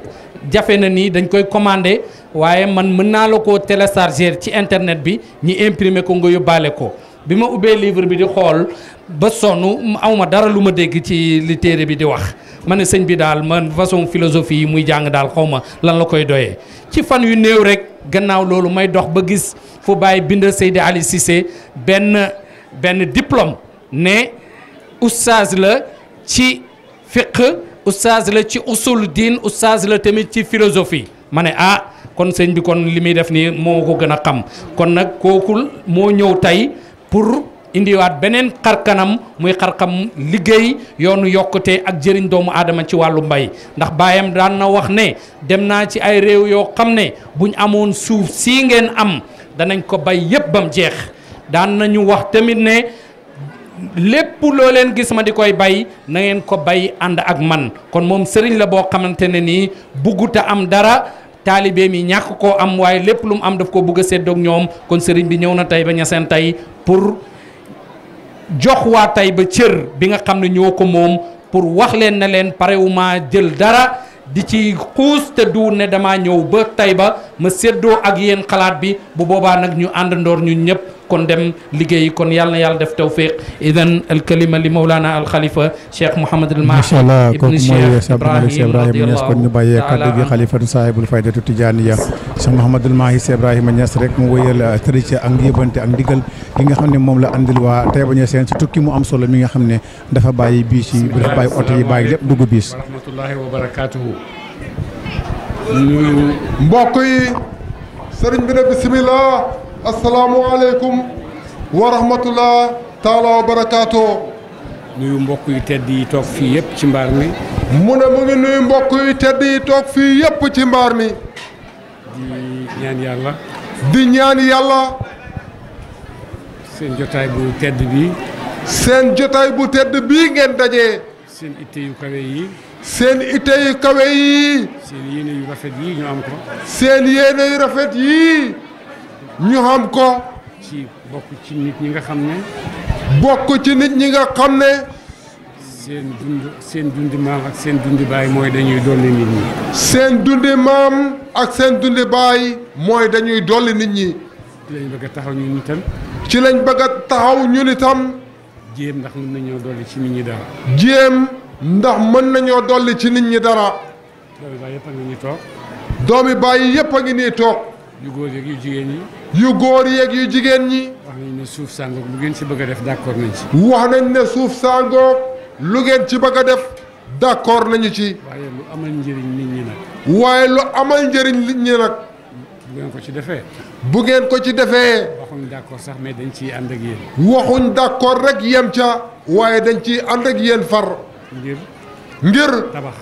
jafe na nii dañ koy commandé waaye man mën naa la koo télécharger ci internet bi ñi imprimer ko nga yóbbaale ko bi ma ubbee livre bi di xool ba sonn awma dara lu ma dégg ci li téere bi di wax ma ne sëñ bi daal man façon philosophie yi muy jàng daal xaw ma lan la koy doyee ci fan yu néew rek gannaaw loolu may dox ba gis fu bàyyi bind Seydi Ali Cissé benn benn diplôme ne oustaz la ci fiqh oustaz la ci usul diin oustaz la tamit ci philosophie ma ne ah kon sëñ bi kon li muy def nii moo ko gën a xam kon nag kookul moo ñëw tey pour wat benen xarkanam muy xarkam liggey yoonu yokkute ak jëriñ doomu adama ci walu mbay ndax bayam daan na wax ne dem na ci ay rew yo xamne buñ amone suuf si ngeen am danañ ko bay yeb bam jeex daan nañu wax tamit ne lepp lo len gis ma di koy bay na ngeen ko bay and ak man kon mom sëriñ la bo xamantene ni buguta am dara talibé mi ñak ko am way lepp lu am daf ko bëgg a kon sëriñ bi ñew na tay ba ña tay pour jox waa Taïba cër bi nga xam ne ñoo ko moom pour wax leen na leen parewuma jël dara di ci xuus te du ne dama ñëw ba ba ma seddoo ak yéen xalaat bi bu boobaa nag ñu àndandoor ñu ñëpp kon dem liggéeyi kon yàlla yàlla def tawfiq idan alkalima li mawlana alxalifa cheikh Mouhamad al Mahi inchallah kooku mooy Cheikh kon ñu bàyyee kaddu gi xalifatu saahibul faydatu tijaaniya cheikh Mouhamad al Mahi Cheikh Ibrahima Niass rek mu wëyal uh, tërëcc ak yëbante ak ndigal gi nga xam ne moom la andil waa Taïba Niassène ci tukki mu am solo mi nga xam ne dafa bàyyi biis yi dafa bàyyi oto yi bàyyi lépp dugg biis rahmatullahi wa barakatuhu mbokk yi sëriñ asalaamualeykum wa rahmatullah taala wa barakaatoo. nuyu mbokk yu tedd yi toog fii yëpp ci mbaar mi. mu ne mu ngi nuyu mbokk yu tedd yi toog fii yëpp ci mbaar mi. di ñaan yàlla. di ñaan yàlla. seen jotaay bu tedd bi. seen jotaay bu tedd bii ngeen dajee. seen itte yu kawe yi. seen itte yu kawe yi. seen yéene yu rafet yi ñu am ko. seen yéene yu rafet yii. ñu xam ko. ci bokk ci nit ñi nga xam ne. bokk ci nit ñi nga xam ne. seen dund seen dundi maam ak seen dundi baay mooy dañuy dolli nit ñi. seen dundi ak seen dundi baay mooy dañuy dolli nit ñi. ci lañ bëgg a taxaw ñu ni tam. ci lañ bëgg a taxaw ñu ni tam. jéem ndax mën nañoo dolli ci nit ñi dara. jéem ndax mën nañoo dolli ci nit ñi dara. doomi baay yëpp a ngi nii toog. doomi baay yëpp a ngi nii toog. yu góor yeeg yu jigéen ñi. yu góor yeeg yu jigéen ñi. wax nañ ne suuf sàngoog lu ngeen ci bëgg a def d'accord nañ ci. wax ne suuf sàngoog lu ngeen ci bëgg a def d'accord nañu ci. waaye lu amal njëriñ nit ñi nag. waaye lu amal njëriñ nit ñi nag. bu ngeen ko ci defee. bu ngeen ko ci defee. waxuñ d'accord sax mais dañ ciy ànd ak yéen. waxuñ d'accord rek yem ca. waaye dañ ciy ànd ak yéen far. ngir. ngir tabax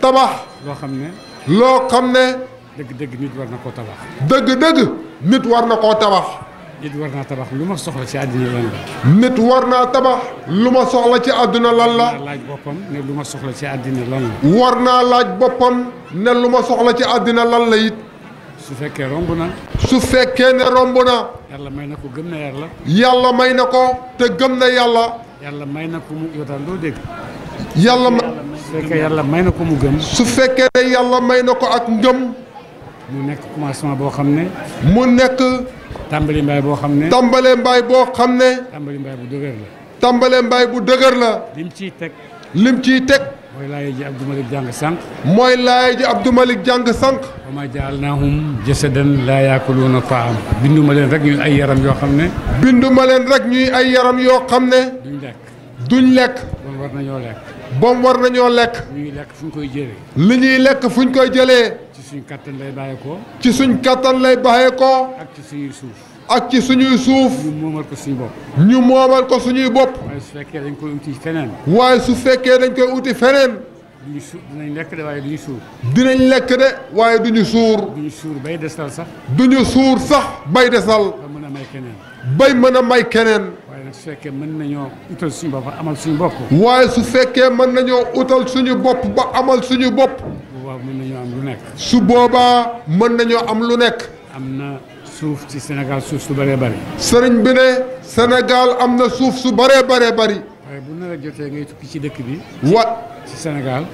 tabax. loo xam ne. loo xam ne. dëgg-dëgg nit war na koo tabax. dëgg-dëgg nit war na koo tabax. nit war naa tabax lu ma soxla ci àdduna lan la. nit war naa tabax lu ma soxla ci àdduna lan la. war naa laaj boppam ne lu ma soxla ci àddina lan la. war naa laaj boppam ne lu ma soxla ci àddina lan la it. su fekkee romb na. su fekkee ne romb na. yàlla may na ko gëm na yàlla. yàlla may na ko te gëm na yàlla. yàlla may na ko mu yow daal doo dégg. yàlla ma su fekkee yàlla may na ko mu gëm. su fekkee ne yàlla may na ko ak ngëm. mu nekk commencement boo xam ne. mu nekk. tàmbali mbaay boo xam ne. tàmbale mbaay boo xam ne. tàmbali mbaay bu dëgër la. tàmbale mbaay bu dëgër la. lim ciy teg. lim ciy teg. mooy laay ji Abdou Malick jàng sànq. mooy laay ji Abdou Malick jàng sànq. wa maa jaalnaahum jasadan laa yaakuluuna taam. bindu ma leen rek ñuy ay yaram yoo xam ne. bindu ma leen rek ñuy ay yaram yoo xam ne. duñ lekk. duñ lekk. kon war nañoo lekk. boom war nañoo lekk. li ñuy lekk fu ñu koy jëlee. li ñuy lekk fu ñu koy jëlee. ci suñ kattan lay bàyyeekoo. ci suñ kattan lay bàyyeekoo. ak ci suñuy suuf. ak ci suñuy suuf. ñu moomal ko suñu bopp. ñu moomal ko suñuy bopp. waaye su fekkee dañ koy uti feneen. waaye su fekkee dañ koy uti feneen. duñu su dinañ lekk de waaye duñu suur. dinañ lekk waaye duñu suur. duñu suur bay desal sax. du duñu suur sax bay desal. bay mën a may keneen. bay mën a may keneen. su fekkee mën nañoo utal suñu bopp amal bopp. waaye su fekkee mën nañoo utal suñu bopp ba amal suñu bopp. su mën nañoo am lu nekk. su boobaa mën nañoo am lu nekk. am na suuf ci Sénégal suuf su bëree bëri. sëriñ bi ne Sénégal am na suuf su bëree bëree bari waaye bu nawet jotee ngay tukki ci dëkk bi. wa ci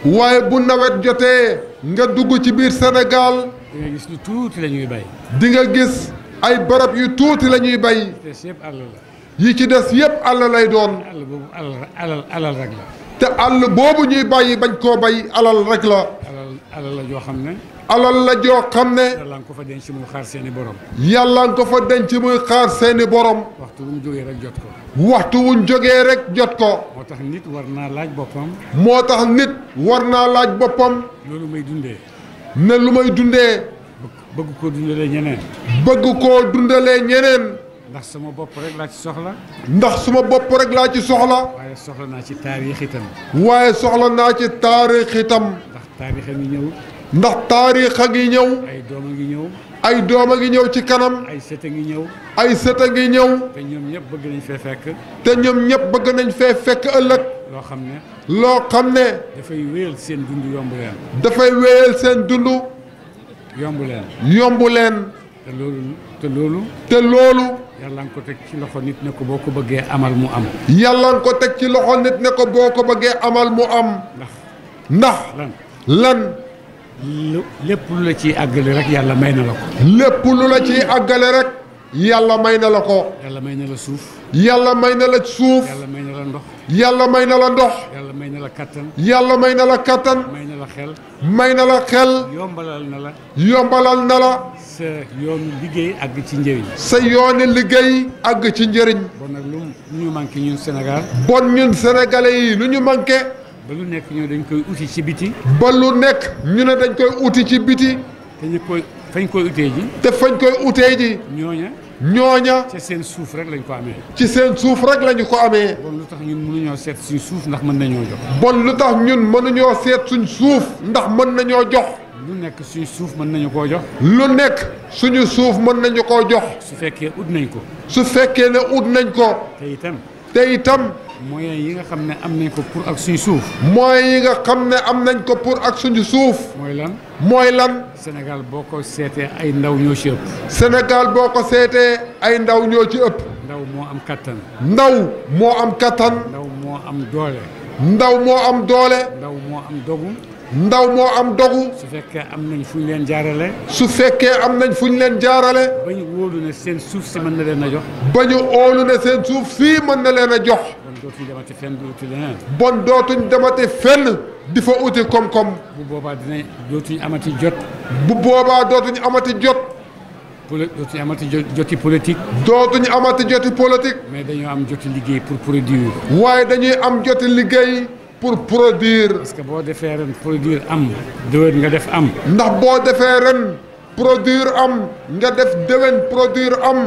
waaye bu nawet jotee nga dugg ci biir Sénégal. di nga gis lu tuuti la bay. di nga gis ay barab yu tuuti lañuy ñuy bay. yi ci des yépp àll lay doon. àll boobu alal alal rek la. te àll boobu ñuy bàyyi bañ koo bay alal rek la. alal alal la joo xam ne. alal la joo xam ne. yàlla nga ko fa denc muy xaar seeni borom. yàlla ko fa denc muy xaar seeni borom. waxtu wuñ jógee rek jot ko. waxtu wuñ jógee rek jot ko. moo nit war naa laaj boppam. moo nit war naa laaj boppam. loolu may dundee. ne lu may dundee. bëgg koo dundalee ñeneen. bëgg koo dundalee ñeneen. ndax suma bop rek la ci soxla. ndax suma bop rek la ci soxla. waaye soxla naa ci taarix itam. waaye soxla naa ci taarix itam. ndax taarix a ñëw. ndax taarix a ngi ñëw. ay dooma a ngi ñëw. ay dooma a ngi ñëw ci kanam. ay sët a ngi ñëw. ay sët a ngi ñëw. te ñom ñëpp bëgg nañ fe fekk. te ñom ñëpp bëgg nañ fe fekk ëlëk lo xamne lo xamne da fay wëyel seen dundu yomb leen. da fay wëyel seen dundu yomb leen. yomb leen. te loolu. te loolu. te loolu. yàlla nga ko teg ci loxo nit ne ko boo ko bëggee amal mu am. yàlla nga ko teg ci loxo nit ne ko boo ko bëggee amal mu am. ndax. ndax. lan lan. lépp lu la ciy àggale rek yàlla may na la ko. lépp lu la ciy àggale rek. yàlla may na la ko. yàlla may suuf. yàlla may na la suuf. yàlla may na la ndox. yàlla may na la ndox. may na la kattan. yàlla may na la kattan. may na la xel. may na la xel. yombalal na la. yombalal na la. sa yoonu liggéey àgg ci njëriñ. sa yoonu liggéey àgg ci njëriñ. bon nag ñu manqué ñun Sénégal. bon ñun sénégalais yi lu ñu manqué. ba lu nekk ñu dañ koy uti ci biti. ba lu nekk ñu ne dañ koy uti ci biti. te ñu koy fañ koy utee ji. te fañ koy utee ji. ñooña. ci seen suuf rek lañ ko amee. ci seen suuf rek lañu ko amee. bon lu tax ñun mënuñoo seet suñ suuf ndax mën nañoo jox. bon lu tax ñun mënuñoo seet suñ suuf ndax mën nañoo jox. lu nekk suñu suuf mën nañu koo jox. lu nekk suñu suuf mën nañu koo jox. su fekkee ut nañ ko. su fekkee ne ut nañ ko. te itam. moyens yi nga xam ne am nañ ko pour ak suñu suuf. moyens yi nga xam ne am nañ ko pour ak suñu suuf. mooy lan. mooy lan. Sénégal boo ko seetee ay ndaw ñoo ci ëpp. Sénégal boo ko seetee ay ndaw ñoo ci ëpp. ndaw moo am kattan. ndaw moo am kattan. ndaw moo am doole. ndaw moo am doole. ndaw moo am dogu. ndaw moo am dogu. su fekkee am nañ fu ñu leen jaarale. su fekkee am nañ fu ñu leen jaarale. ba ñu óolu ne seen suuf si mën na leen a jox. ba ñu óolu ne seen suuf si mën na leen a jox. bon dootuñ demati fenn di uti leneen. bon dootuñ demati fenn di fa uti koom-koom. bu boobaa dinañ dootuñ amati jot. bu boobaa dootuñ amati jot. poli dootuñu amati joti politique. dootuñu amati joti politique. mais dañuy am joti liggéey pour produire. waaye dañuy am joti liggéey. pour produire. parce que boo defee ren produire am. déwén nga def am. ndax boo defee ren produire am nga def déwén produire am.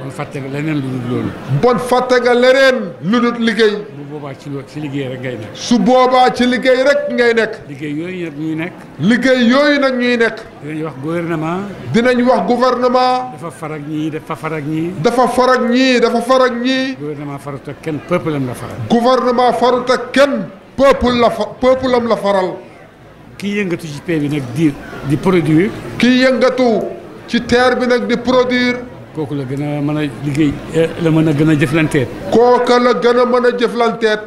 bon fàtte nga leneen lu dul loolu. bon fàtte nga leneen lu dul liggéey. bu boobaa ci ci liggéey rek ngay nekk. su boobaa ci liggéey rek ngay nekk. liggéey yooyu nag ñuy nekk. liggéey yooyu nag ñuy nekk. dinañ wax gouvernement. dinañ wax gouvernement. dafa farag ñii dafa farag ñii. dafa farag ñii dafa farag ñii. gouvernement farut ak kenn peuple am la faral. gouvernement farut ak kenn. peuple la fa peuple am la faral. kii yëngatu ci paie bi nag di di produire. kii yëngatu ci terre bi nag di produire. kooku la gën a mën a liggéey eh, la mën a gën a jëflanteet. kooka la gën a mën a jëflanteet.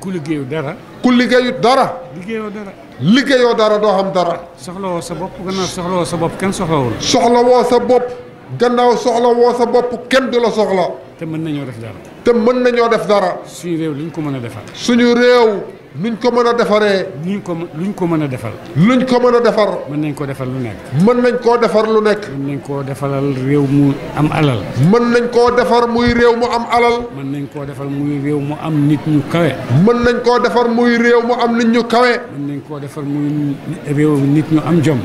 ku liggéeyu dara. ku liggéeyu dara. liggéeyoo dara. liggéeyoo dara doo xam dara. soxlawoo sa bopp gannaaw soxlawoo sa bopp kenn soxlawul. soxlawoo sa bopp. gannaaw soxla woo sa bopp kenn du la soxla. te mën nañoo def dara. te mën nañoo def dara. suñu réew li ñu ko mën a defal. suñu réew. nuñ ko mën a defaree. nuñ ko luñ ko mën a defar. luñ ko mën a defar. mën nañ koo defar lu nekk. mën nañ koo defar lu nekk. mën nañ koo defaral réew mu am alal. mën nañ koo defar muy réew mu am alal. mën nañ koo defar muy réew mu am nit ñu kawe. mën nañ koo defar muy réew mu am nit ñu kawe. mën nañ koo defar muy réew nit ñu am jom.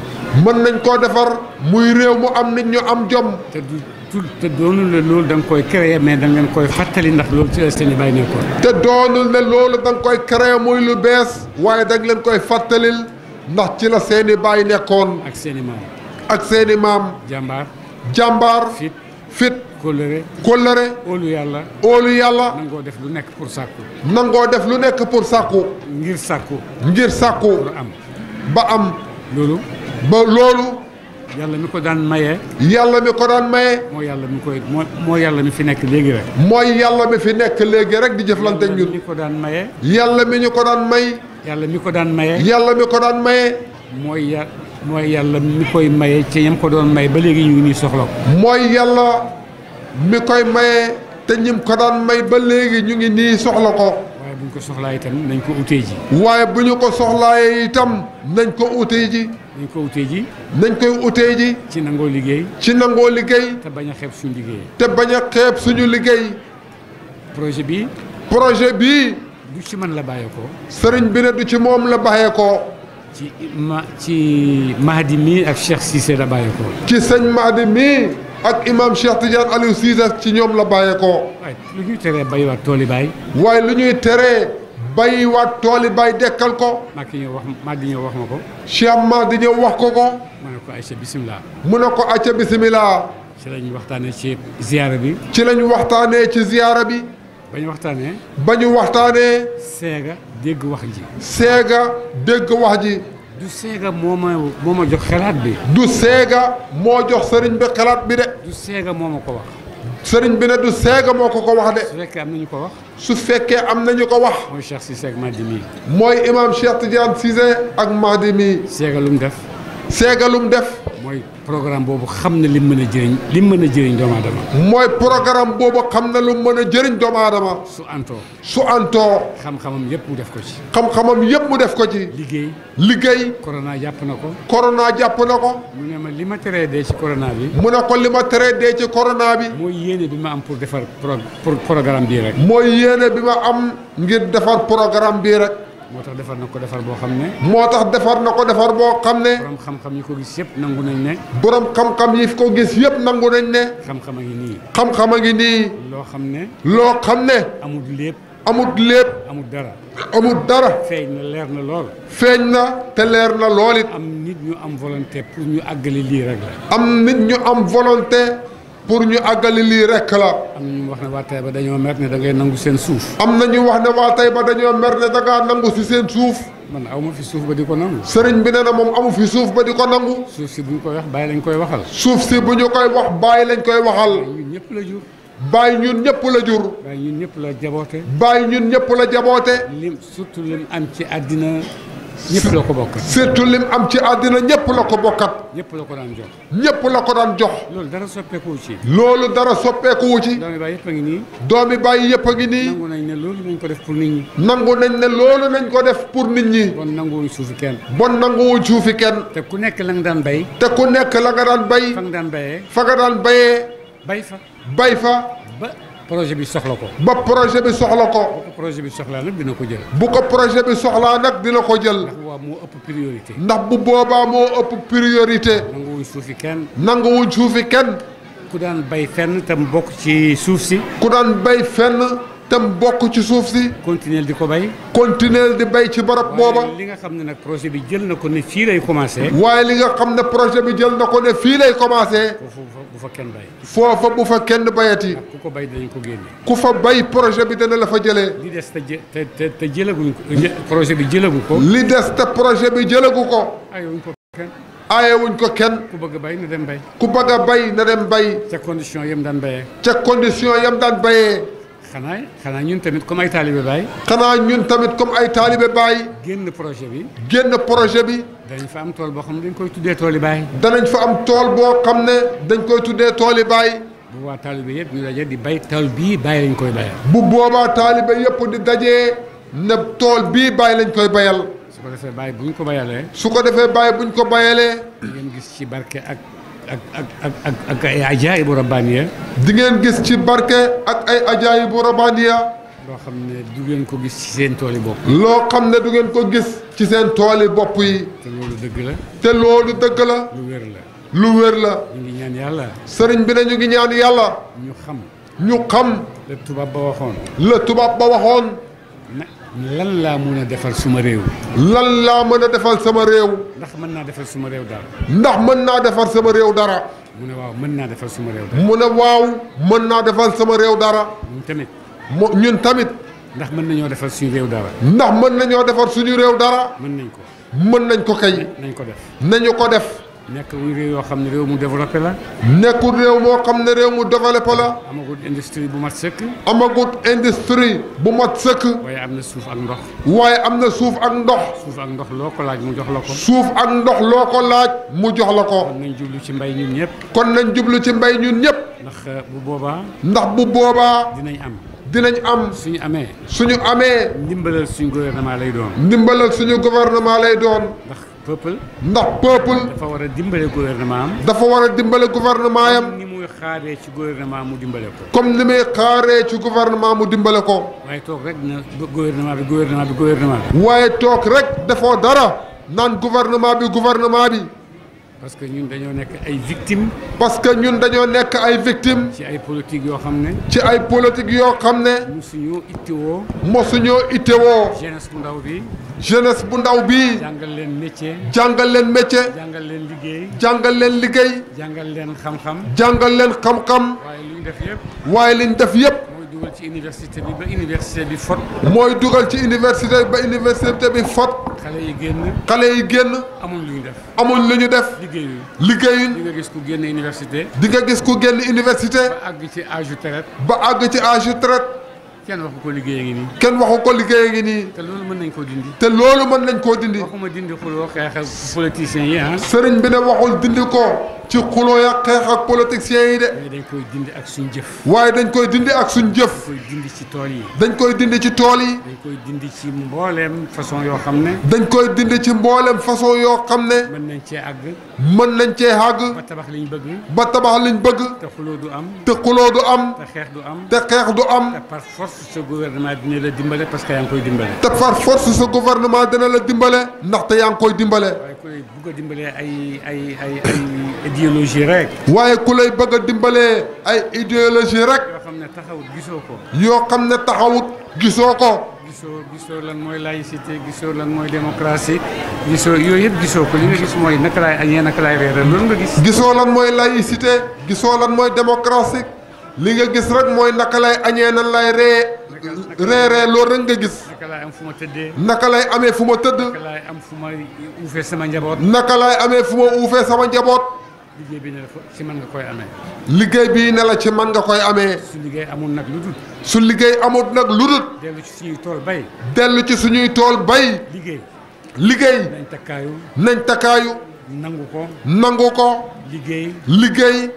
mën nañ koo defar muy réew mu am nit ñu am jom. te du. nekkul te doonul loolu da nga koy créer mais da ngeen koy fàttali ndax loolu ci la seen i bàyyi nekkoon. te doonul ne loolu da koy créer muy lu bees waaye da leen koy fàttalil ndax ci la seeni i bàyyi nekkoon. ak seen i maam. ak seen maam. jàmbaar. jàmbaar. fit fit. kóllëre kóllëre. olu yàlla. olu yàlla. nangoo def lu nekk pour sàkku. nangoo def lu nekk pour sàkku. ngir sàkku. ngir sàkku. ba am. ba yàlla mi ko daan maye. yàlla mi ko daan maye. mooy yàlla mi koy mooy yàlla mi fi nekk léegi rek. mooy yàlla mi fi nekk léegi rek di jëflante ñun. yàlla mi ko daan maye. yàlla mi ñu ko daan may. yàlla mi ko daan maye. yàlla mi ko daan maye. mooy ya mooy yàlla mi koy maye ci ñam ko doon maye ba léegi ñu ngi nii soxla ko. mooy yàlla mi koy maye te ñim ko daan may ba léegi ñu ngi nii soxla ko. bu ñu ko soxlaa tam nañ ko utee ji. waaye bu ñu ko soxlaa itam nañ ko utee ji. nañ ko utee ji. nañ koy utee ji. ci nangoo liggéey. ci nangoo liggéey. te bañ a xeeb suñu liggéey. te bañ a suñu liggéey. projet bi. projet bi. du ci man la bàyyeekoo. sëriñ bi ne du ci moom la bàyyeekoo. ci ma ci Mahdi mii ak Cheikh Cissé la bàyyeekoo. ci sëñ Mahdi ak imam Cheikh Tidiane Aliou Cissé ci ñoom la bàyyeekoo. waaye lu ñuy teree bayiwaat tooli baay. waaye lu ñuy teree bayiwaat tooli baay dekkal ko. maa ngi ñëw wax maa di ñëw wax ma ko. Cheikh maa di ñëw wax ko ko. mu ne ko ayca bisimilah. mu ne ko ayca bisimilah. ci lañ waxtaanee ci ziyaara bi. ci lañ waxtaanee ci ziyaara bi. ba ñu waxtaanee. ba ñu waxtaanee. wax ji. seega dégg wax ji. du seega moo ma jox xalaat bi. du seega moo jox sëriñ bi xalaat bi de. du seega moo ko wax. sëriñ bi ne du seega moo ko ko wax de. su fekkee am nañu ko wax. su fekkee am nañu ko wax. mooy Cheikh Cissé ak Mahdi mii. mooy imaam Cheikh Tidiane Cissé ak Mahdi mii. seega lu mu def. seegalum def. mooy programme boobu xam na lim mën a jëriñ lim mën a jëriñ doomu aadama. mooy programme boobu xam na lu mën a jëriñ doomu aadama. su antoo su antoo. xam-xamam yëpp mu def ko ci. xam yëpp mu def ko ci. liggéey liggéey. corona jàpp na ko. corona jàpp na ko. mu ne ma li ma teree dee ci corona bi. mu ne ko li ma teree de ci corona bi. mooy yéene bi ma am pour defar pro programme bii rek. mooy yéene bi ma am ngir defar programme bii rek. moo tax defar na ko defar boo xam ne. moo tax defar na ko defar boo xam ne. borom xam-xam yi ko gis yëpp nangu nañ ne. borom xam-xam yi ko gis yëpp nangu nañ ne. xam-xam a ngi nii. xam-xam a loo xam ne. loo xam ne. amut lépp. amut lépp. amut dara. amut dara. feeñ na leer na lool. feeñ na te leer na lool am nit ñu am volonté pour ñu àggale lii rek am nit ñu am volonté. pour ñu àggali lii rek la. am na ñu wax ne waa Taïba dañoo mer ne da ngay nangu seen suuf. am na ñu wax ne waa Taïba dañoo mer ne da ngaa nangu si seen suuf. man aw ma fi suuf ba di ko nangu. sëriñ bi nee na moom amu fi suuf ba di ko nangu. suuf si bu ñu koy wax bàyyi lañ koy waxal. suuf si bu ñu koy wax bàyyi lañ koy waxal. ñun ñëpp la jur. bàyyi ñun ñëpp la jur. bàyyi ñun ñëpp la jaboote. bàyyi ñun ñëpp la jaboote. lim surtout lim am ci àddina. ñëpp ko bokkat surtout lim am ci àddina ñëpp la ko bokkat ñëpp la ko daan jox ñëpp la ko daan jox loolu dara soppeekuwu ci loolu dara soppeekuwu ci doomi bàyyi yëpp a ngi nii doomi yëpp nangu nañ ne loolu nañ ko def pour nit ñi nangu nañ ne loolu nañ ko def pour nit ñi bon nanguwuñ suufi kenn bon nanguwuñ suufi kenn te ku nekk la nga daan bay te ku nekk la nga daan bay fa nga daan bayee fa nga daan bayee bay fa bay fa projet bi soxla ko. ba projet bi soxla ko. bu ko projet bi soxlaa nag dina ko jël. bu ko projet bi soxlaa nag dina ko jël. ndax bu boobaa moo ëpp priorité. ndax bu boobaa moo ëpp priorité. nanguwuñ suufi kenn. nanguwuñ suufi kenn. ku daan bay fenn te mu bokk ci suuf si. ku daan bay fenn. tam bokku ci souf ci continuer di ko bay. continuer di bay ci borop boba li nga xamne nak projet bi jël nako ko ne fii lay commencer way li nga xamne projet bi jël nako ko ne fii lay commencer foofa bu fa kenn bay. fofa bu fa kenn bayati. ku ko bay dañ ko génne. ku fa bay projet bi dana la fa jëlé li dess te te te jëlaguñ ko projet bi jëlagu ko. li dess te projet bi jëlagu ko. ayewuñ ko kenn. aayewuñ ko kenn. ku bëgg bay na dem bay. ku bëgg bay na dem bay. ca condition yam daan bayee. ca condition yam daan bayee. xanaa xanaa ñun tamit comme ay taalibe baay. xanaa ñun tamit comme ay taalibe baay. génn projet bi. génn projet bi. danañ fa am tool boo xam ne dañ koy tuddee tooli baay. danañ fa am tool boo xam ne dañ koy tuddee tooli baay. bu boobaa taalibe yëpp ñu daje di bay tool bii bàyyi lañ koy bayal. bu boobaa taalibe yëpp di daje ne tool bii bàyyi lañ koy bayal. su ko defee bàyyi buñ ko bayalee. su ko defee bàyyi buñ ko bayalee. ngeen gis ci barke ak. ak ak ak ak ay ajaayibu rabbaaniya di ngeen gis ci barke ak ay ajaayibu rabbaaniya loo xam ne du ngeen ko gis seen tool yi bopp loo xam ne du ngeen ko gis ci seen tool yi bopp yi te loolu dëgg la te loolu dëgg la lu wér la lu wér la ñu ngi ñaan yàlla sëriñ bi ne ñu ngi ñaan yàlla ñu xam ñu xam la tubaab ba waxoon la tubaab ba waxoon lan laa mën a defal suma réew. lan laa mën a defal sama réew. ndax mën naa defal suma réew dara. ndax mën naa defal sama réew dara. mu ne waaw mën naa defal suma réew dara. mu ne waaw mën naa defal sama réew dara. ñun tamit. mo ñun tamit. ndax mën nañoo defal suñu réew dara. ndax mën nañoo defal suñu réew dara. mën nañ ko. mën nañ ko kay. nañ ko def. nañu ko def. nekkul réew yoo xam ne réew mu développé la. nekkul réew moo xam ne réew mu développé la. amagut industrie bu mat sëkk. amagut industrie bu mat sëkk. waaye am na suuf ak ndox. waaye am na suuf ak ndox. suuf ak ndox loo ko laaj mu jox la ko. suuf ak ndox loo ko laaj mu jox la ko. kon nañ jublu ci mbay ñun ñëpp. kon nañ jublu ci mbay ñun ñëpp. ndax euh, bu boobaa. ndax bu boobaa. dinañ am. dinañ am suñu amee. suñu amee. ndimbalal suñu gouvernement lay doon. ndimbalal suñu gouvernement lay doon. peuple. ndax peuple. dafa dimbale gouvernement am. dafa war a dimbale gouvernement yam. ni muy xaaree ci gouvernement mu dimbale ko. comme ni muy xaaree ci gouvernement mu dimbale ko. waaye toog rek na gouvernement bi gouvernement bi gouvernement waaye toog rek dafoo dara nan gouvernement bi gouvernement bi. parce que ñun dañoo nekk ay victimes. parce que ñun dañoo nekk ay victimes. ci ay politique yoo xam ne. ci ay politique yoo xam ne. mosuñoo ittewoo. mosuñoo ittewoo. jeunesse bu ndaw bi. jeunesse bu ndaw bi. jàngal leen métier. jàngal leen métier. jàngal leen liggéey. jàngal leen liggéey. jàngal leen xam-xam. jàngal leen xam-xam. waaye li ñu def yëpp. ci université bi ba université bi fot. mooy dugal ci université ba université bi fot. xale yi génn. xale yi génn. amuñ lu ñu def. amuñ lu ñu def. liggéeyuñ. liggéeyuñ. di gis ku génn université. di nga gis ku génn université. ba àgg ci âge ba àgg ci âge kenn waxu ko liggéey ngi nii. kenn waxu ko liggéey ngi nii. te loolu mën nañ koo dindi. te loolu mën nañ koo dindi. waxuma dindi xuloo xeex ak politiciens yi ah. sëriñ bi ne waxul dindi ko ci xuloo ya xeex ak politiciens yi de. waaye dañ koy dindi ak suñ jëf. waaye dañ koy dindi ak suñ jëf. dañ koy dindi ci tool yi. dañ koy dindi ci tool yi. dañ koy dindi ci mbooleem façon yoo xam ne. dañ koy dindi ci mbooleem façon yoo xam ne. mën nañ cee àgg. mën nañ cee àgg. ba tabax liñ bëgg. ba tabax liñ bëgg. te xuloo du am. te xuloo du am. te xeex du am. te xeex du am. force sa gouvernement dina la dimbale parce que yaa ngi koy dimbale. te par force sa gouvernement dina la dimbale ndaxte yaa ngi koy dimbale. waaye ku lay bëgg a dimbalee ay ay ay ay idéologie rek. waaye ku lay bëgg dimbale ay idéologie rek. yoo xam ne taxawut gisoo ko. yoo xam ne taxawut gisoo ko. gisoo gisoo lan mooy laïcité gisoo lan mooy démocratie gisoo yooyu yëpp gisoo ko li nga gis mooy naka laay añee naka laay reere loolu nga gis. gisoo lan mooy laïcité gisoo lan mooy démocratie. li nga gis rek mooy naka lay añee nan lay ree reeree loolu rek nga gis. naka lay am fu ma tëddee. naka lay amee fu ma tëdd. am fu ma uufee sama njaboot. naka lay amee fu ma uufee sama njaboot. liggéey bi ne la ci man nga koy amee. liggéey bi ne la ci man nga koy amee. su liggéey amul nag lu su liggéey amul nag lu dul. dellu ci suñuy tool bay. dellu ci suñuy tool bay. liggéey. liggéey. nañ takkaayu. nañ takkaayu. nangu ko. nangu ko. liggéey. liggéey.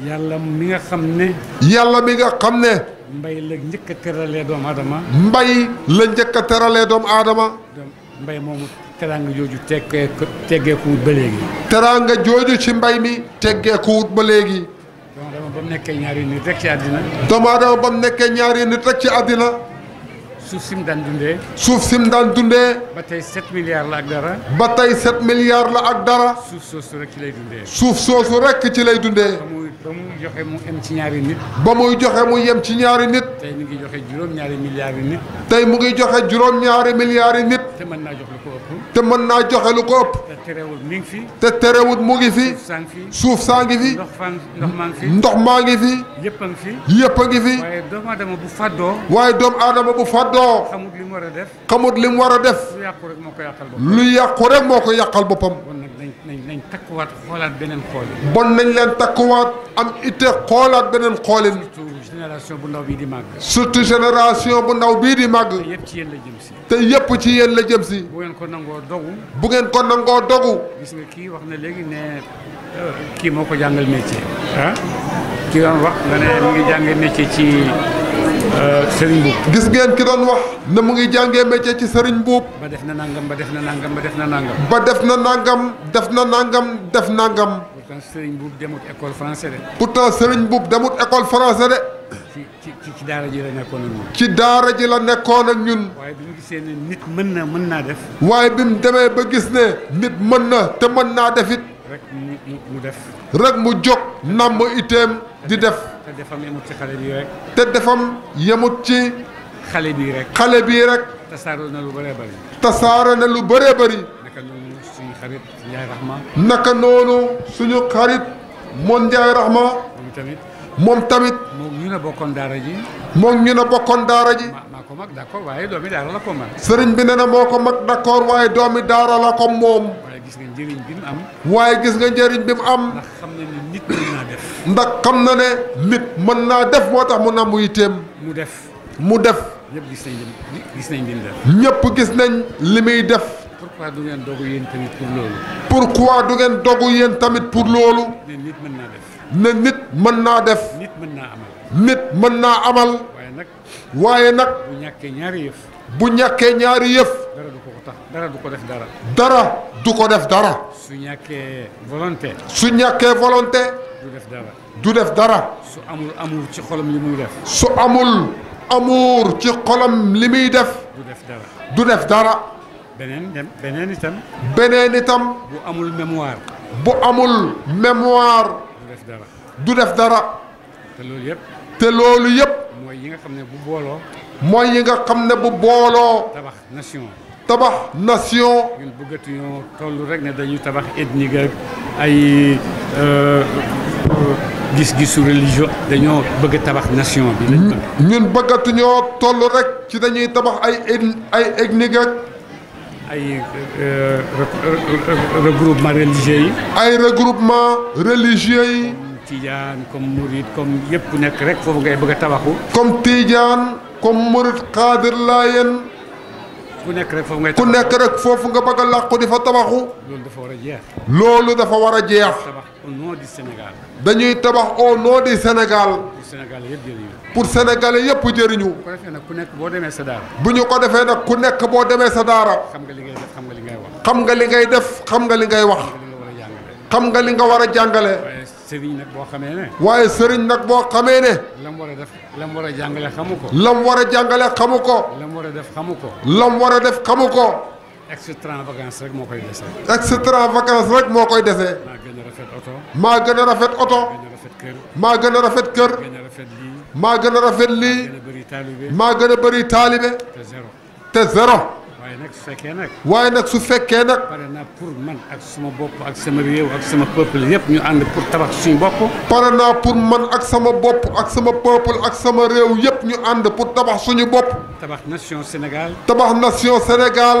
yàlla mi nga xam ne. yàlla mi nga xam ne. mbay la njëkk a doomu adama mbay la njëkk terale doomu aadama. mbay moomu teraanga jooju teggee teggeeku wut ba léegi. nga jooju ci mbay mi teggeeku wut ba léegi. doomu aadama ba mu nekkee ñaari nit rek ci àddina. doomu aadama ba mu nekkee ñaari nit rek ci àddina. suuf si mu daan dundee. suuf si mu daan dundee. ba tey 7 milliards la ak dara. la ak dara. suuf soosu rek ci lay dundee. suuf soosu rek ci lay dundee. ba muy ba muy joxe mu yem ci ñaari nit. ba muy joxe mu yem ci ñaari nit. tey mu ngi joxe juróom-ñaari milliards yi nit. tey mu ngi joxe juróom-ñaari milliards yi nit. te mën naa jox lu ko ëpp. te mën naa joxe lu ko ëpp. te terewut mi ngi te terewut mu ngi fi. suuf saa suuf saa ngi fi. ndox fan ndox fi. ndox maa ngi fi. fi. mbooloo. xamut li mu war a def. xamut li mu war a def. lu yàqu rek moo ko yàqal boppam. lu yàqu rek moo ko yàqal boppam. bon nag nañ nañ nañ takkuwaat xoolaat beneen xoolin. bon nañ leen takkuwaat am itte xoolaat beneen xoolin. surtout génération bu ndaw bii di màgg. surtout génération bu ndaw bii di màgg. te yëpp ci yéen la jëm si. te yëpp ci yéen la jëm si. bu ngeen ko nangoo dogu. bu ngeen ko nangoo dogu. gis nga kii wax na léegi ne euh, kii moo ko jàngal métier. ah ki doon wax nga ne mu ngi jàng métier ci. Euh, Serigne Mbuub gis ngeen ki doon wax ne mu ngi jàngee métier ci Serigne Mbuub ba def na nangam ba def na nangam ba def na nangam ba def na nangam def na nangam def nangam pourtant Serigne demut école france de pourtant Serigne Mbuub demut école français de ci ci ci daara ji la nekkoon ak ñun ci daara ji la nekkoon ak ñun waaye bi mu gisee ne nit mën na mën naa def waaye bi mu demee ba gis ne nit mën na te mën naa def it rek mu def rek mu jóg namm iteem di def te defam yemut ci xale bii rek. te defam yemut ci. xale bii rek. xale bii rek. tasaare na lu bëree bari tasaare na lu bëree bëri. naka noonu suñu xarit Ndiaye Rahma. naka noonu suñu moom Ndiaye Rahma. moom tamit. moom tamit. moom ñu ne bokkoon daara ji. moom ñu ne bokkoon daara ko mag d'accord waaye doomi daara la ko sëriñ bi ne na moo ko mag d'accord waaye doomi daara la ko moom. waaye gis nga njëriñ bi mu am. waaye gis nga njëriñ bi mu am. ndax xam na ne nit mën naa def moo tax mu nàmbu yitteem mu def mu def ñëpp gis nañ li ñëpp gis nañ li muy def pourquoi du ngeen dogu pour loolu pourquoi du ngeen dogu yéen tamit pour loolu ne nit mën naa def nit mën naa def nit naa amal nit mën naa amal waaye nag waaye nag bu ñàkkee ñaari yëf bu ñàkkee ñaari yëf dara du ko ko def dara dara du ko def dara su ñàkkee volonté su ñàkkee volonté du def dara. du def dara. su amul amour ci xolam li muy def. su amul amour ci xolam li muy def. du def dara. du def dara. beneen beneen itam. beneen itam. bu amul mémoire. bu amul mémoire. du def dara. du def dara. te loolu yëpp. te loolu yëpp. mooy yi nga xam ne bu booloo. mooy yi nga xam ne bu booloo. tabax nation. tabax nation. ñun bëggatuñoo toll rek ne dañuy tabax ethnique ak ay. gis-gisu religion dañoo bëgg tabax nation bi. ñun rek ci dañuy tabax euh, regroupement religieux ay regroupement religieux Tidiane comme Mouride comme yépp nekk rek foofu ngay bëgg comme Tidiane comme ku rek au nom du Sénégal. dañuy tabax au nom du Sénégal. pour Sénégal yëpp jëriñu. pour Sénégal yëpp jëriñu. bu defee nag ku nekk boo demee sa daara. bu ñu ko defee nag ku nekk boo demee sa daara. xam nga li ngay def xam nga li ngay wax. xam nga li ngay def xam nga li ngay wax. xam nga li nga war a jàngale. waaye sëriñ nag boo xamee ne. waaye sëriñ nag boo xamee ne. lam war a def lam war a jàngale xamu ko. lam war a jàngale xamu ko. lam war a def xamu ko. lam war a def xamu ko. extravagance moo koy dese. rek moo koy dese. maa gën a rafet oto maa gën a rafet kër maa gën a rafet lii maa gën a bëri taalibe te zéro waaye nag su fekkee nag waaye nag su fekkee nag pare naa pour man ak sama bopp ak sama réew ak sama peuple yëpp ñu ànd pour tabax suñu bopp pare naa pour man ak sama bopp ak sama peuple ak sama réew yëpp ñu ànd pour tabax suñu bopp tabax nation Sénégal tabax nation Sénégal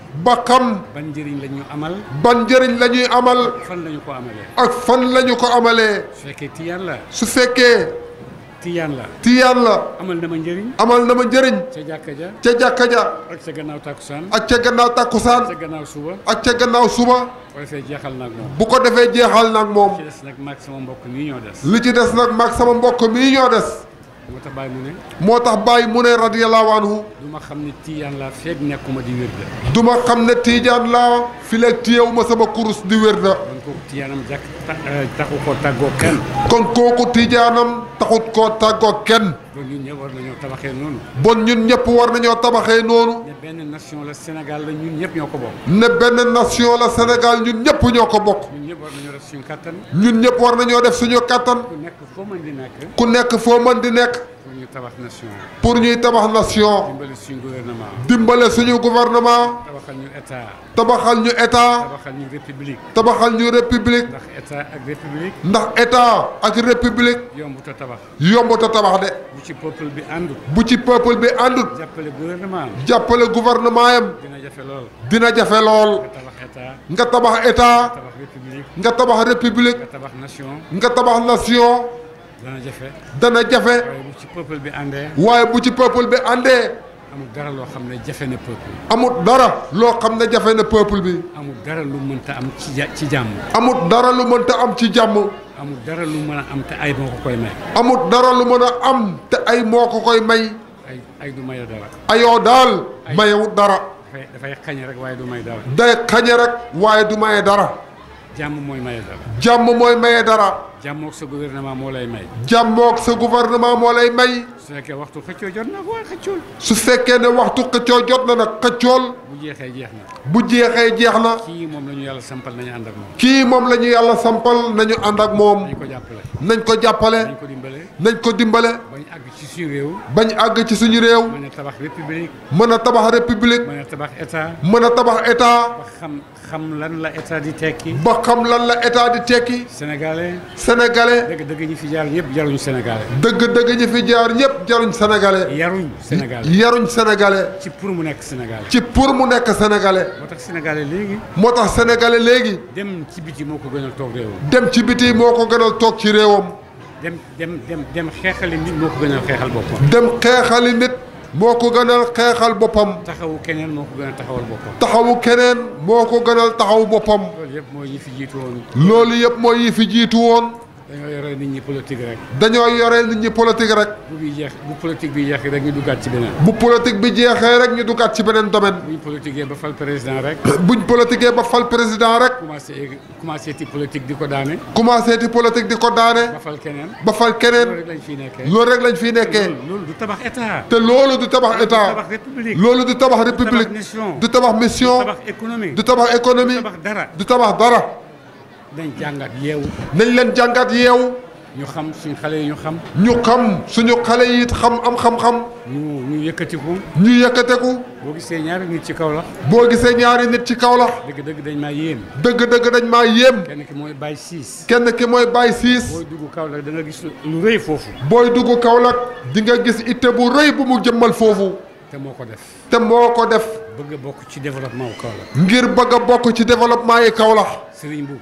ba xam. ban njëriñ la ñuy amal. ban njëriñ la ñuy amal. fan la ko amalee. ak fan lañu ko amale su fekkee tiyaan la. su fekkee. tiyaan la. tiyaan la. amal na ma njëriñ. amal na ma njëriñ. ca jàkka ja. ca jàkka ja. ak ca gannaaw takkusaan. ak ca gannaaw takkusaan. ca gannaaw suba. ak ca gannaaw suba. bu ko defee jeexal na moom. bu ko defee jeexal na ak moom. li ci des nag maag mbokk mii ñoo des. li ci des nag maag sama mbokk mii ñoo des. moo tax Baye mu ne. moo tax Baye mu ne radiyallahu anhu. du ma xam ne Tiijaan laa feeg nekkuma di wér da. du ma xam ne Tiijaan laa fileeg téyewu ma sama kurus di wér da. kon kooku Tiijaanam jàkk euh, taxu koo tàggoo kenn. kon kooku Tiijaanam taxut koo tàggoo kenn. kon ñun ñëpp war nañoo tabaxee noonu. bon ñun ñëpp war nañoo tabaxee noonu. ne benn nation la Sénégal la ñun ñëpp ñoo ko bokk. ne benn nation la Sénégal ñun ñëpp ñoo ko bokk. ñun ñëpp war nañoo def suñu kattan. ñun ñëpp war nañoo def suñu kattan. ku nekk foo mën di nekk. ku nekk foo mën di nekk. tabax nation. pour ñuy tabax nation. dimbale suñu gouvernement. dimbale suñu gouvernement. tabaxal ñu état. tabaxal ñu état. tabaxal ñu république. tabaxal ñu république. ndax état ak république. ndax état ak république. yombut a tabax. yombut a tabax de. bu ci peuple bi àndut. bu ci peuple bi àndut. jàppale gouvernement jàppale gouvernement yam. dina jafe lool. dina jafe lool. nga tabax état. nga tabax république. nga tabax république. dana jafe. dana jafe. waaye bu ci peuple bi àndee. waaye bu ci peuple bi àndee. amul dara loo xam ne jafe na peuple amul dara loo xam ne jafe na peuple bi. amul dara lu mënta am ci ja ci jàmm. amul dara lu am ci jàmm. amul dara lu mën a am te ay moo ko koy may. dara lu mën a am te ay moo koy may. ay ay du maye dara. ayoo daal. mayewut dara. dafay dafay rek waaye du may dara. day xañe rek waaye du maye dara. mooy maye dara. jàmm mooy maye dara. jàmmook sa gouvernement moo lay may. jàmmook sa moo lay may. su fekkee waxtu xëccoo jot na su fekkee ne waxtu xëccoo jot na nag xëccool. bu jeexee jeex na. bu jeexee jeex na. kii moom la yàlla sampal nañu ànd ak moom. kii moom la ñu yàlla sampal nañu ànd moom. nañ ko jàppale. nañ ko jàppale. ko dimbale. nañ ko dimbale. bañ àgg ci suñu réew. bañ àgg ci suñu réew. mën a tabax république. mën a tabax république. mën a tabax état. mën a tabax état. ba xam lan la état di tekki. ba xam lan la état di tekki. sénégalais sénégalais. dëgg dëgg ñi fi jaar ñëpp jaruñ sénégalais. dëgg dëgg ñi fi jaar ñëpp jaruñ sénégalais. yaruñ sénégalais yaruñ sénégalais. ci pour mu nekk sénégalais. ci pour mu nekk sénégalais. moo tax sénégalais léegi. moo tax sénégalais léegi. dem ci biti moo ko gënal toog réewam. dem ci biti moo ko gënal toog ci réewam. dem dem dem dem xeexali nit moo ko gënal xeexal boppam. dem xeexali nit. moko gënal xéxal bopam taxawu keneen moko gënal taxawal bopam taxawu keneen moko gënal taxaw bopam loolu yëpp moy yi fi jitu won loolu yëpp mooy yi fi jiitu woon. dañoo yore nit ñi politique rek. dañoo yore nit ñi politique rek. bu bi bu politique bi jeexee rek ñu duggaat ci beneen. bu politique bi jeexee rek ñu duggaat ci beneen domaine. buñ politiquee ba fal président rek. buñ politiquee ba fal président rek. commencé commencé ti politique di ko daane. commencé ti politique di ko daane. ba fal keneen. ba fal keneen. loolu rek lañ fiy nekkee. rek lañ fiy nekkee. loolu du tabax état. te loolu du tabax état. loolu du tabax république. du tabax mission. du tabax mission. du tabax économie. du tabax économie. dara. du tabax dara. nañ jàngat yeewu. nañ leen jàngat yeewu. ñu xam suñu xale yi ñu xam. ñu xam suñu xale yi it xam am xam-xam. ñu ñu yëkkatiku. ñu yëkkateku. boo gisee ñaari nit ci Kaolack. boo gisee ñaari nit ci Kaolack. dëgg-dëgg dañ maa yéem. dëgg-dëgg dañ maa yéem. kenn ki mooy Baye Ciss. kenn ki mooy Baye Ciss. booy dugg Kaolack da nga gis lu rëy foofu. booy dugg Kaolack di nga gis itte bu rëy bu mu jëmmal foofu. te moo ko def. te moo ko def. bëgg a bokk ci développement wu Kaolack. ngir bëgg a bokk ci développement yi Kaolack. Serigne Mboup.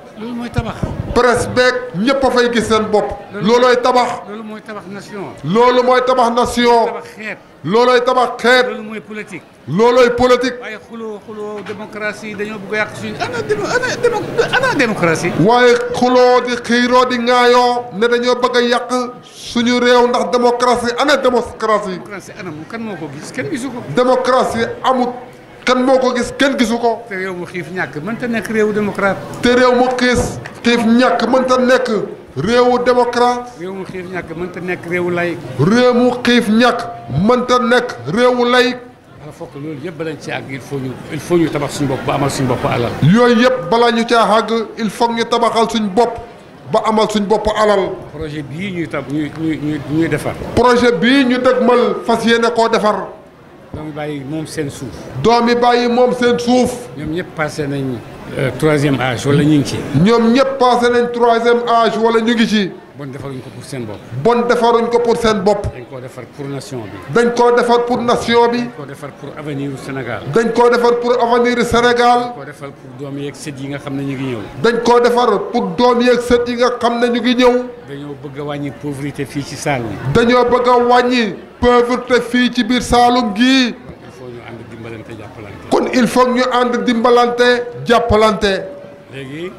loolu mooy tabax. presse beeg ñëpp a fay gis seen bopp. loolooy tabax. loolu mooy tabax nation. loolu mooy tabax nation. tabax xeet. loolooy tabax xeet. loolu mooy politique. loolooy politique. waaye xuloo xuloo démocratie dañoo bëgg a yàq suñu ana ana démocratie. waaye xuloo di xiiroo di ŋaayoo ne dañoo bëgg a yàq suñu réew ndax démocratie ana démocratie. démocratie ana mu kan moo ko gis kenn gisu ko. démocratie amut. kan boo ko gis kenn gisu ko. te réew mu xiif ñàkk mënta nekk réewu démocrate. te réew mu xiis xiif ñàkk mënta nekk réewu démocrate. réew mu xiif ñàkk mënta nekk réewu laïc. réew mu xiif ñàkk mënta nekk réewu laïc. dafa fokk loolu yëpp bala ñu ci il faut ñu il faut ñu tabax suñu bopp ba amal suñu bopp alal. yooyu yëpp balaa ñu caa àgg il faut ñu tabaxal suñu bopp ba amal suñu bopp alal. projet bii ñuy tab ñuy ñuy ñuy defar. projet bii ñu dëgmal fas yéene koo defar. doomi bàyyi mom seen suuf. doomi bàyyi moom seen suuf. Euh, ñoom ñëpp passé nañ troisième âge wala ñu ngi ñoom ñëpp passé nañ troisième âge wala ñu ci. bon defaruñ ko pour seen bopp. bon defaruñ ko pour seen bopp. dañ koo defar pour nation bi. dañ koo defar pour nation bi. dañ koo defar pour avenir Sénégal. dañ koo defar pour avenir Sénégal. dañ koo defar pour doom yeeg sët yi nga xam ne ñu ngi ñëw. dañ koo defar pour doom yeeg sët yi nga xam ne ñu ngi ñëw. dañoo bëgg a wàññi pauvreté fii ci Saloum. dañoo bëgg a wàññi pauvreté fii ci biir Saloum gii. kon il faut ñu ànd dimbalante jàppalante. léegi.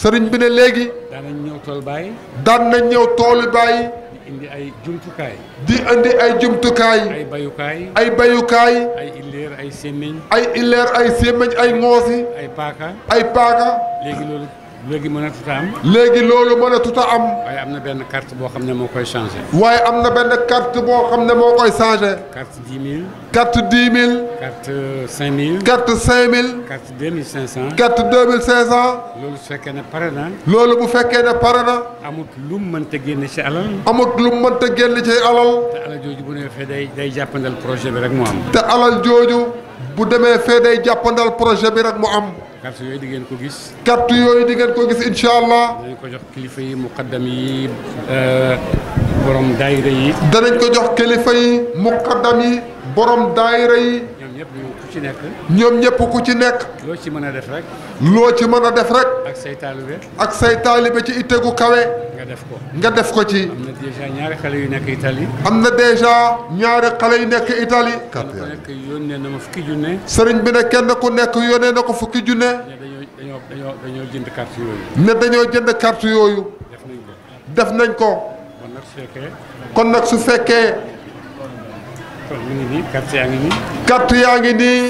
sëriñ bi ne léegi. daan nañ ñëw tool bàyyi. daan ñëw toolu bàyyi. di indi ay jumtukaay. di indi ay jumtukaay. ay bayukaay. ay bayukaay. ay illeer ay sémmiñ. ay illeer ay sémmiñ ay ŋoosi. ay paaka. ay paaka. léegi loolu. léegi mën a tuta am. léegi loolu mën a tuta am. waaye am na benn carte boo xam ne moo koy changé. waaye am na benn carte boo xam ne moo koy changé. carte dix mille. carte dix mille. carte cinq mille. carte cinq mille. carte deux mille cinq cent. carte deux mille cinq cent. loolu su fekkee ne pare na. loolu bu fekkee ne pare na. amut lu mu mënta génn ci alal. amut lu mu mënta génn ci alal. te alal jooju bu ne fee day day jàppandal projet bi rek moo am. te alal jooju. bu demee fee day jàppandal projet bi rek mu am. carte yooyu di ngeen ko gis. carte yooyu di ngeen ko gis incha allah. danañ ko jox kilifa yi muqaddam yi borom daayira yi. danañ ko jox kilifa yi muqaddam yi borom daayira yi. ñoom ñëpp ñu ci nekk. ñoom ñëpp ku ci nekk. loo ci mën a def rek. loo ci mën a def rek. ak say taalibe. ak say taalibe ci itte gu kawe. nga def ko nga def ko ci. am na déjà ñaari xale yu nekk Italie. am na déjà ñaari xale yu nekk Italie. kenn ku nekk yónnee na ma fukki junne. sëriñ bi ne kenn ku nekk yónnee na ko fukki junne. dañoo dañoo dañoo jënd carte yooyu. ne dañoo jënd carte yooyu. def nañ ko. def nañ ko. kon nag su fekkee. kon mi ngi nii carte yaa ngi nii. carte yaa ngi nii.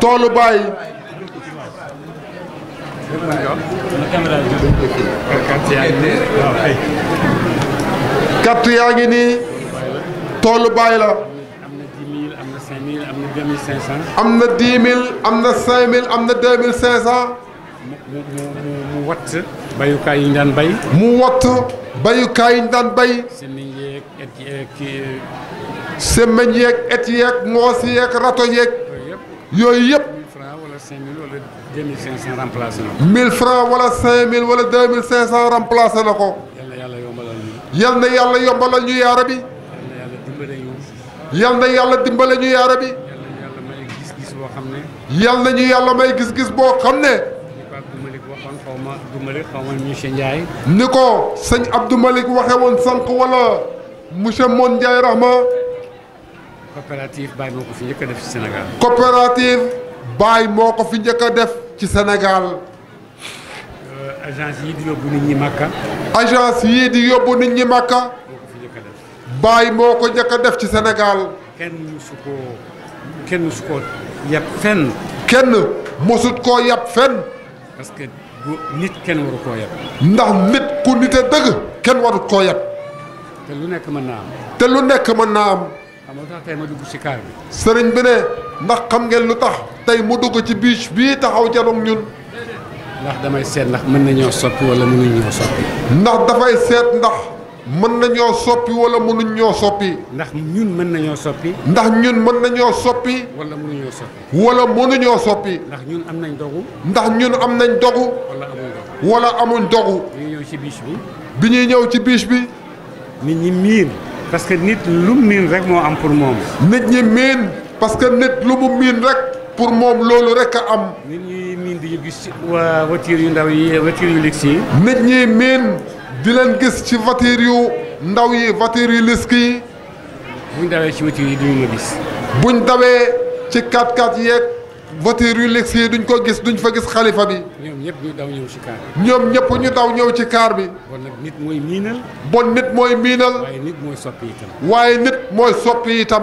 toolu baay. Ah, am na dix mille am na cinq mille am na deux mille cinq cent. mu mu mu watt. bayukaay yi ñu daan bay. mu watt bayukaay yi ñu daan bay. semañ yeeg et yeeg ngoos yeeg rato yeeg yooyu yëpp. 2500 remplacé na ko. 1000 francs wala 5000 wala 2500 remplacé na ko. yal na yàlla yombalal ñu. yal na yàlla yombalal ñu yaara bi. yal na yàlla dimbale ñu. yal na yàlla dimbale ñu bi. yal na yàlla may gis-gis boo xam ne. yal na ñu yàlla may gis-gis boo xam ne. ni ko Abdou Malick waxoon xaw ma Abdou Malick xaw ma monsieur Ndiaye. ni ko sëñ Abdou Malick waxee woon sànq wala coopérative Baye moo fi njëkk def ci Sénégal. coopérative Baye moo fi njëkk def ci Sénégal. Euh, agence yii di yóbbu nit ñi Makka. agence yii di yóbbu nit ñi Makka. Baye moo ko def ci Sénégal. kenn musu koo kenn musu koo yab kenn mosut koo yab fenn. parce que nit kenn waru koo yab. ndax nit ku nite dëgg kenn warut koo yab. te lu nekk mën te lu nekk mën xam nga tax tey ma dugg ci kaar sëriñ bi ne ndax xam ngeen lu tax tey mu dugg ci biis bi taxaw janoog ñun. ndax damay seet ndax mën nañoo soppi wala mënuñ ñoo soppi. ndax dafay seet ndax mën nañoo soppi wala mënuñ ñoo soppi. ndax ñun mën nañoo soppi. ndax ñun mën nañoo soppi. wala mënuñoo soppi. wala mënuñoo soppi. ndax ñun am nañ dogu. ndax ñun am nañ dogu. wala amuñ dogu. wala amuñ dogu. bi ñuy ñëw ci biis bi. bi ñëw ci biis bi. nit ñi miir. parce que nit lu mu miin rek moo am pour moom. nit ñi miin parce que nit lu mu miin rek pour moom loolu rek a am. nit ñi miin di ñu gis waa voiture yu ndaw yi voiture yu luxe yi. nit ñi miin di leen gis ci voiture yu ndaw yi voiture yu luxe yi. buñ dawee ci voiture yi duñu ma gis. buñ ci 4x4 voiture yu lex yi duñ ko gis duñ fa gis xalifa bi. ñoom ñëpp ñu daw ñëw ci kaar bi. ñoom ñëpp ñu daw ñëw ci kaar bi. bon nit mooy miinal. bon nit mooy miinal. waaye nit mooy soppi itam. waaye nit mooy soppi kon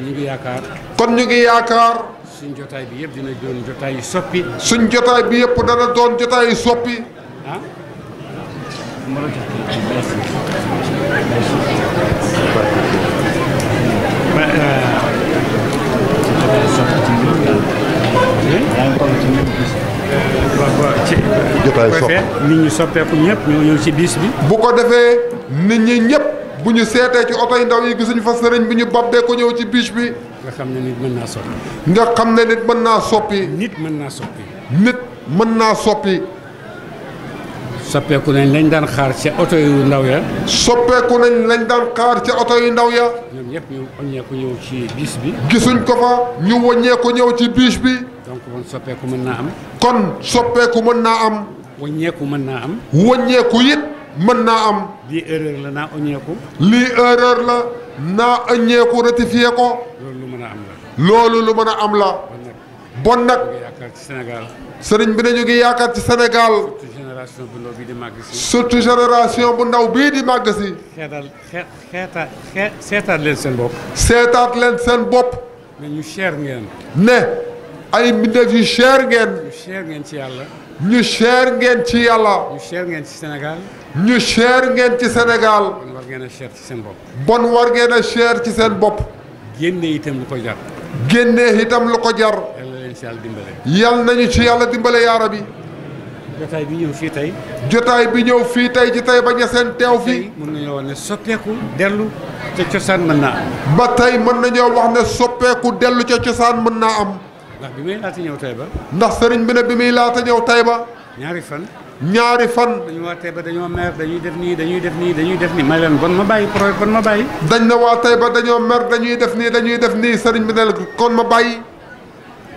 ñu ngi yaakaar. kon ñu ngi yaakaar. suñ jotaay bi yëpp dina doon jotaay yu soppi. suñ jotaay bi yëpp dana doon jotaay yu soppi. Ah? yaa ci même bis waaw ci jotaay nit ñi soppeeku ñëpp bi bu ko defee nit ñi ñëpp bu ñu seetee ci oto yi ndaw yi gisuñu fa sëriñ bi ñu babbee ko ñëw ci biis bi nga xam ne nit mën naa soppi xam ne nit mën naa soppi nit mën naa soppi nit mën naa soppi soppeeku nañ lañ daan xaar ca oto yu ndaw ya soppeeku nañ lañ daan xaar ca oto yu ndaw ya ñoom ñëpp ñu wàññeeku ñëw ci biis bi gisuñ ko fa ñu wàññeeku ñëw ci biis bi kon soppeeku mën naa am. kon soppeeku mën naa am. wàññeeku mën naa am. wàññeeku it mën naa am. lii erreur la naa ëññeeku. lii la naa ëññeeku rectifié ko. loolu lu mën a am la. lu mën a am la. bon nag. Sénégal. sëriñ bi ne ñu ngi yaakaar ci Sénégal. génération bu ndaw di màgg surtout génération bu ndaw bii di màgg si. xeetal xeet xeeta xeet seetaat leen seen bopp. seetaat bopp. ne. ay mbindeef yu cher ngeen. ñu cher ngeen ci yàlla. ñu cher ngeen ci yàlla. ñu cher ngeen ci Sénégal. ñu cher ngeen ci Sénégal. bon war ngeen a cher ci seen bopp. bon war ngeen a cher ci seen bopp. génne itam lu ko jar. génne itam lu ko jar. yal na leen ci yàlla dimbale. yal nañu ci yàlla dimbale yaara bi. jotaay bi ñëw fii tey. jotaay bi ñëw fii tey ci tey ba ña seen teew fii. mën nañoo wax ne soppeeku dellu ca cosaan mën naa am. ba tey mën nañoo wax ne soppeeku dellu ca cosaan mën naa am. ndax bi muy laata ñëw Taïba. ndax sëriñ bi ne bi muy laata ñëw Taïba. ñaari fan. ñaari fan. dañu waa Taïba dañoo mer dañuy def dañuy def nii dañuy def nii may leen bon ma bàyyi projet bon ma bàyyi. dañ na waa Taïba dañoo mer dañuy def nii dañuy def nii sëriñ bi ne kon ma bàyyi.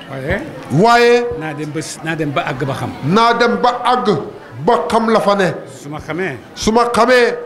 waaye. waaye. naa dem ba naa dem ba àgg ba xam. naa dem ba àgg ba xam la fa ne. su ma xamee. su ma xamee.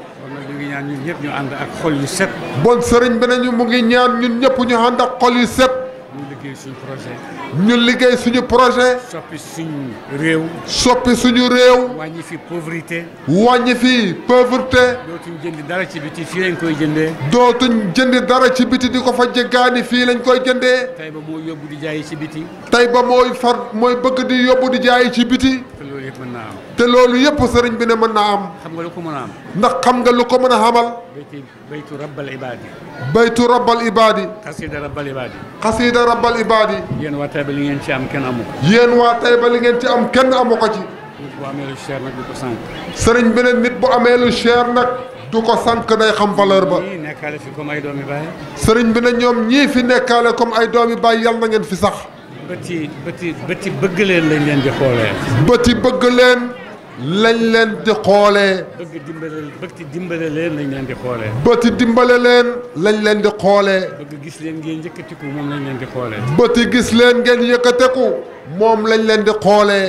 ngi ñaan ñun ñëpp ñu ànd ak xol yu set. bon sëriñ bi nañu mu ngi ñaan ñun ñëpp ñu ànd ak xol yu set. ñu liggéey suñu projet. ñu liggéey suñu projet. soppi suñu réew. soppi suñu réew. wàññi dara ci biti fii lañ koy jëndee. dootuñ jënd di ko fa jéggaani fii lañ koy jëndee. tey ba tey ba mooy far mooy bëgg di yóbbu di jaayi ci biti. تلو يب سرنج بن من نعم خم قال لكم من نعم بيت رب العباد بيت رب العباد قصيده رب العباد قصيده رب العباد ين واتاب لي نتي ام كن امو ين واتاب لي نتي ام كن امو كو تي بو اميل شير نك دوكو سانك سرنج بن نيت اميل شير نك دوكو سانك داي خم فالور با ني نيوم ني في نيكال باي يال في صح bëti bëti bëti bëgg leen lañ leen di xoolee. bëti bëgg leen lañ leen di xoolee. bëgg dimbale bëti dimbale leen lañ leen di xoolee. bëti dimbale leen lañ leen di xoolee. bëgg gis leen ngeen yëkkatiku moom lañ leen di xoolee. bëti gis leen ngeen yëkkatiku moom lañ leen di xoolee.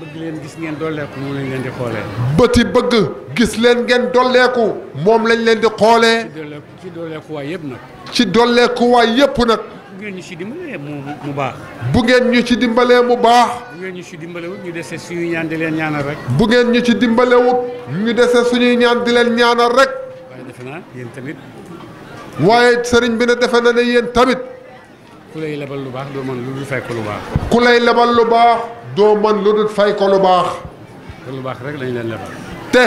bëgg leen gis ngeen dolleeku moom lañ leen di xoolee. bëti bëgg gis leen ngeen dolleeku moom lañ leen di xoolee. ci dolleeku waay yëpp nag. ci dolleeku waay yëpp nag. bu ngeen ñu ci dimbalee mu mu baax. bu ngeen ñu ci dimbalee mu baax. bu ngeen ñu ci dimbalewut ñu dese suñuy ñaan di leen ñaanal rek. bu ngeen ñu ci dimbalewut ñu dese suñuy ñaan di leen ñaanal rek. waaye defe naa yéen tamit. waaye sëriñ bi ne defe na ne yéen tamit. ku lay lebal lu baax doo man lu dul fay ko lu baax. ku lay lebal lu baax. doo man lu dul fay ko lu baax. lu baax rek lañ leen lebal. te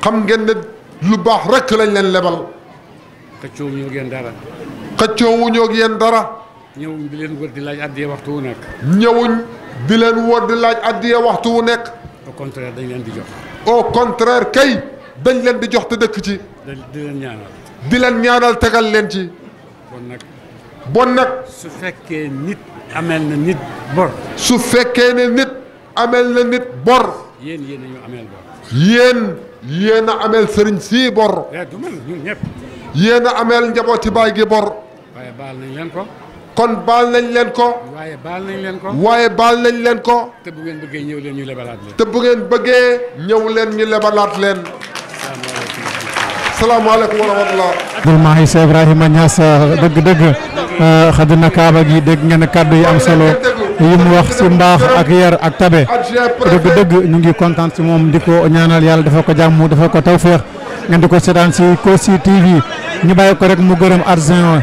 xam ngeen ne lu baax rek lañ leen lebal. xëccoo wuñu ak yéen dara. xëccoo wuñu ak yéen dara. ñëwuñ di leen wër di laaj addiya waxtu wu nekk. ñëwuñ di leen wër di laaj addiya waxtu wu nekk. au contraire dañ leen di jox. au contraire kay dañ leen di jox te dëkk ci. di leen ñaanal. di leen ñaanal tegal leen ci. bon nag. bon nag. su fekkee nit amel na nit bor. su fekkee ne nit amel na nit bor. yéen yéen a ñu ameel bor. yéen yéen a ameel sëriñ sii bor. du man ñun ñëpp. yéen a ameel njabooti baay gi bor. waaye baal nañ leen ko. kon bal nañ len ko. waye bal nañ len ko. waye bal nañ len ko. te bu ngeen beugé ñew len ñu lebalat len te bu ngeen beugé ñew len ñu len assalamu alaykum wa rahmatulah. jërëjëf maa ngi Cheikh euh, euh, kaaba gi deug ngeen kaddu yi am solo yi mu wax si mbax ak yar ak tabe deug deug ñu ngi kontaan si moom di ñaanal yalla dafa ko jamm dafa ko tawfiq ngeen diko ko ci ko ci TV ñu bayiko rek mu argent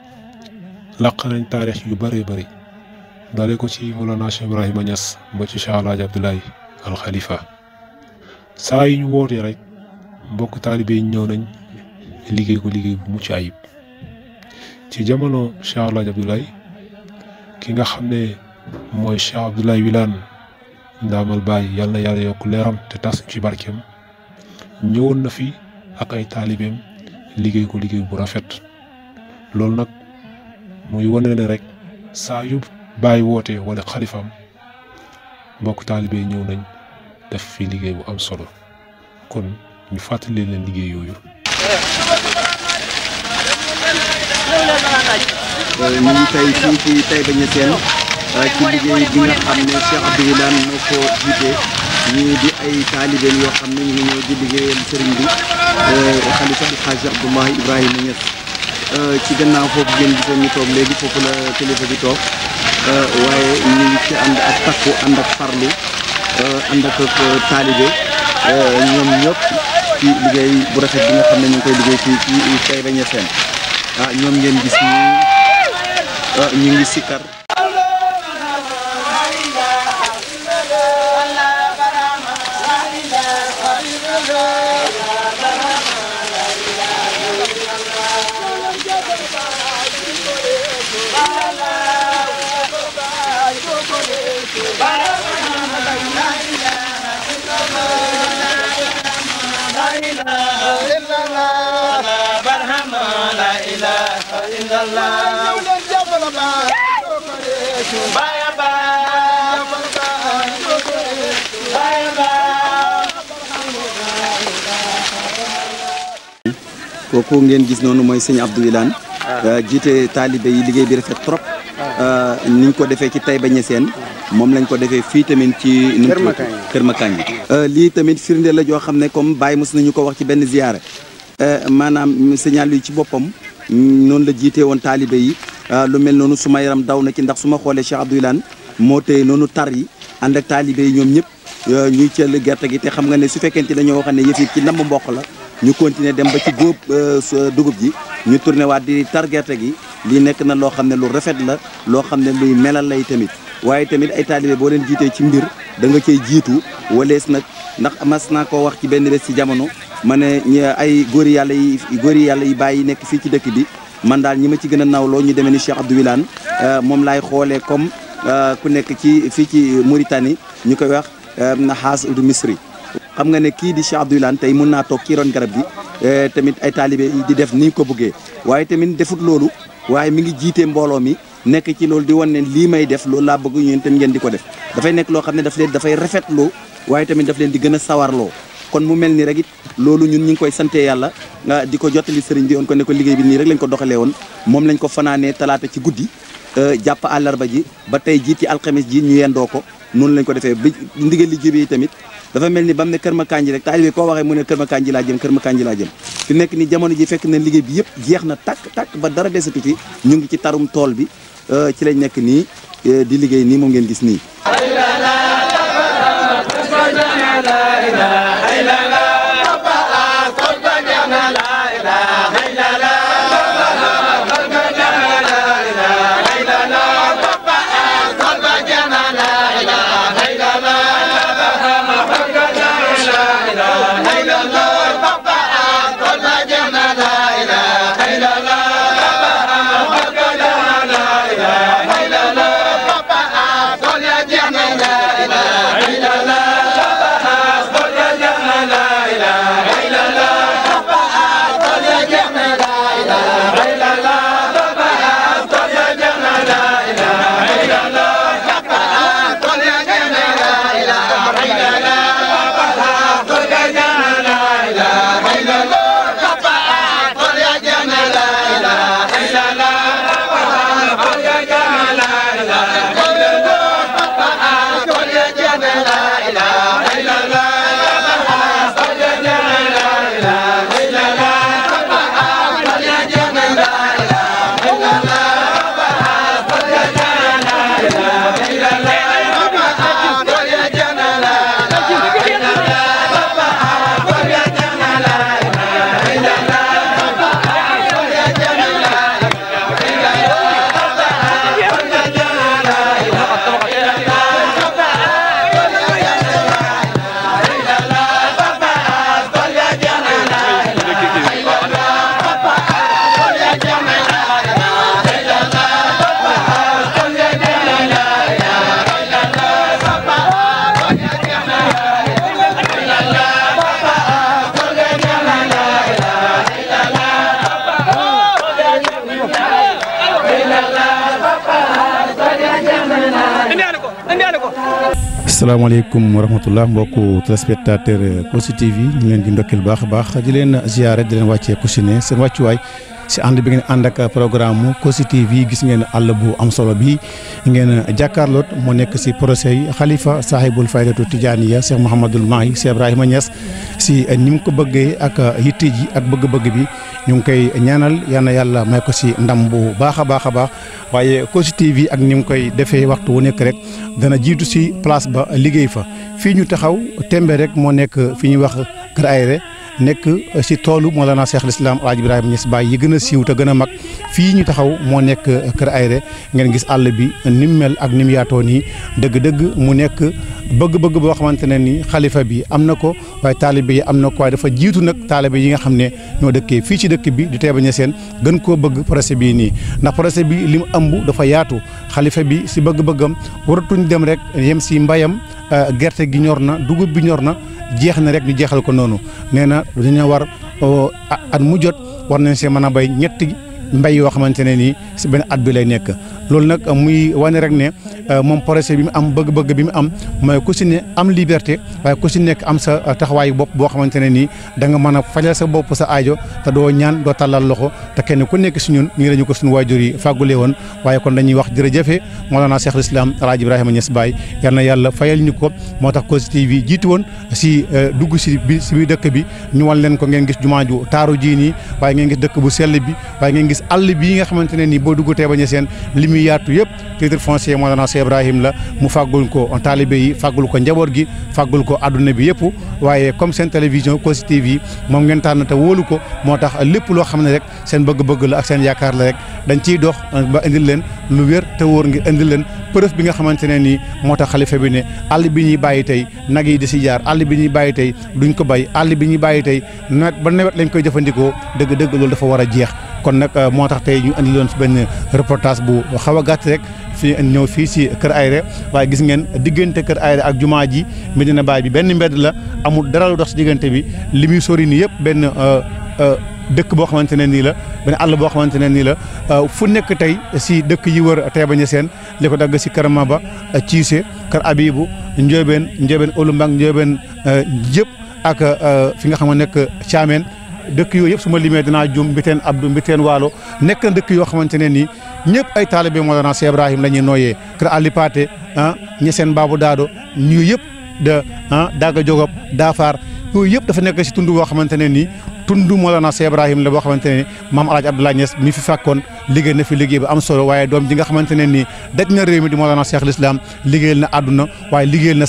làq nañ taarix yu bëree bëri dale ko ci Mawlana Cheikh Ibrahima Niass ba ci Cheikh Alaaji Abdoulaye Al Khalifa saa yu ñu wootee rek mbokk taalibe yi ñëw nañ liggéey ko liggéey bu mucc ayib ci jamono Cheikh Alaaji Abdoulaye ki nga xam ne mooy Cheikh Abdoulaye Wilane ndaamal bàyyi yàlla na yàlla yokk leeram te tas ci barkeem ñëwoon na fi ak ay taalibeem liggéey ko liggéey bu rafet loolu nag muy wane ne rek saa yu bàyyi wootee wala xalifam mbokk taalibe ñëw nañ def fi liggéey bu am solo kon ñu fàttali leen liggéey yooyu. ñu ngi tey fii ci Taïba Niassène ci liggéey bi nga xam ne Cheikh Abdou Wilane moo ko jiite ñii di ay taalibeem yoo xam ne ñu ngi ñëw di liggéeyal sëriñ bi xalifa bi Xaaj Abdoulahi Ibrahima Niass. Euh, ci gannaaw foofu ngeen gisoon ñu toog léegi foofu la kilifa bi toog euh, waaye ñu ngi ci ànd ak takku ànd ak farlu euh, ànd ak taalibe ñoom ñëpp ci liggéey bu rafet bi nga xam ne ñu ngi koy liggéey ci ci Taïba Niassène ah ñoom ngeen gis ñu ñu ngi sikkar kooku ngeen gis noonu mooy sëñ Abdou Wilane ah. euh, jiite taalibe yi liggéey bi rafet trop ah. euh, ni ñu ko defee ci Taïba Niassène moom lañ ko defee fii tamit ci nu Kër yi euh, lii tamit firnde la joo xam ne comme Baye mos nañu ko wax ci benn ziyaara maanaam signal yi ci boppam noonu la jiitee woon taalibe yi lu mel noonu suma yaram daw na ci ndax su ma xoolee Cheikh Abdou Wilane moo tey noonu tar yi ànd ak taalibe yi ñoom ñëpp ñuy cëll gerte gi te xam nga ne su fekkente dañoo wax ne ci ndamb mboq la ñu continuer dem ba ci góob euh, euh, dugub ji ñu tourné waat di tar gerte gi lii nekk na loo xam ne lu rafet la loo xam ne luy melal lay tamit waaye tamit ay taalibe boo leen jiitee ci mbir da nga cay jiitu walees nag ndax mas naa koo wax ci benn bés ci jamono ma ne ay góori yàlla yi góori yàlla yi bàyyi nekk fii ci dëkk bi man daal ñi ma ci gën a nawloo ñu demee ni Cheikh Abdou Wilane euh, moom laay xoolee comme ku nekk ci fii ci Mauritanie ñu koy wax na xaas du Misri xam nga ne kii di Cheikh Abdoulaye tey mën naa toog kii ron garab bi eh, tamit ay taalibe di def ni ko bëggee waaye tamit defut loolu waaye mi ngi jiite mbooloo mi nekk ci loolu di wan ne lii may def loolu laa bëgg ñun tamit ngeen di ko def dafay nekk loo xam ne daf leen dafay rafetloo waaye tamit daf leen di gën a sawarloo kon mu mel ni rek it loolu ñun ñu ngi koy sante yàlla nga di ko jottali sëriñ bi woon ko ne ko liggéey bi nii rek lañ ko doxalee woon moom lañ ko fanaanee talaata ci guddi eh, jàpp àllarba ji ba tey jii ci alxames ji ñu yendoo ko noonu lañ ko defee bi ndigal li jibee tamit dafa mel ni bam ne kër ma kanji rek taalibe koo waxee mu ne kër ma kanji laa jëm kër ma kanji laa jëm fi nekk ni jamono ji fekk na liggéey bi yëpp jeex na tàkk tàkk ba dara desatu ci ñu ngi ci tarum tool bi euh, ci lañ nekk nii euh, di liggéey nii moom ngeen gis nii asalaamaaleykum wa rahmatullah mbokku téléspectateur Kossy TV yi ñu leen di ndokkeel baax a baax di leen ziare di leen wàccee Kossy ne seen wàccuwaay si ànd bi ngeen ànd ak programme mu Kossy TV gis ngeen àll bu am solo bi ngeen jàkkaarloot moo nekk si procès yi xalifa saahibul faydatu tijaaniya Cheikh Mouhamadul Mahi Cheikh Ibrahima Niass si ni mu ko bëggee ak yitte ji ak bëgg-bëgg bi. ñu ngi koy ñaanal yal na yàlla may ko si ndam bu baax a baax a baax waaye Kossy TV ak ni mu koy defee waxtu wu nekk rek dana jiitu si place ba liggéey fa fii ñu taxaw tembe rek moo nekk fi ñuy wax Kër nekk si toolu Mawlana Cheikh Islam El Hadj Ibrahima Niass Baye yi gën a siiw te gën a mag fii ñu taxaw moo nekk Kër Ayré ngeen gis àll bi ni mu mel ak ni mu yaatoo nii dëgg-dëgg mu nekk bëgg-bëgg boo xamante ne ni xalifa bi am na ko waaye taalibe yi am na ko waaye dafa jiitu nag taalibe yi nga xam ne ñoo dëkkee fii si dëkk bi di Taïba Niassène gën koo bëgg projet bii nii ndax projet bi li mu ëmb dafa yaatu xalifa bi si bëgg-bëggam waratuñ dem rek yem si mbayam Euh, gerte gi ñor na dugub bi ñor na jeex na rek ñu jeexal ko noonu nee na dañu war oh, at mu jot war nañ see mën a bay ñett ñetti mbay yo xamantene ni ci ben at bi lay nek loolu nak muy wane rek ne euh, mom projet bi mu am bëgg-bëgg bi mu am mooy ku ci ne am liberté way ku ci nek am sa euh, taxaway bop bo xamantene ni da nga mën fajal sa bop sa aajo ta do ñaan do talal loxo ta kenn ku nek ci ñun ñi lañu ko suñu wajuri fagulé won waye kon dañuy wax jërëjëfe Mawlana Cheikh l'islam Alaaji ibrahim ñess bay yal yalla fayal ñu ko motax tax TV jiitu won si euh, dugg ci bi ci biir dëkk bi ñu wal leen ko ngeen gis jumaa ju taaru ji ni waye ngeen gis dëkk bu sel bi waye ngeen gis alli bi nga xamantene ni bo duggu dugg Taïba limi yaatu yëpp titre foncier Mawlana Cheikh Ibrahim la mu fagul ko talibé yi fagul ko njabor gi fàggul ko aduna bi yep waaye comme sen télévision Kossy TV mom ngeen tan ta wóolu ko moo tax lépp rek sen bëgg-bëgg la ak sen yakar la rek dañ ci dox euh, ba andil len lu wër te wóor ngir andil len preuve bi nga xamantene ni motax moo bi ne alli bi ñi bàyyi tay nag yi di ci jaar alli bi ñi bàyyi tay duñ ko bay alli bi ñi bàyyi tay ba lañ koy jëfëndiko deug deug loolu dafa wara jeex kon nak motax tay ñu andi loon ben reportage bu xawa gàtt rek fi ñëw fi ci Kër ayré way gis ngeen diggante Kër ayré ak juma ji Medina bay bi ben mbedd la amul dara lu dox ci diggante bi limi sori ni yëpp ben euh euh dëkk bo xamantene ni la ben àll bo xamantene ni la fu nekk tay ci dëkk yi wër Taïba Niassène li ko dagg si Kër Maba Thiissé Kër Abibou Ndiobène Ndiobène Ouloumbang Ndiobène yëpp ak fi nga xamantene nek chamène dëkk yooyu yëpp suma limee dinaa jum mbiteen abdou mbiteen waalo nekk dëkk yoo xamante ne nii ñëpp ay taalibe Mawlana Cheikh Ibrahim la ñuy nooyee kër Ali Paté ah seen baabu daado ñu yëpp da ah daaga jogop daafaar yooyu yëpp dafa nekk si tund boo xamante ne nii tund Mawlana Cheikh Ibrahim la boo xamante ne maam El Hadj Abdoulaye Niass mi fi fekkoon liggéey na fi liggéey ba am solo waaye doom ji nga xamante ne nii daj na réew mi di Mawlana Cheikh l'Islam liggéeyal na àdduna waaye liggéeyal na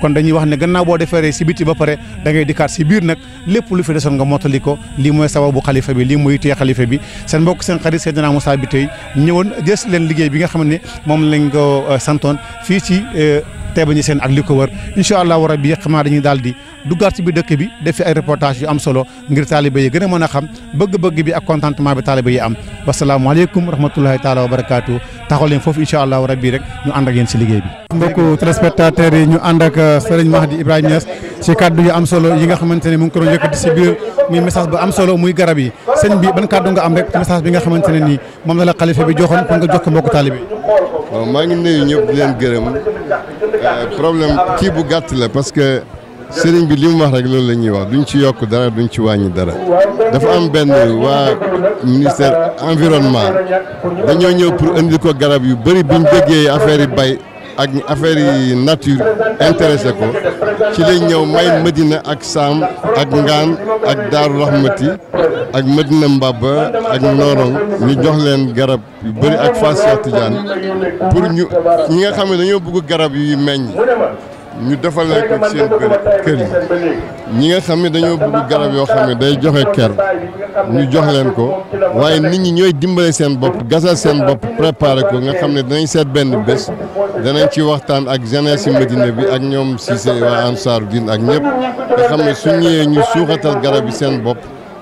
kon dañuy wax ne gannaaw boo deferee si biti ba pare da ngay dikkaat si biir nag lépp lu fi desoon nga mottali ko lii mooy sababu xalifa bi lii mooy itee xalifa bi seen mbokk seen xarit Seydina Moussa bi tey ñëwoon jës leen liggéey bi nga xam ne moom lañ ko euh, santoon fii ci euh, teebañi seen ak li ko wër incha allahu rabbi xamaa dañuy daal di duggaat ci biir dëkk bi def fi ay reportage yu am solo ngir taalibe yi gën a mën a xam bëgg-bëgg bi ak contentement bi taalibe yi am wasalaamaaleykum rahmatullahi taala wa barakaatu taxaw leen foofu incha allahu rabbi rek ñu ànd ak yéen si liggéey bi mbokku téléspectateurs yi ñu ànd ak euh, Serigne Mahdi Ibrahima Niass si kàddu yu am solo yi nga xamante ne mu ngi ko doon yëkkati si biir muy message bu am solo muy garab yi sëñ bi ban kàddu nga am rek message xamante ne nii moom la la xalifa bi joxoon pour nga jox ko mbokku taalibe waaw maa euh, que sëriñ bi li mu wax rek loolu la ñuy wax duñ ci yokk dara duñ ci wàññi dara dafa am benn waa ministère environnement dañoo ñëw pour indi ko garab yu bëri biñ déggee affaire yi bay ak affaire yi nature intéressé ko ci lay ñëw may Medina ak Saam ak Ngaan ak Daaru Rahmati ak Medina Mbaba ak Norong ñu jox leen garab yu bëri ak Fass Tidiane pour ñu ñi nga xam ne dañoo bugg garab yu meññ ñu defalee ko seen kër yi ñi nga xam ne dañoo bëgg garab yoo xam ne day joxe ker ñu jox leen ko waaye nit ñi ñooy dimbale seen bopp gasal seen bopp préparé ko nga xam ne danañ seet benn bés danañ ci waxtaan ak jeunesse si Médina bi ak ñoom Cissé waa Ansaaru Diin ak ñëpp nga xam ne su ñëwee ñu suuxatal garab yi seen bopp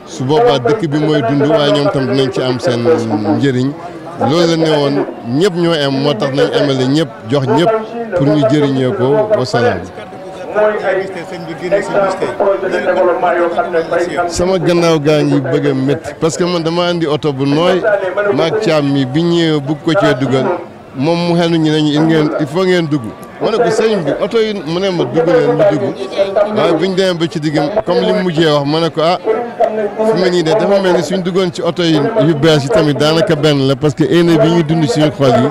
su boobaa dëkk bi mooy dund waaye ñoom tam dinañ ci am seen njëriñ loolu ne woon ñëpp ñoo am moo tax nañ amale ñëpp jox ñëpp pour ñu jëriñee ko wa sama gannaaw gaa ngi bëgg a métti parce que man dama indi oto bu nooy maag caam mi bi ñëwee bugg ko cee dugal. moom mu xel ñu ne ñu il ngeen il faut ngeen dugg ma ne ko sëñ bi oto yi mu ne ma dugg leen ñu dugg waaye bu ñu demee ba ci digg comme li mu mujjee wax ma ne ko ah fi ma nii de dafa mel ni suñ duggoon ci oto yi yu bees yi tamit daanaka benn la parce que éne bi ñuy dund suñu xol yi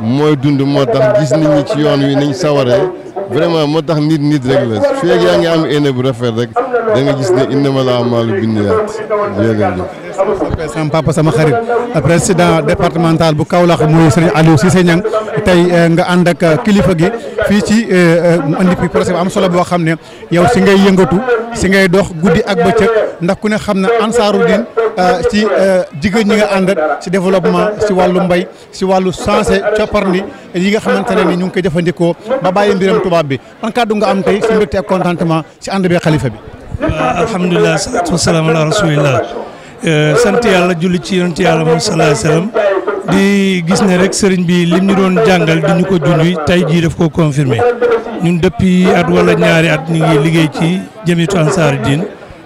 mooy dund moo tax gis nit ñi ci yoon wi niñ sawaree vraiment moo tax nit nit rek la feeg yaa ngi am éne bu rafet rek da nga gis ne innamal a'maalu binniyaat jërëjëf sama papa sama xarit président départemental bu Kaolack muy sëriñ Aliou Cissé Niang tey eh, nga ànd ak eh, kilifa gi fii ci andi eh, fi projet bu am solo boo xam ne yow si ngay yëngatu si ngay dox guddi ak bëccëg ndax ku ne xam ne ansaaru diin ci jigéen ñi nga ànd ci développement si wàllu mbay si wàllu sensé copparni yi nga xamante ne ni ñu ngi koy jëfandikoo ba bàyyi mbiram tubaab bi man kàddu nga am tey si mbégte ak contentement si ànd bee xalifa bi. waaw alhamdulilah salaatu wasalaam ala rasulillah Eh, sant yàlla julli ci yonent yàlla moom sallallahu alayhi wasallam di gis ne rek sëriñ bi lim ñu doon jàngal di ñu ko junj tey jii daf ko confirmé ñun depuis at wala ñaari at ñu ngi liggéey ci Jamhiyatu Ansaaruddin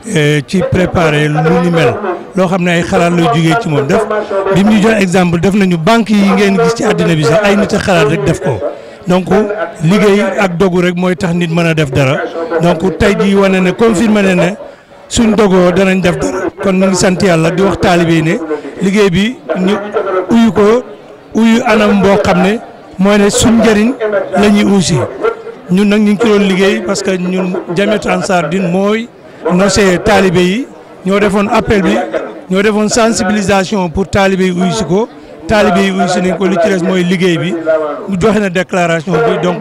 eh, ci préparer lu ñu mel loo xam ne ay xalaat lay jógee ci moom def bi mu ñu jox exemple def nañu banque yi ngeen gis ci àddina bi sax ay nit a xalaat rek def ko donc liggéey ak dogu rek mooy tax nit mën a def dara donc tey jii wane ne confirmé ne ne suñ dogoo danañ def kon ñu ngi sant yàlla di wax taalibe ne liggéey bi ñu uyu ko uyu anam boo xam ne mooy ne suñ njëriñ lañuy ñuy ñun nag ñu ngi ci doon liggéey parce que ñun Jamiyatu Ansar Din mooy nosé taalibe yi ñoo defoon appel bi ñoo defoon sensibilisation pour taalibe yi uyu ko taalibe yi uyu nañ ko li ci des mooy liggéey bi mu joxe na déclaration bi donc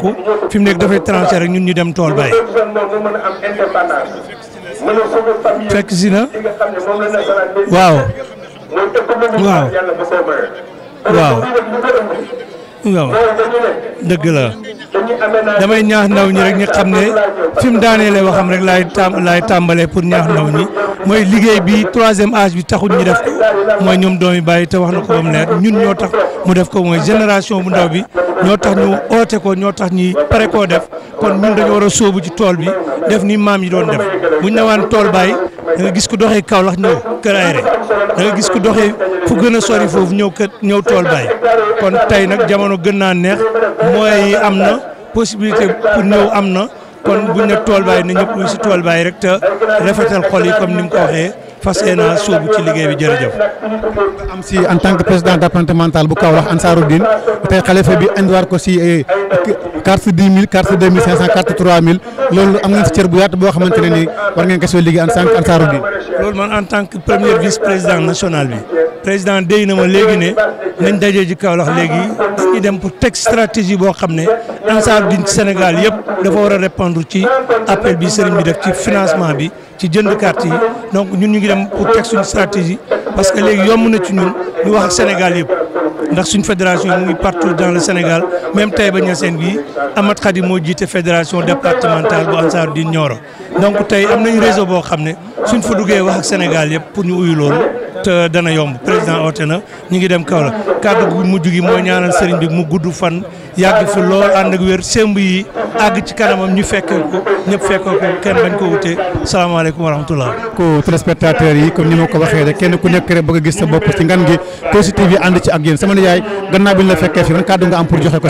fi mu nekk dafay tranché ñun ñu dem tool bàyyi fekk si na waaw waaw waaw waaw dëgg la damay ñaax ndaw ñi rek ñu xam ne fi mu daaneele waxam rek laay tam laay tàmbalee pour ñaax ndaw ñi mooy liggéey bi troisième age bi taxul ñu def ko mooy ñoom yi bàyyi te wax na ko ba mu leer ñun ñoo tax mu def ko mooy génération bu ndaw bi ñoo tax ñu oote ko ñoo tax ñi pare koo def kon ñun dañu war a soobu ci tool bi def ni maam yi doon def bu ñu newaan tool bàyyi da gis ku doxee Kaolack ñëw kër Ayre da nga gis ku doxee fu gën a sori foofu ñëw kër ñëw tool bàyyi kon tey nag jamono jamono gën naa neex moyens yi am na possibilité pour ñëw am na kon buñ na tool baay na ñëpp si tool baay rek te rafetal xol yi comme ni mu ko waxee fas yéenaa sóobu ci liggéey bi jërëjëf. am si en tant que président départemental bu Kaolack Ansaarudine tey xalifa bi indiwaat ko si eh, carte dix mille mille cinq cent carte trois mille loolu am ngeen bu boo xamante ne ni war ngeen ko soo liggéey national bi président déy na ma léegi ne nañ léegi dem pour teg stratégie boo xam ne ci Sénégal yëpp dafa war a répondre ci appel bi sëriñ bi def ci financement bi. ci jënd carte yi donc nous ñu ngi dem pour suñu stratégie parce que les hommes na ci ñun ñu wax Sénégal yëpp ndax fédération partout dans le Sénégal même Taïba Niassène bii Amath Khady moo jiite fédération départementale de Ansaaru donc tey am nañu réseau boo xam ne suñ fa duggee wax ak Sénégal yëpp pour ñu uyu loolu te dana yomb président oote na ñu ngi dem kaw la kàddu gu mujj gi mooy ñaanal sëriñ bi mu gudd fan yàgg fi lool ànd ak wér sémb yi àgg ci kanamam ñu fekkee ko ñëpp fekkee ko kenn bañ ko wutee salaamaaleykum wa rahmatullah ko téléspectateurs yi comme ni ma ko waxee rek kenn ku nekk rek bëgg gis sa bopp ci ngan gi positif yi ànd ci ak yéen sama nijaay gannaaw bi la fekkee fi man nga am pour joxe ko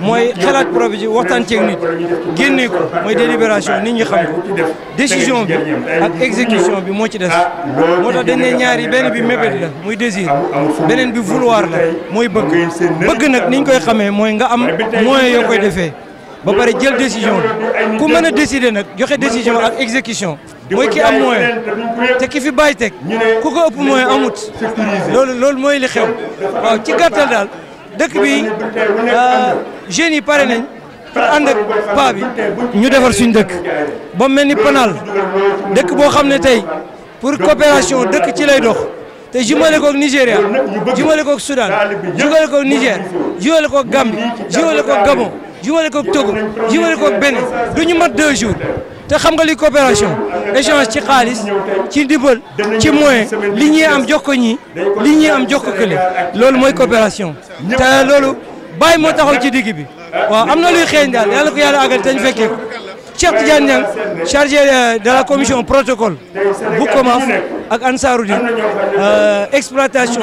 moy xalaat projet bi waxtaan ceeg nit génnee ko moy délibération nit ñi xam ko décision bi ak exécution bi mo ci des motax dañ né ñaari yi benn bi mébét la moy désir beneen bi vouloir la moy bëgg bëgg nak niñ koy xamé moy nga am moyen yoo koy défé ba pare jël décision ku mëna décider nak joxé décision ak exécution moy ki am moyen té ki fi bàyyi teg ku ko ëpp moy amut loolu loolu moy li xew waaw ci gattal dal dëkk bi euh, jeunes nañ pour nous ak bi ñu defar suñu dëkk ba je dëkk pour coopération dëkk ci lay dox Nigeria, tu Nigéria des Soudan Niger le Gambie au Gabon le Togo au Bénin Nous deux jours te xam nga li coopération échange ci xaalis ci ndimbal ci moyen li ñi am jox ko ñi li ñi am jox ko kële loolu moy coopération te loolu bay mo taxaw ci digg bi waaw amna luy xéñ dal yalla ko yalla agal te ñu Cheikh Diagne chargé de la commission protocole bu COMAF ak Ansaroudine euh, exploitation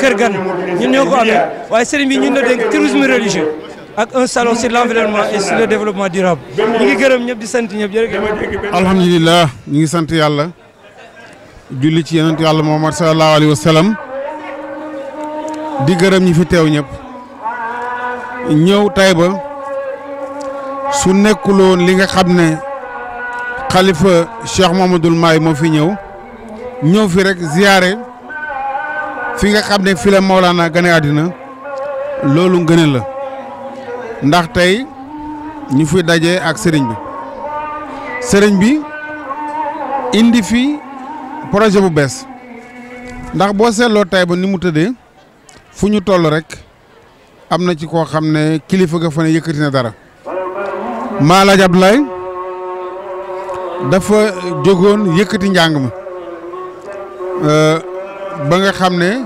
kergan, ñun ñoko amé way waaye sëriñ bi ñun la tourisme religieux ak un salon sur l'environnement et sur ñi ngi gërëm ñëpp di sant ñëpp jërëjëf alhamdulilah ñi ngi sant yàlla julli ci yonent yàlla Muhammad sallallahu alayhi wa sallam di gërëm ñi fi teew ñëpp ñëw Taïba su nekkuloon li nga xam ne xalifa Cheikh Mouhamadoul Mahi moo fi ñëw ñëw fi rek ziyaare fi nga xam ne fi la Mawlana gane àddina loolu ngëne la ndax tey ñu fi daje ak sëriñ bi sëriñ bi indi fi projet bu bees ndax boo seetloo tay ba ni mu tëddee fu ñu toll rek am na ci koo xam ne kilifa ga fa ne yëkkati na dara Maalaaj Ablaay dafa jógoon yëkkati njàng ma ba nga xam ne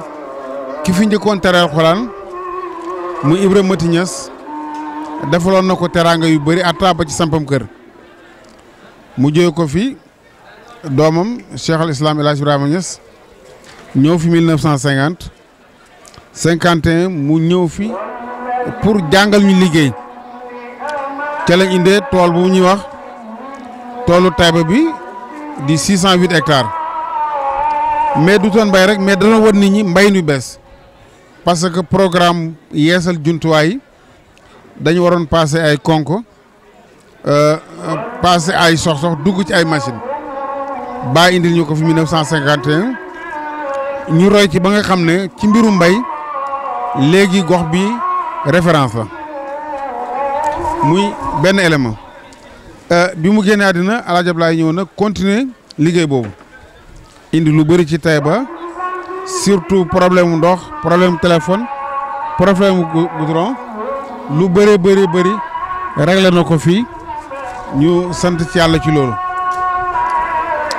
ki fi njëkkoon tere mu Ibrahima Mati Ñas defalon nako teranga yu beuri ataba ci sampam keur mu jey ko fi domam Cheikh al Islam El ibrahim Ibrahima Niass fi 1950 51 mu ñew fi pour jangal ñu liggey ci lañ indé tol bu ñi wax tolu tayba bi di 608 hectares mais du ton bay rek mais na won nit ñi mbay ñu bees parce que programme yeesal jumtuwaay dañu waroon passé ay konko euh, euh, passé ay sox dugg ci ay machine baa indil ñu ko fi 1951 ñu roy ci ba nga xam ne ci mbiru mbay léegi gox bi référence la muy benn élément euh, bi mu génnee àddina El Hadj ñëw na continuer liggéey boobu indi lu bëri ci ba surtout problème mu ndox problème téléphone problème goudron lu bëree bëri bëri réglé na ko fii ñu sant ci yàlla ci loolu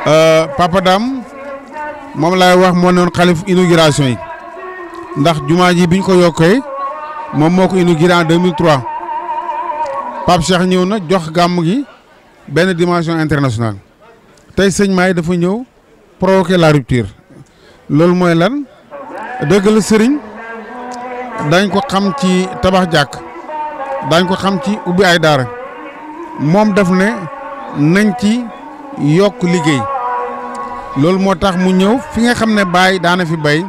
euh, Papa Dame moom lay wax moo noon xalif inauguration yi ndax jumaa ji biñ ko yokkee moom moo ko inauguré en 2003 Pape Cheikh ñëw na jox gàmm gi benn dimension internationale tey sëñ Maay dafa ñëw provoquer la rupture loolu mooy lan dëgg sëriñ dañ ko xam ci tabax jàkk daañ ko xam ci ubbi ay daara moom daf ne nañ ci yokk liggéey loolu moo tax mu ñëw fi nga xam ne Baye daana fi bay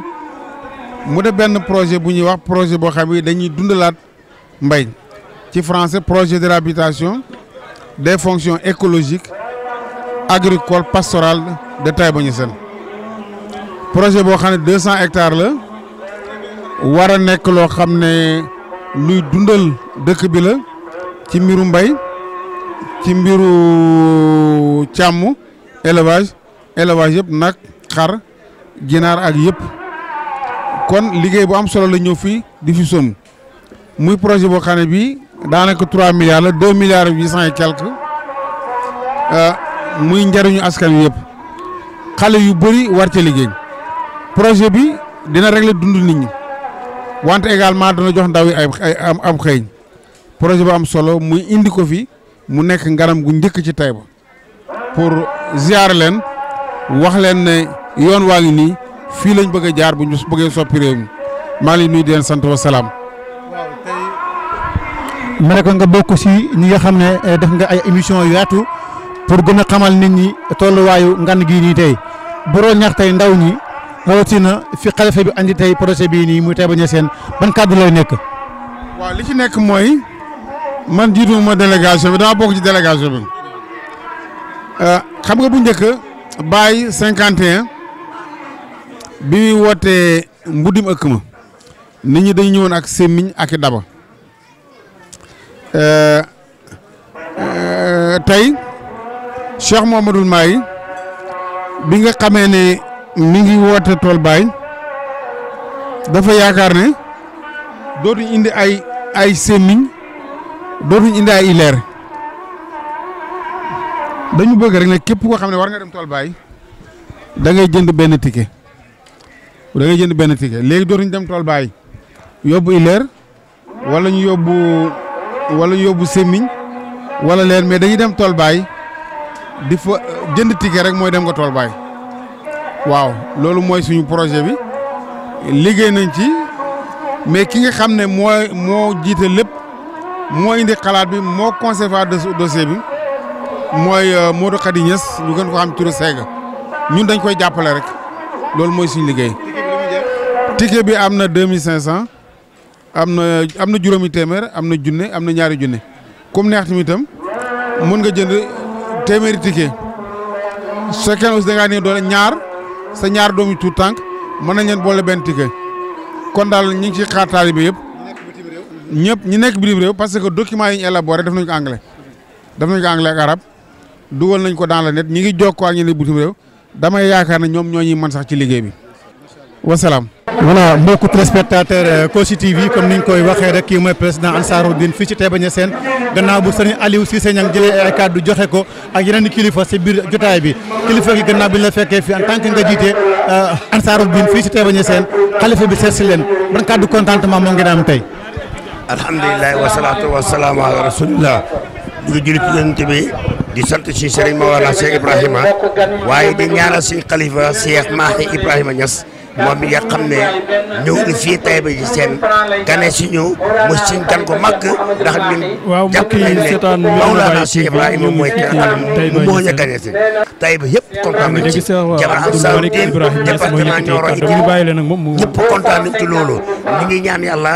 mu def benn projet bu ñuy wax projet boo xam ne dañuy dundalaat mbay ci français projet de réhabilitation des fonctions écologiques agricoles pastorales de Taïba Niassène projet boo xam ne deux hectares la war a nekk loo xam ne luy dundal dëkk bi la ci mbiru mbay ci mbiru euh, càmm élevage élevage yëpp nag xar ginaar ak yëpp kon liggéey bu am solo la ñëw fii di fi som muy projet boo xam bi daanaka trois milliards la deux milliards huit cent et euh, muy njariñu askan wi yëpp xale yu bëri war liggéey projet bi dina régler dund nit ñi. wante également dana jox ndaw yi ay ay am am xëy projet bu am solo muy indi ko fi mu nekk ngaram gu njëkk ci Taïba pour ziar leen wax leen ne yoon waa ngi nii fii lañ bëgg a jaar bu ñu bëggee soppi réew mi maa ngi nuyu di sant wa salaam. waaw tey ma nga bokk si ñi nga xam ne eh, def nga ay émission yu yaatu pour gën a xamal nit ñi tolluwaayu ngan gii nii tey boroo ñax tey ndaw ñi. rawatina fi xalifa bi andi tey projet bii nii muy Taïba Niassène ban kàddu lay nekk. waaw li ci nekk mooy man jiitu ma délégation bi dama bokk ci délégation bi euh, xam nga bu njëkk Baye 51 bi muy wootee mbuddim ëkk ma nit ñi dañu ñëwoon ak sémmiñ ak i daba euh, euh, tey Cheikh Mouhamadoul Mahi bi nga xamee ne. mi ngi woote tool baay dafa yaakaar ne dootuñ indi ay ay sémmiñ dootuñ indi ay ileer dañu bëgg rek ne képp koo xam ne war nga dem tool baay da jënd benn ticket da ngay jënd benn ticket léegi dootuñ dem tool baay yóbbu ileer walla ñu yóbbu wala yóbbu sémmiñ wala leen mais dañuy dem tool baay di fa jënd ticket rek mooy dem nga tool baay waaw loolu mooy suñu projet bi liggéey nañ ci mais ki nga xam ne moo moo jiite lépp moo indi xalaat bi moo conservé dossier bi mooy euh, moo Khady Niass ñu gën ko xam turu Sega ñun dañ koy jàppale rek loolu mooy suñu liggéey. ticket bi am na 2500 am na am na juróomi téeméer am na junne am na ñaari junne comme neex tamit itam mën nga jënd téeméeri ticket su fekkee aussi da ngaa ne doole ñaar. sa ñaar doomi tuut tànk mën nañ leen boole benn ticket kon daal ñu ngi ci xaar taalibe yëpp ñëpp ñi nekk bitim réew parce que document yi ñu élaboré def nañ ko anglais def nañ ko anglais ak arab dugal nañ ko dans le net ñi ngi jokkoo ak ñi ne bitim réew damay yaakaar ne ñoom ñoo ñuy mën sax ci liggéey bi wasalaam. Voilà, beaucoup de spectateurs ci euh, TV comme ni ngui koy waxé rek ki moy président Ansaroudine fi ci Taïba sen gannaaw bu serigne Aliou Cissé ñang jëlé ay cadeau joxé ko ak yeneen kilifa ci bir jotaay bi kilifa gi gannaaw bi la féké fi en tant que nga jité euh, Ansaroudine fi ci Taïba sen khalifa bi seet si leen ban cadeau contentement mo ngi tay alhamdoulillah wa salatu wa salam ala rasulillah du ngi jullit yonent bi di sant ci serigne mawla Cheikh Ibrahima waye di ñaanal ci khalifa Cheikh Mahi Ibrahima ñass moom mi nga xam ne ñëw na fii Taïba ji seen gane si ñëw mu siñ gan ko màgg ndax ñun. waaw mbokk yi seetaan Mawlana Cheikh Ibrahima mooy ki nga xam ne moo ñu si. Taïba yëpp kontaan nañ ci jabar Ansaaruddin département Nioro it ñëpp kontaan nañ ci loolu ñu ngi ñaan yàlla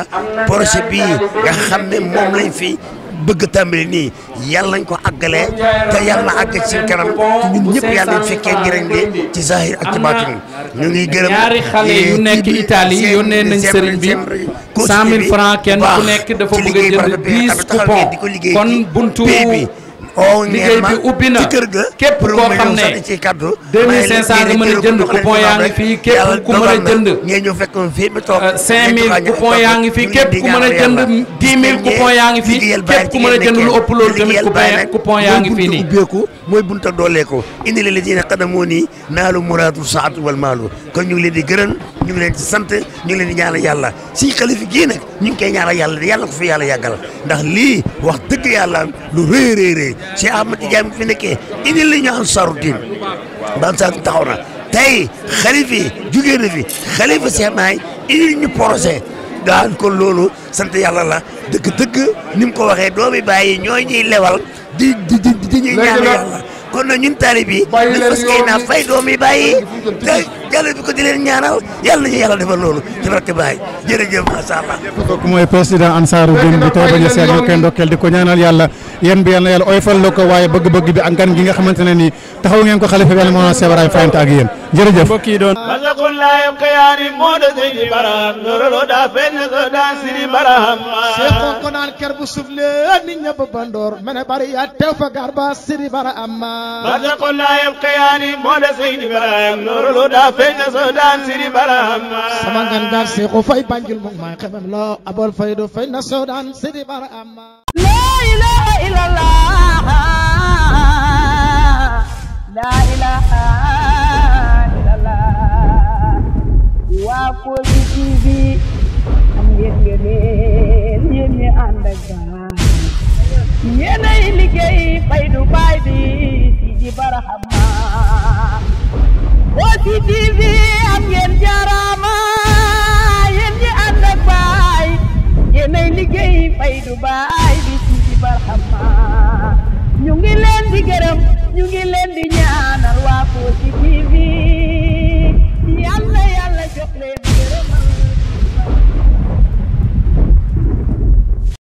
projet bii nga xam ne moom lañ fi. bëgg a tàmbali nii yàlla nañ ko àggalee te yàlla na àgg ci seen kanam te ñun ñëpp yàlla nañ fekkee njëriñ bi ci zahir ak ci baatin ñu ngi gërëm ñaari xale yu nekk Italie yónnee nañ sëriñ bi cent mille francs kenn ku nekk dafa bëgg a jënd dix coupons kon buntu oo liggéey bi ubbi na képp koo xam ne 2500 nga mën a jënd coupon euh, yaa ngi fii képp mën a jënd. ngeen ñu fekk fii ba toog 5000 coupon yaa ngi fii képp ku mën a jënd 10000 coupon yaa ngi fii képp ku mën a jënd lu ëpp loolu tamit coupon coupon yaa ngi fii nii. ubbeeku mooy bunta dooleeku indi la ci ne xadamoo nii naalu muraadu saatu wal maalu kon ñu ngi leen di gërëm ñu ngi leen di sant ñu ngi leen di ñaanal yàlla si ñu ngi koy ñaanal yàlla yàlla ko fi yàlla yàggal ndax lii wax dëgg yàlla lu rëy si Ahmad Tidiane fi nekkee indi li ñu ansaaru diin ba ansaaru taxaw na tey xalifi jugee na fi xalifa si maay indi ñu projet daan ko loolu sant yàlla la dëgg-dëgg ni ko waxee doomi bàyyi ñoo ñuy lewal di di di di ñuy ñaan yàlla kon na ñun taalibe bi dañ fas yéene fay doomi bàyyi yàlla bi ko di leen ñaanal yàlla nañu yàlla defal loolu ci barke Baay jërëjëf macha allah. kooku mooy président ansaaru din bi Taïba Niassène ñoo koy ndokkeel di ko ñaanal yàlla yéen bi yàlla yàlla oyfal la waaye bëgg-bëgg bi ak ngan gi nga xamante nii taxaw ngeen ko xalifa bi yàlla seebaraay fayante ak yéen jërëjëf da sëy di baraham lorolo daa fenn ko daa siri baraham seexoon ko naan ker bu suuf lee sëñ na soo daan siri barahama sama ngan daal seexu fay banjul mu may xemem loo abol fay do fay na soo daan siri barahama laa ilaha illallah laa ilaha illallah waa Kossy TV am ngeen ngeen yéen ñi ànd ak gaal yéenay liggéey fay du baay bi ci barahama Kossy TV am ngeen jaaraama yéen ñi ànd baay yéenay liggéey fay du baay bi ci ci barxama ñu ngi leen di gërëm ñu ngi leen di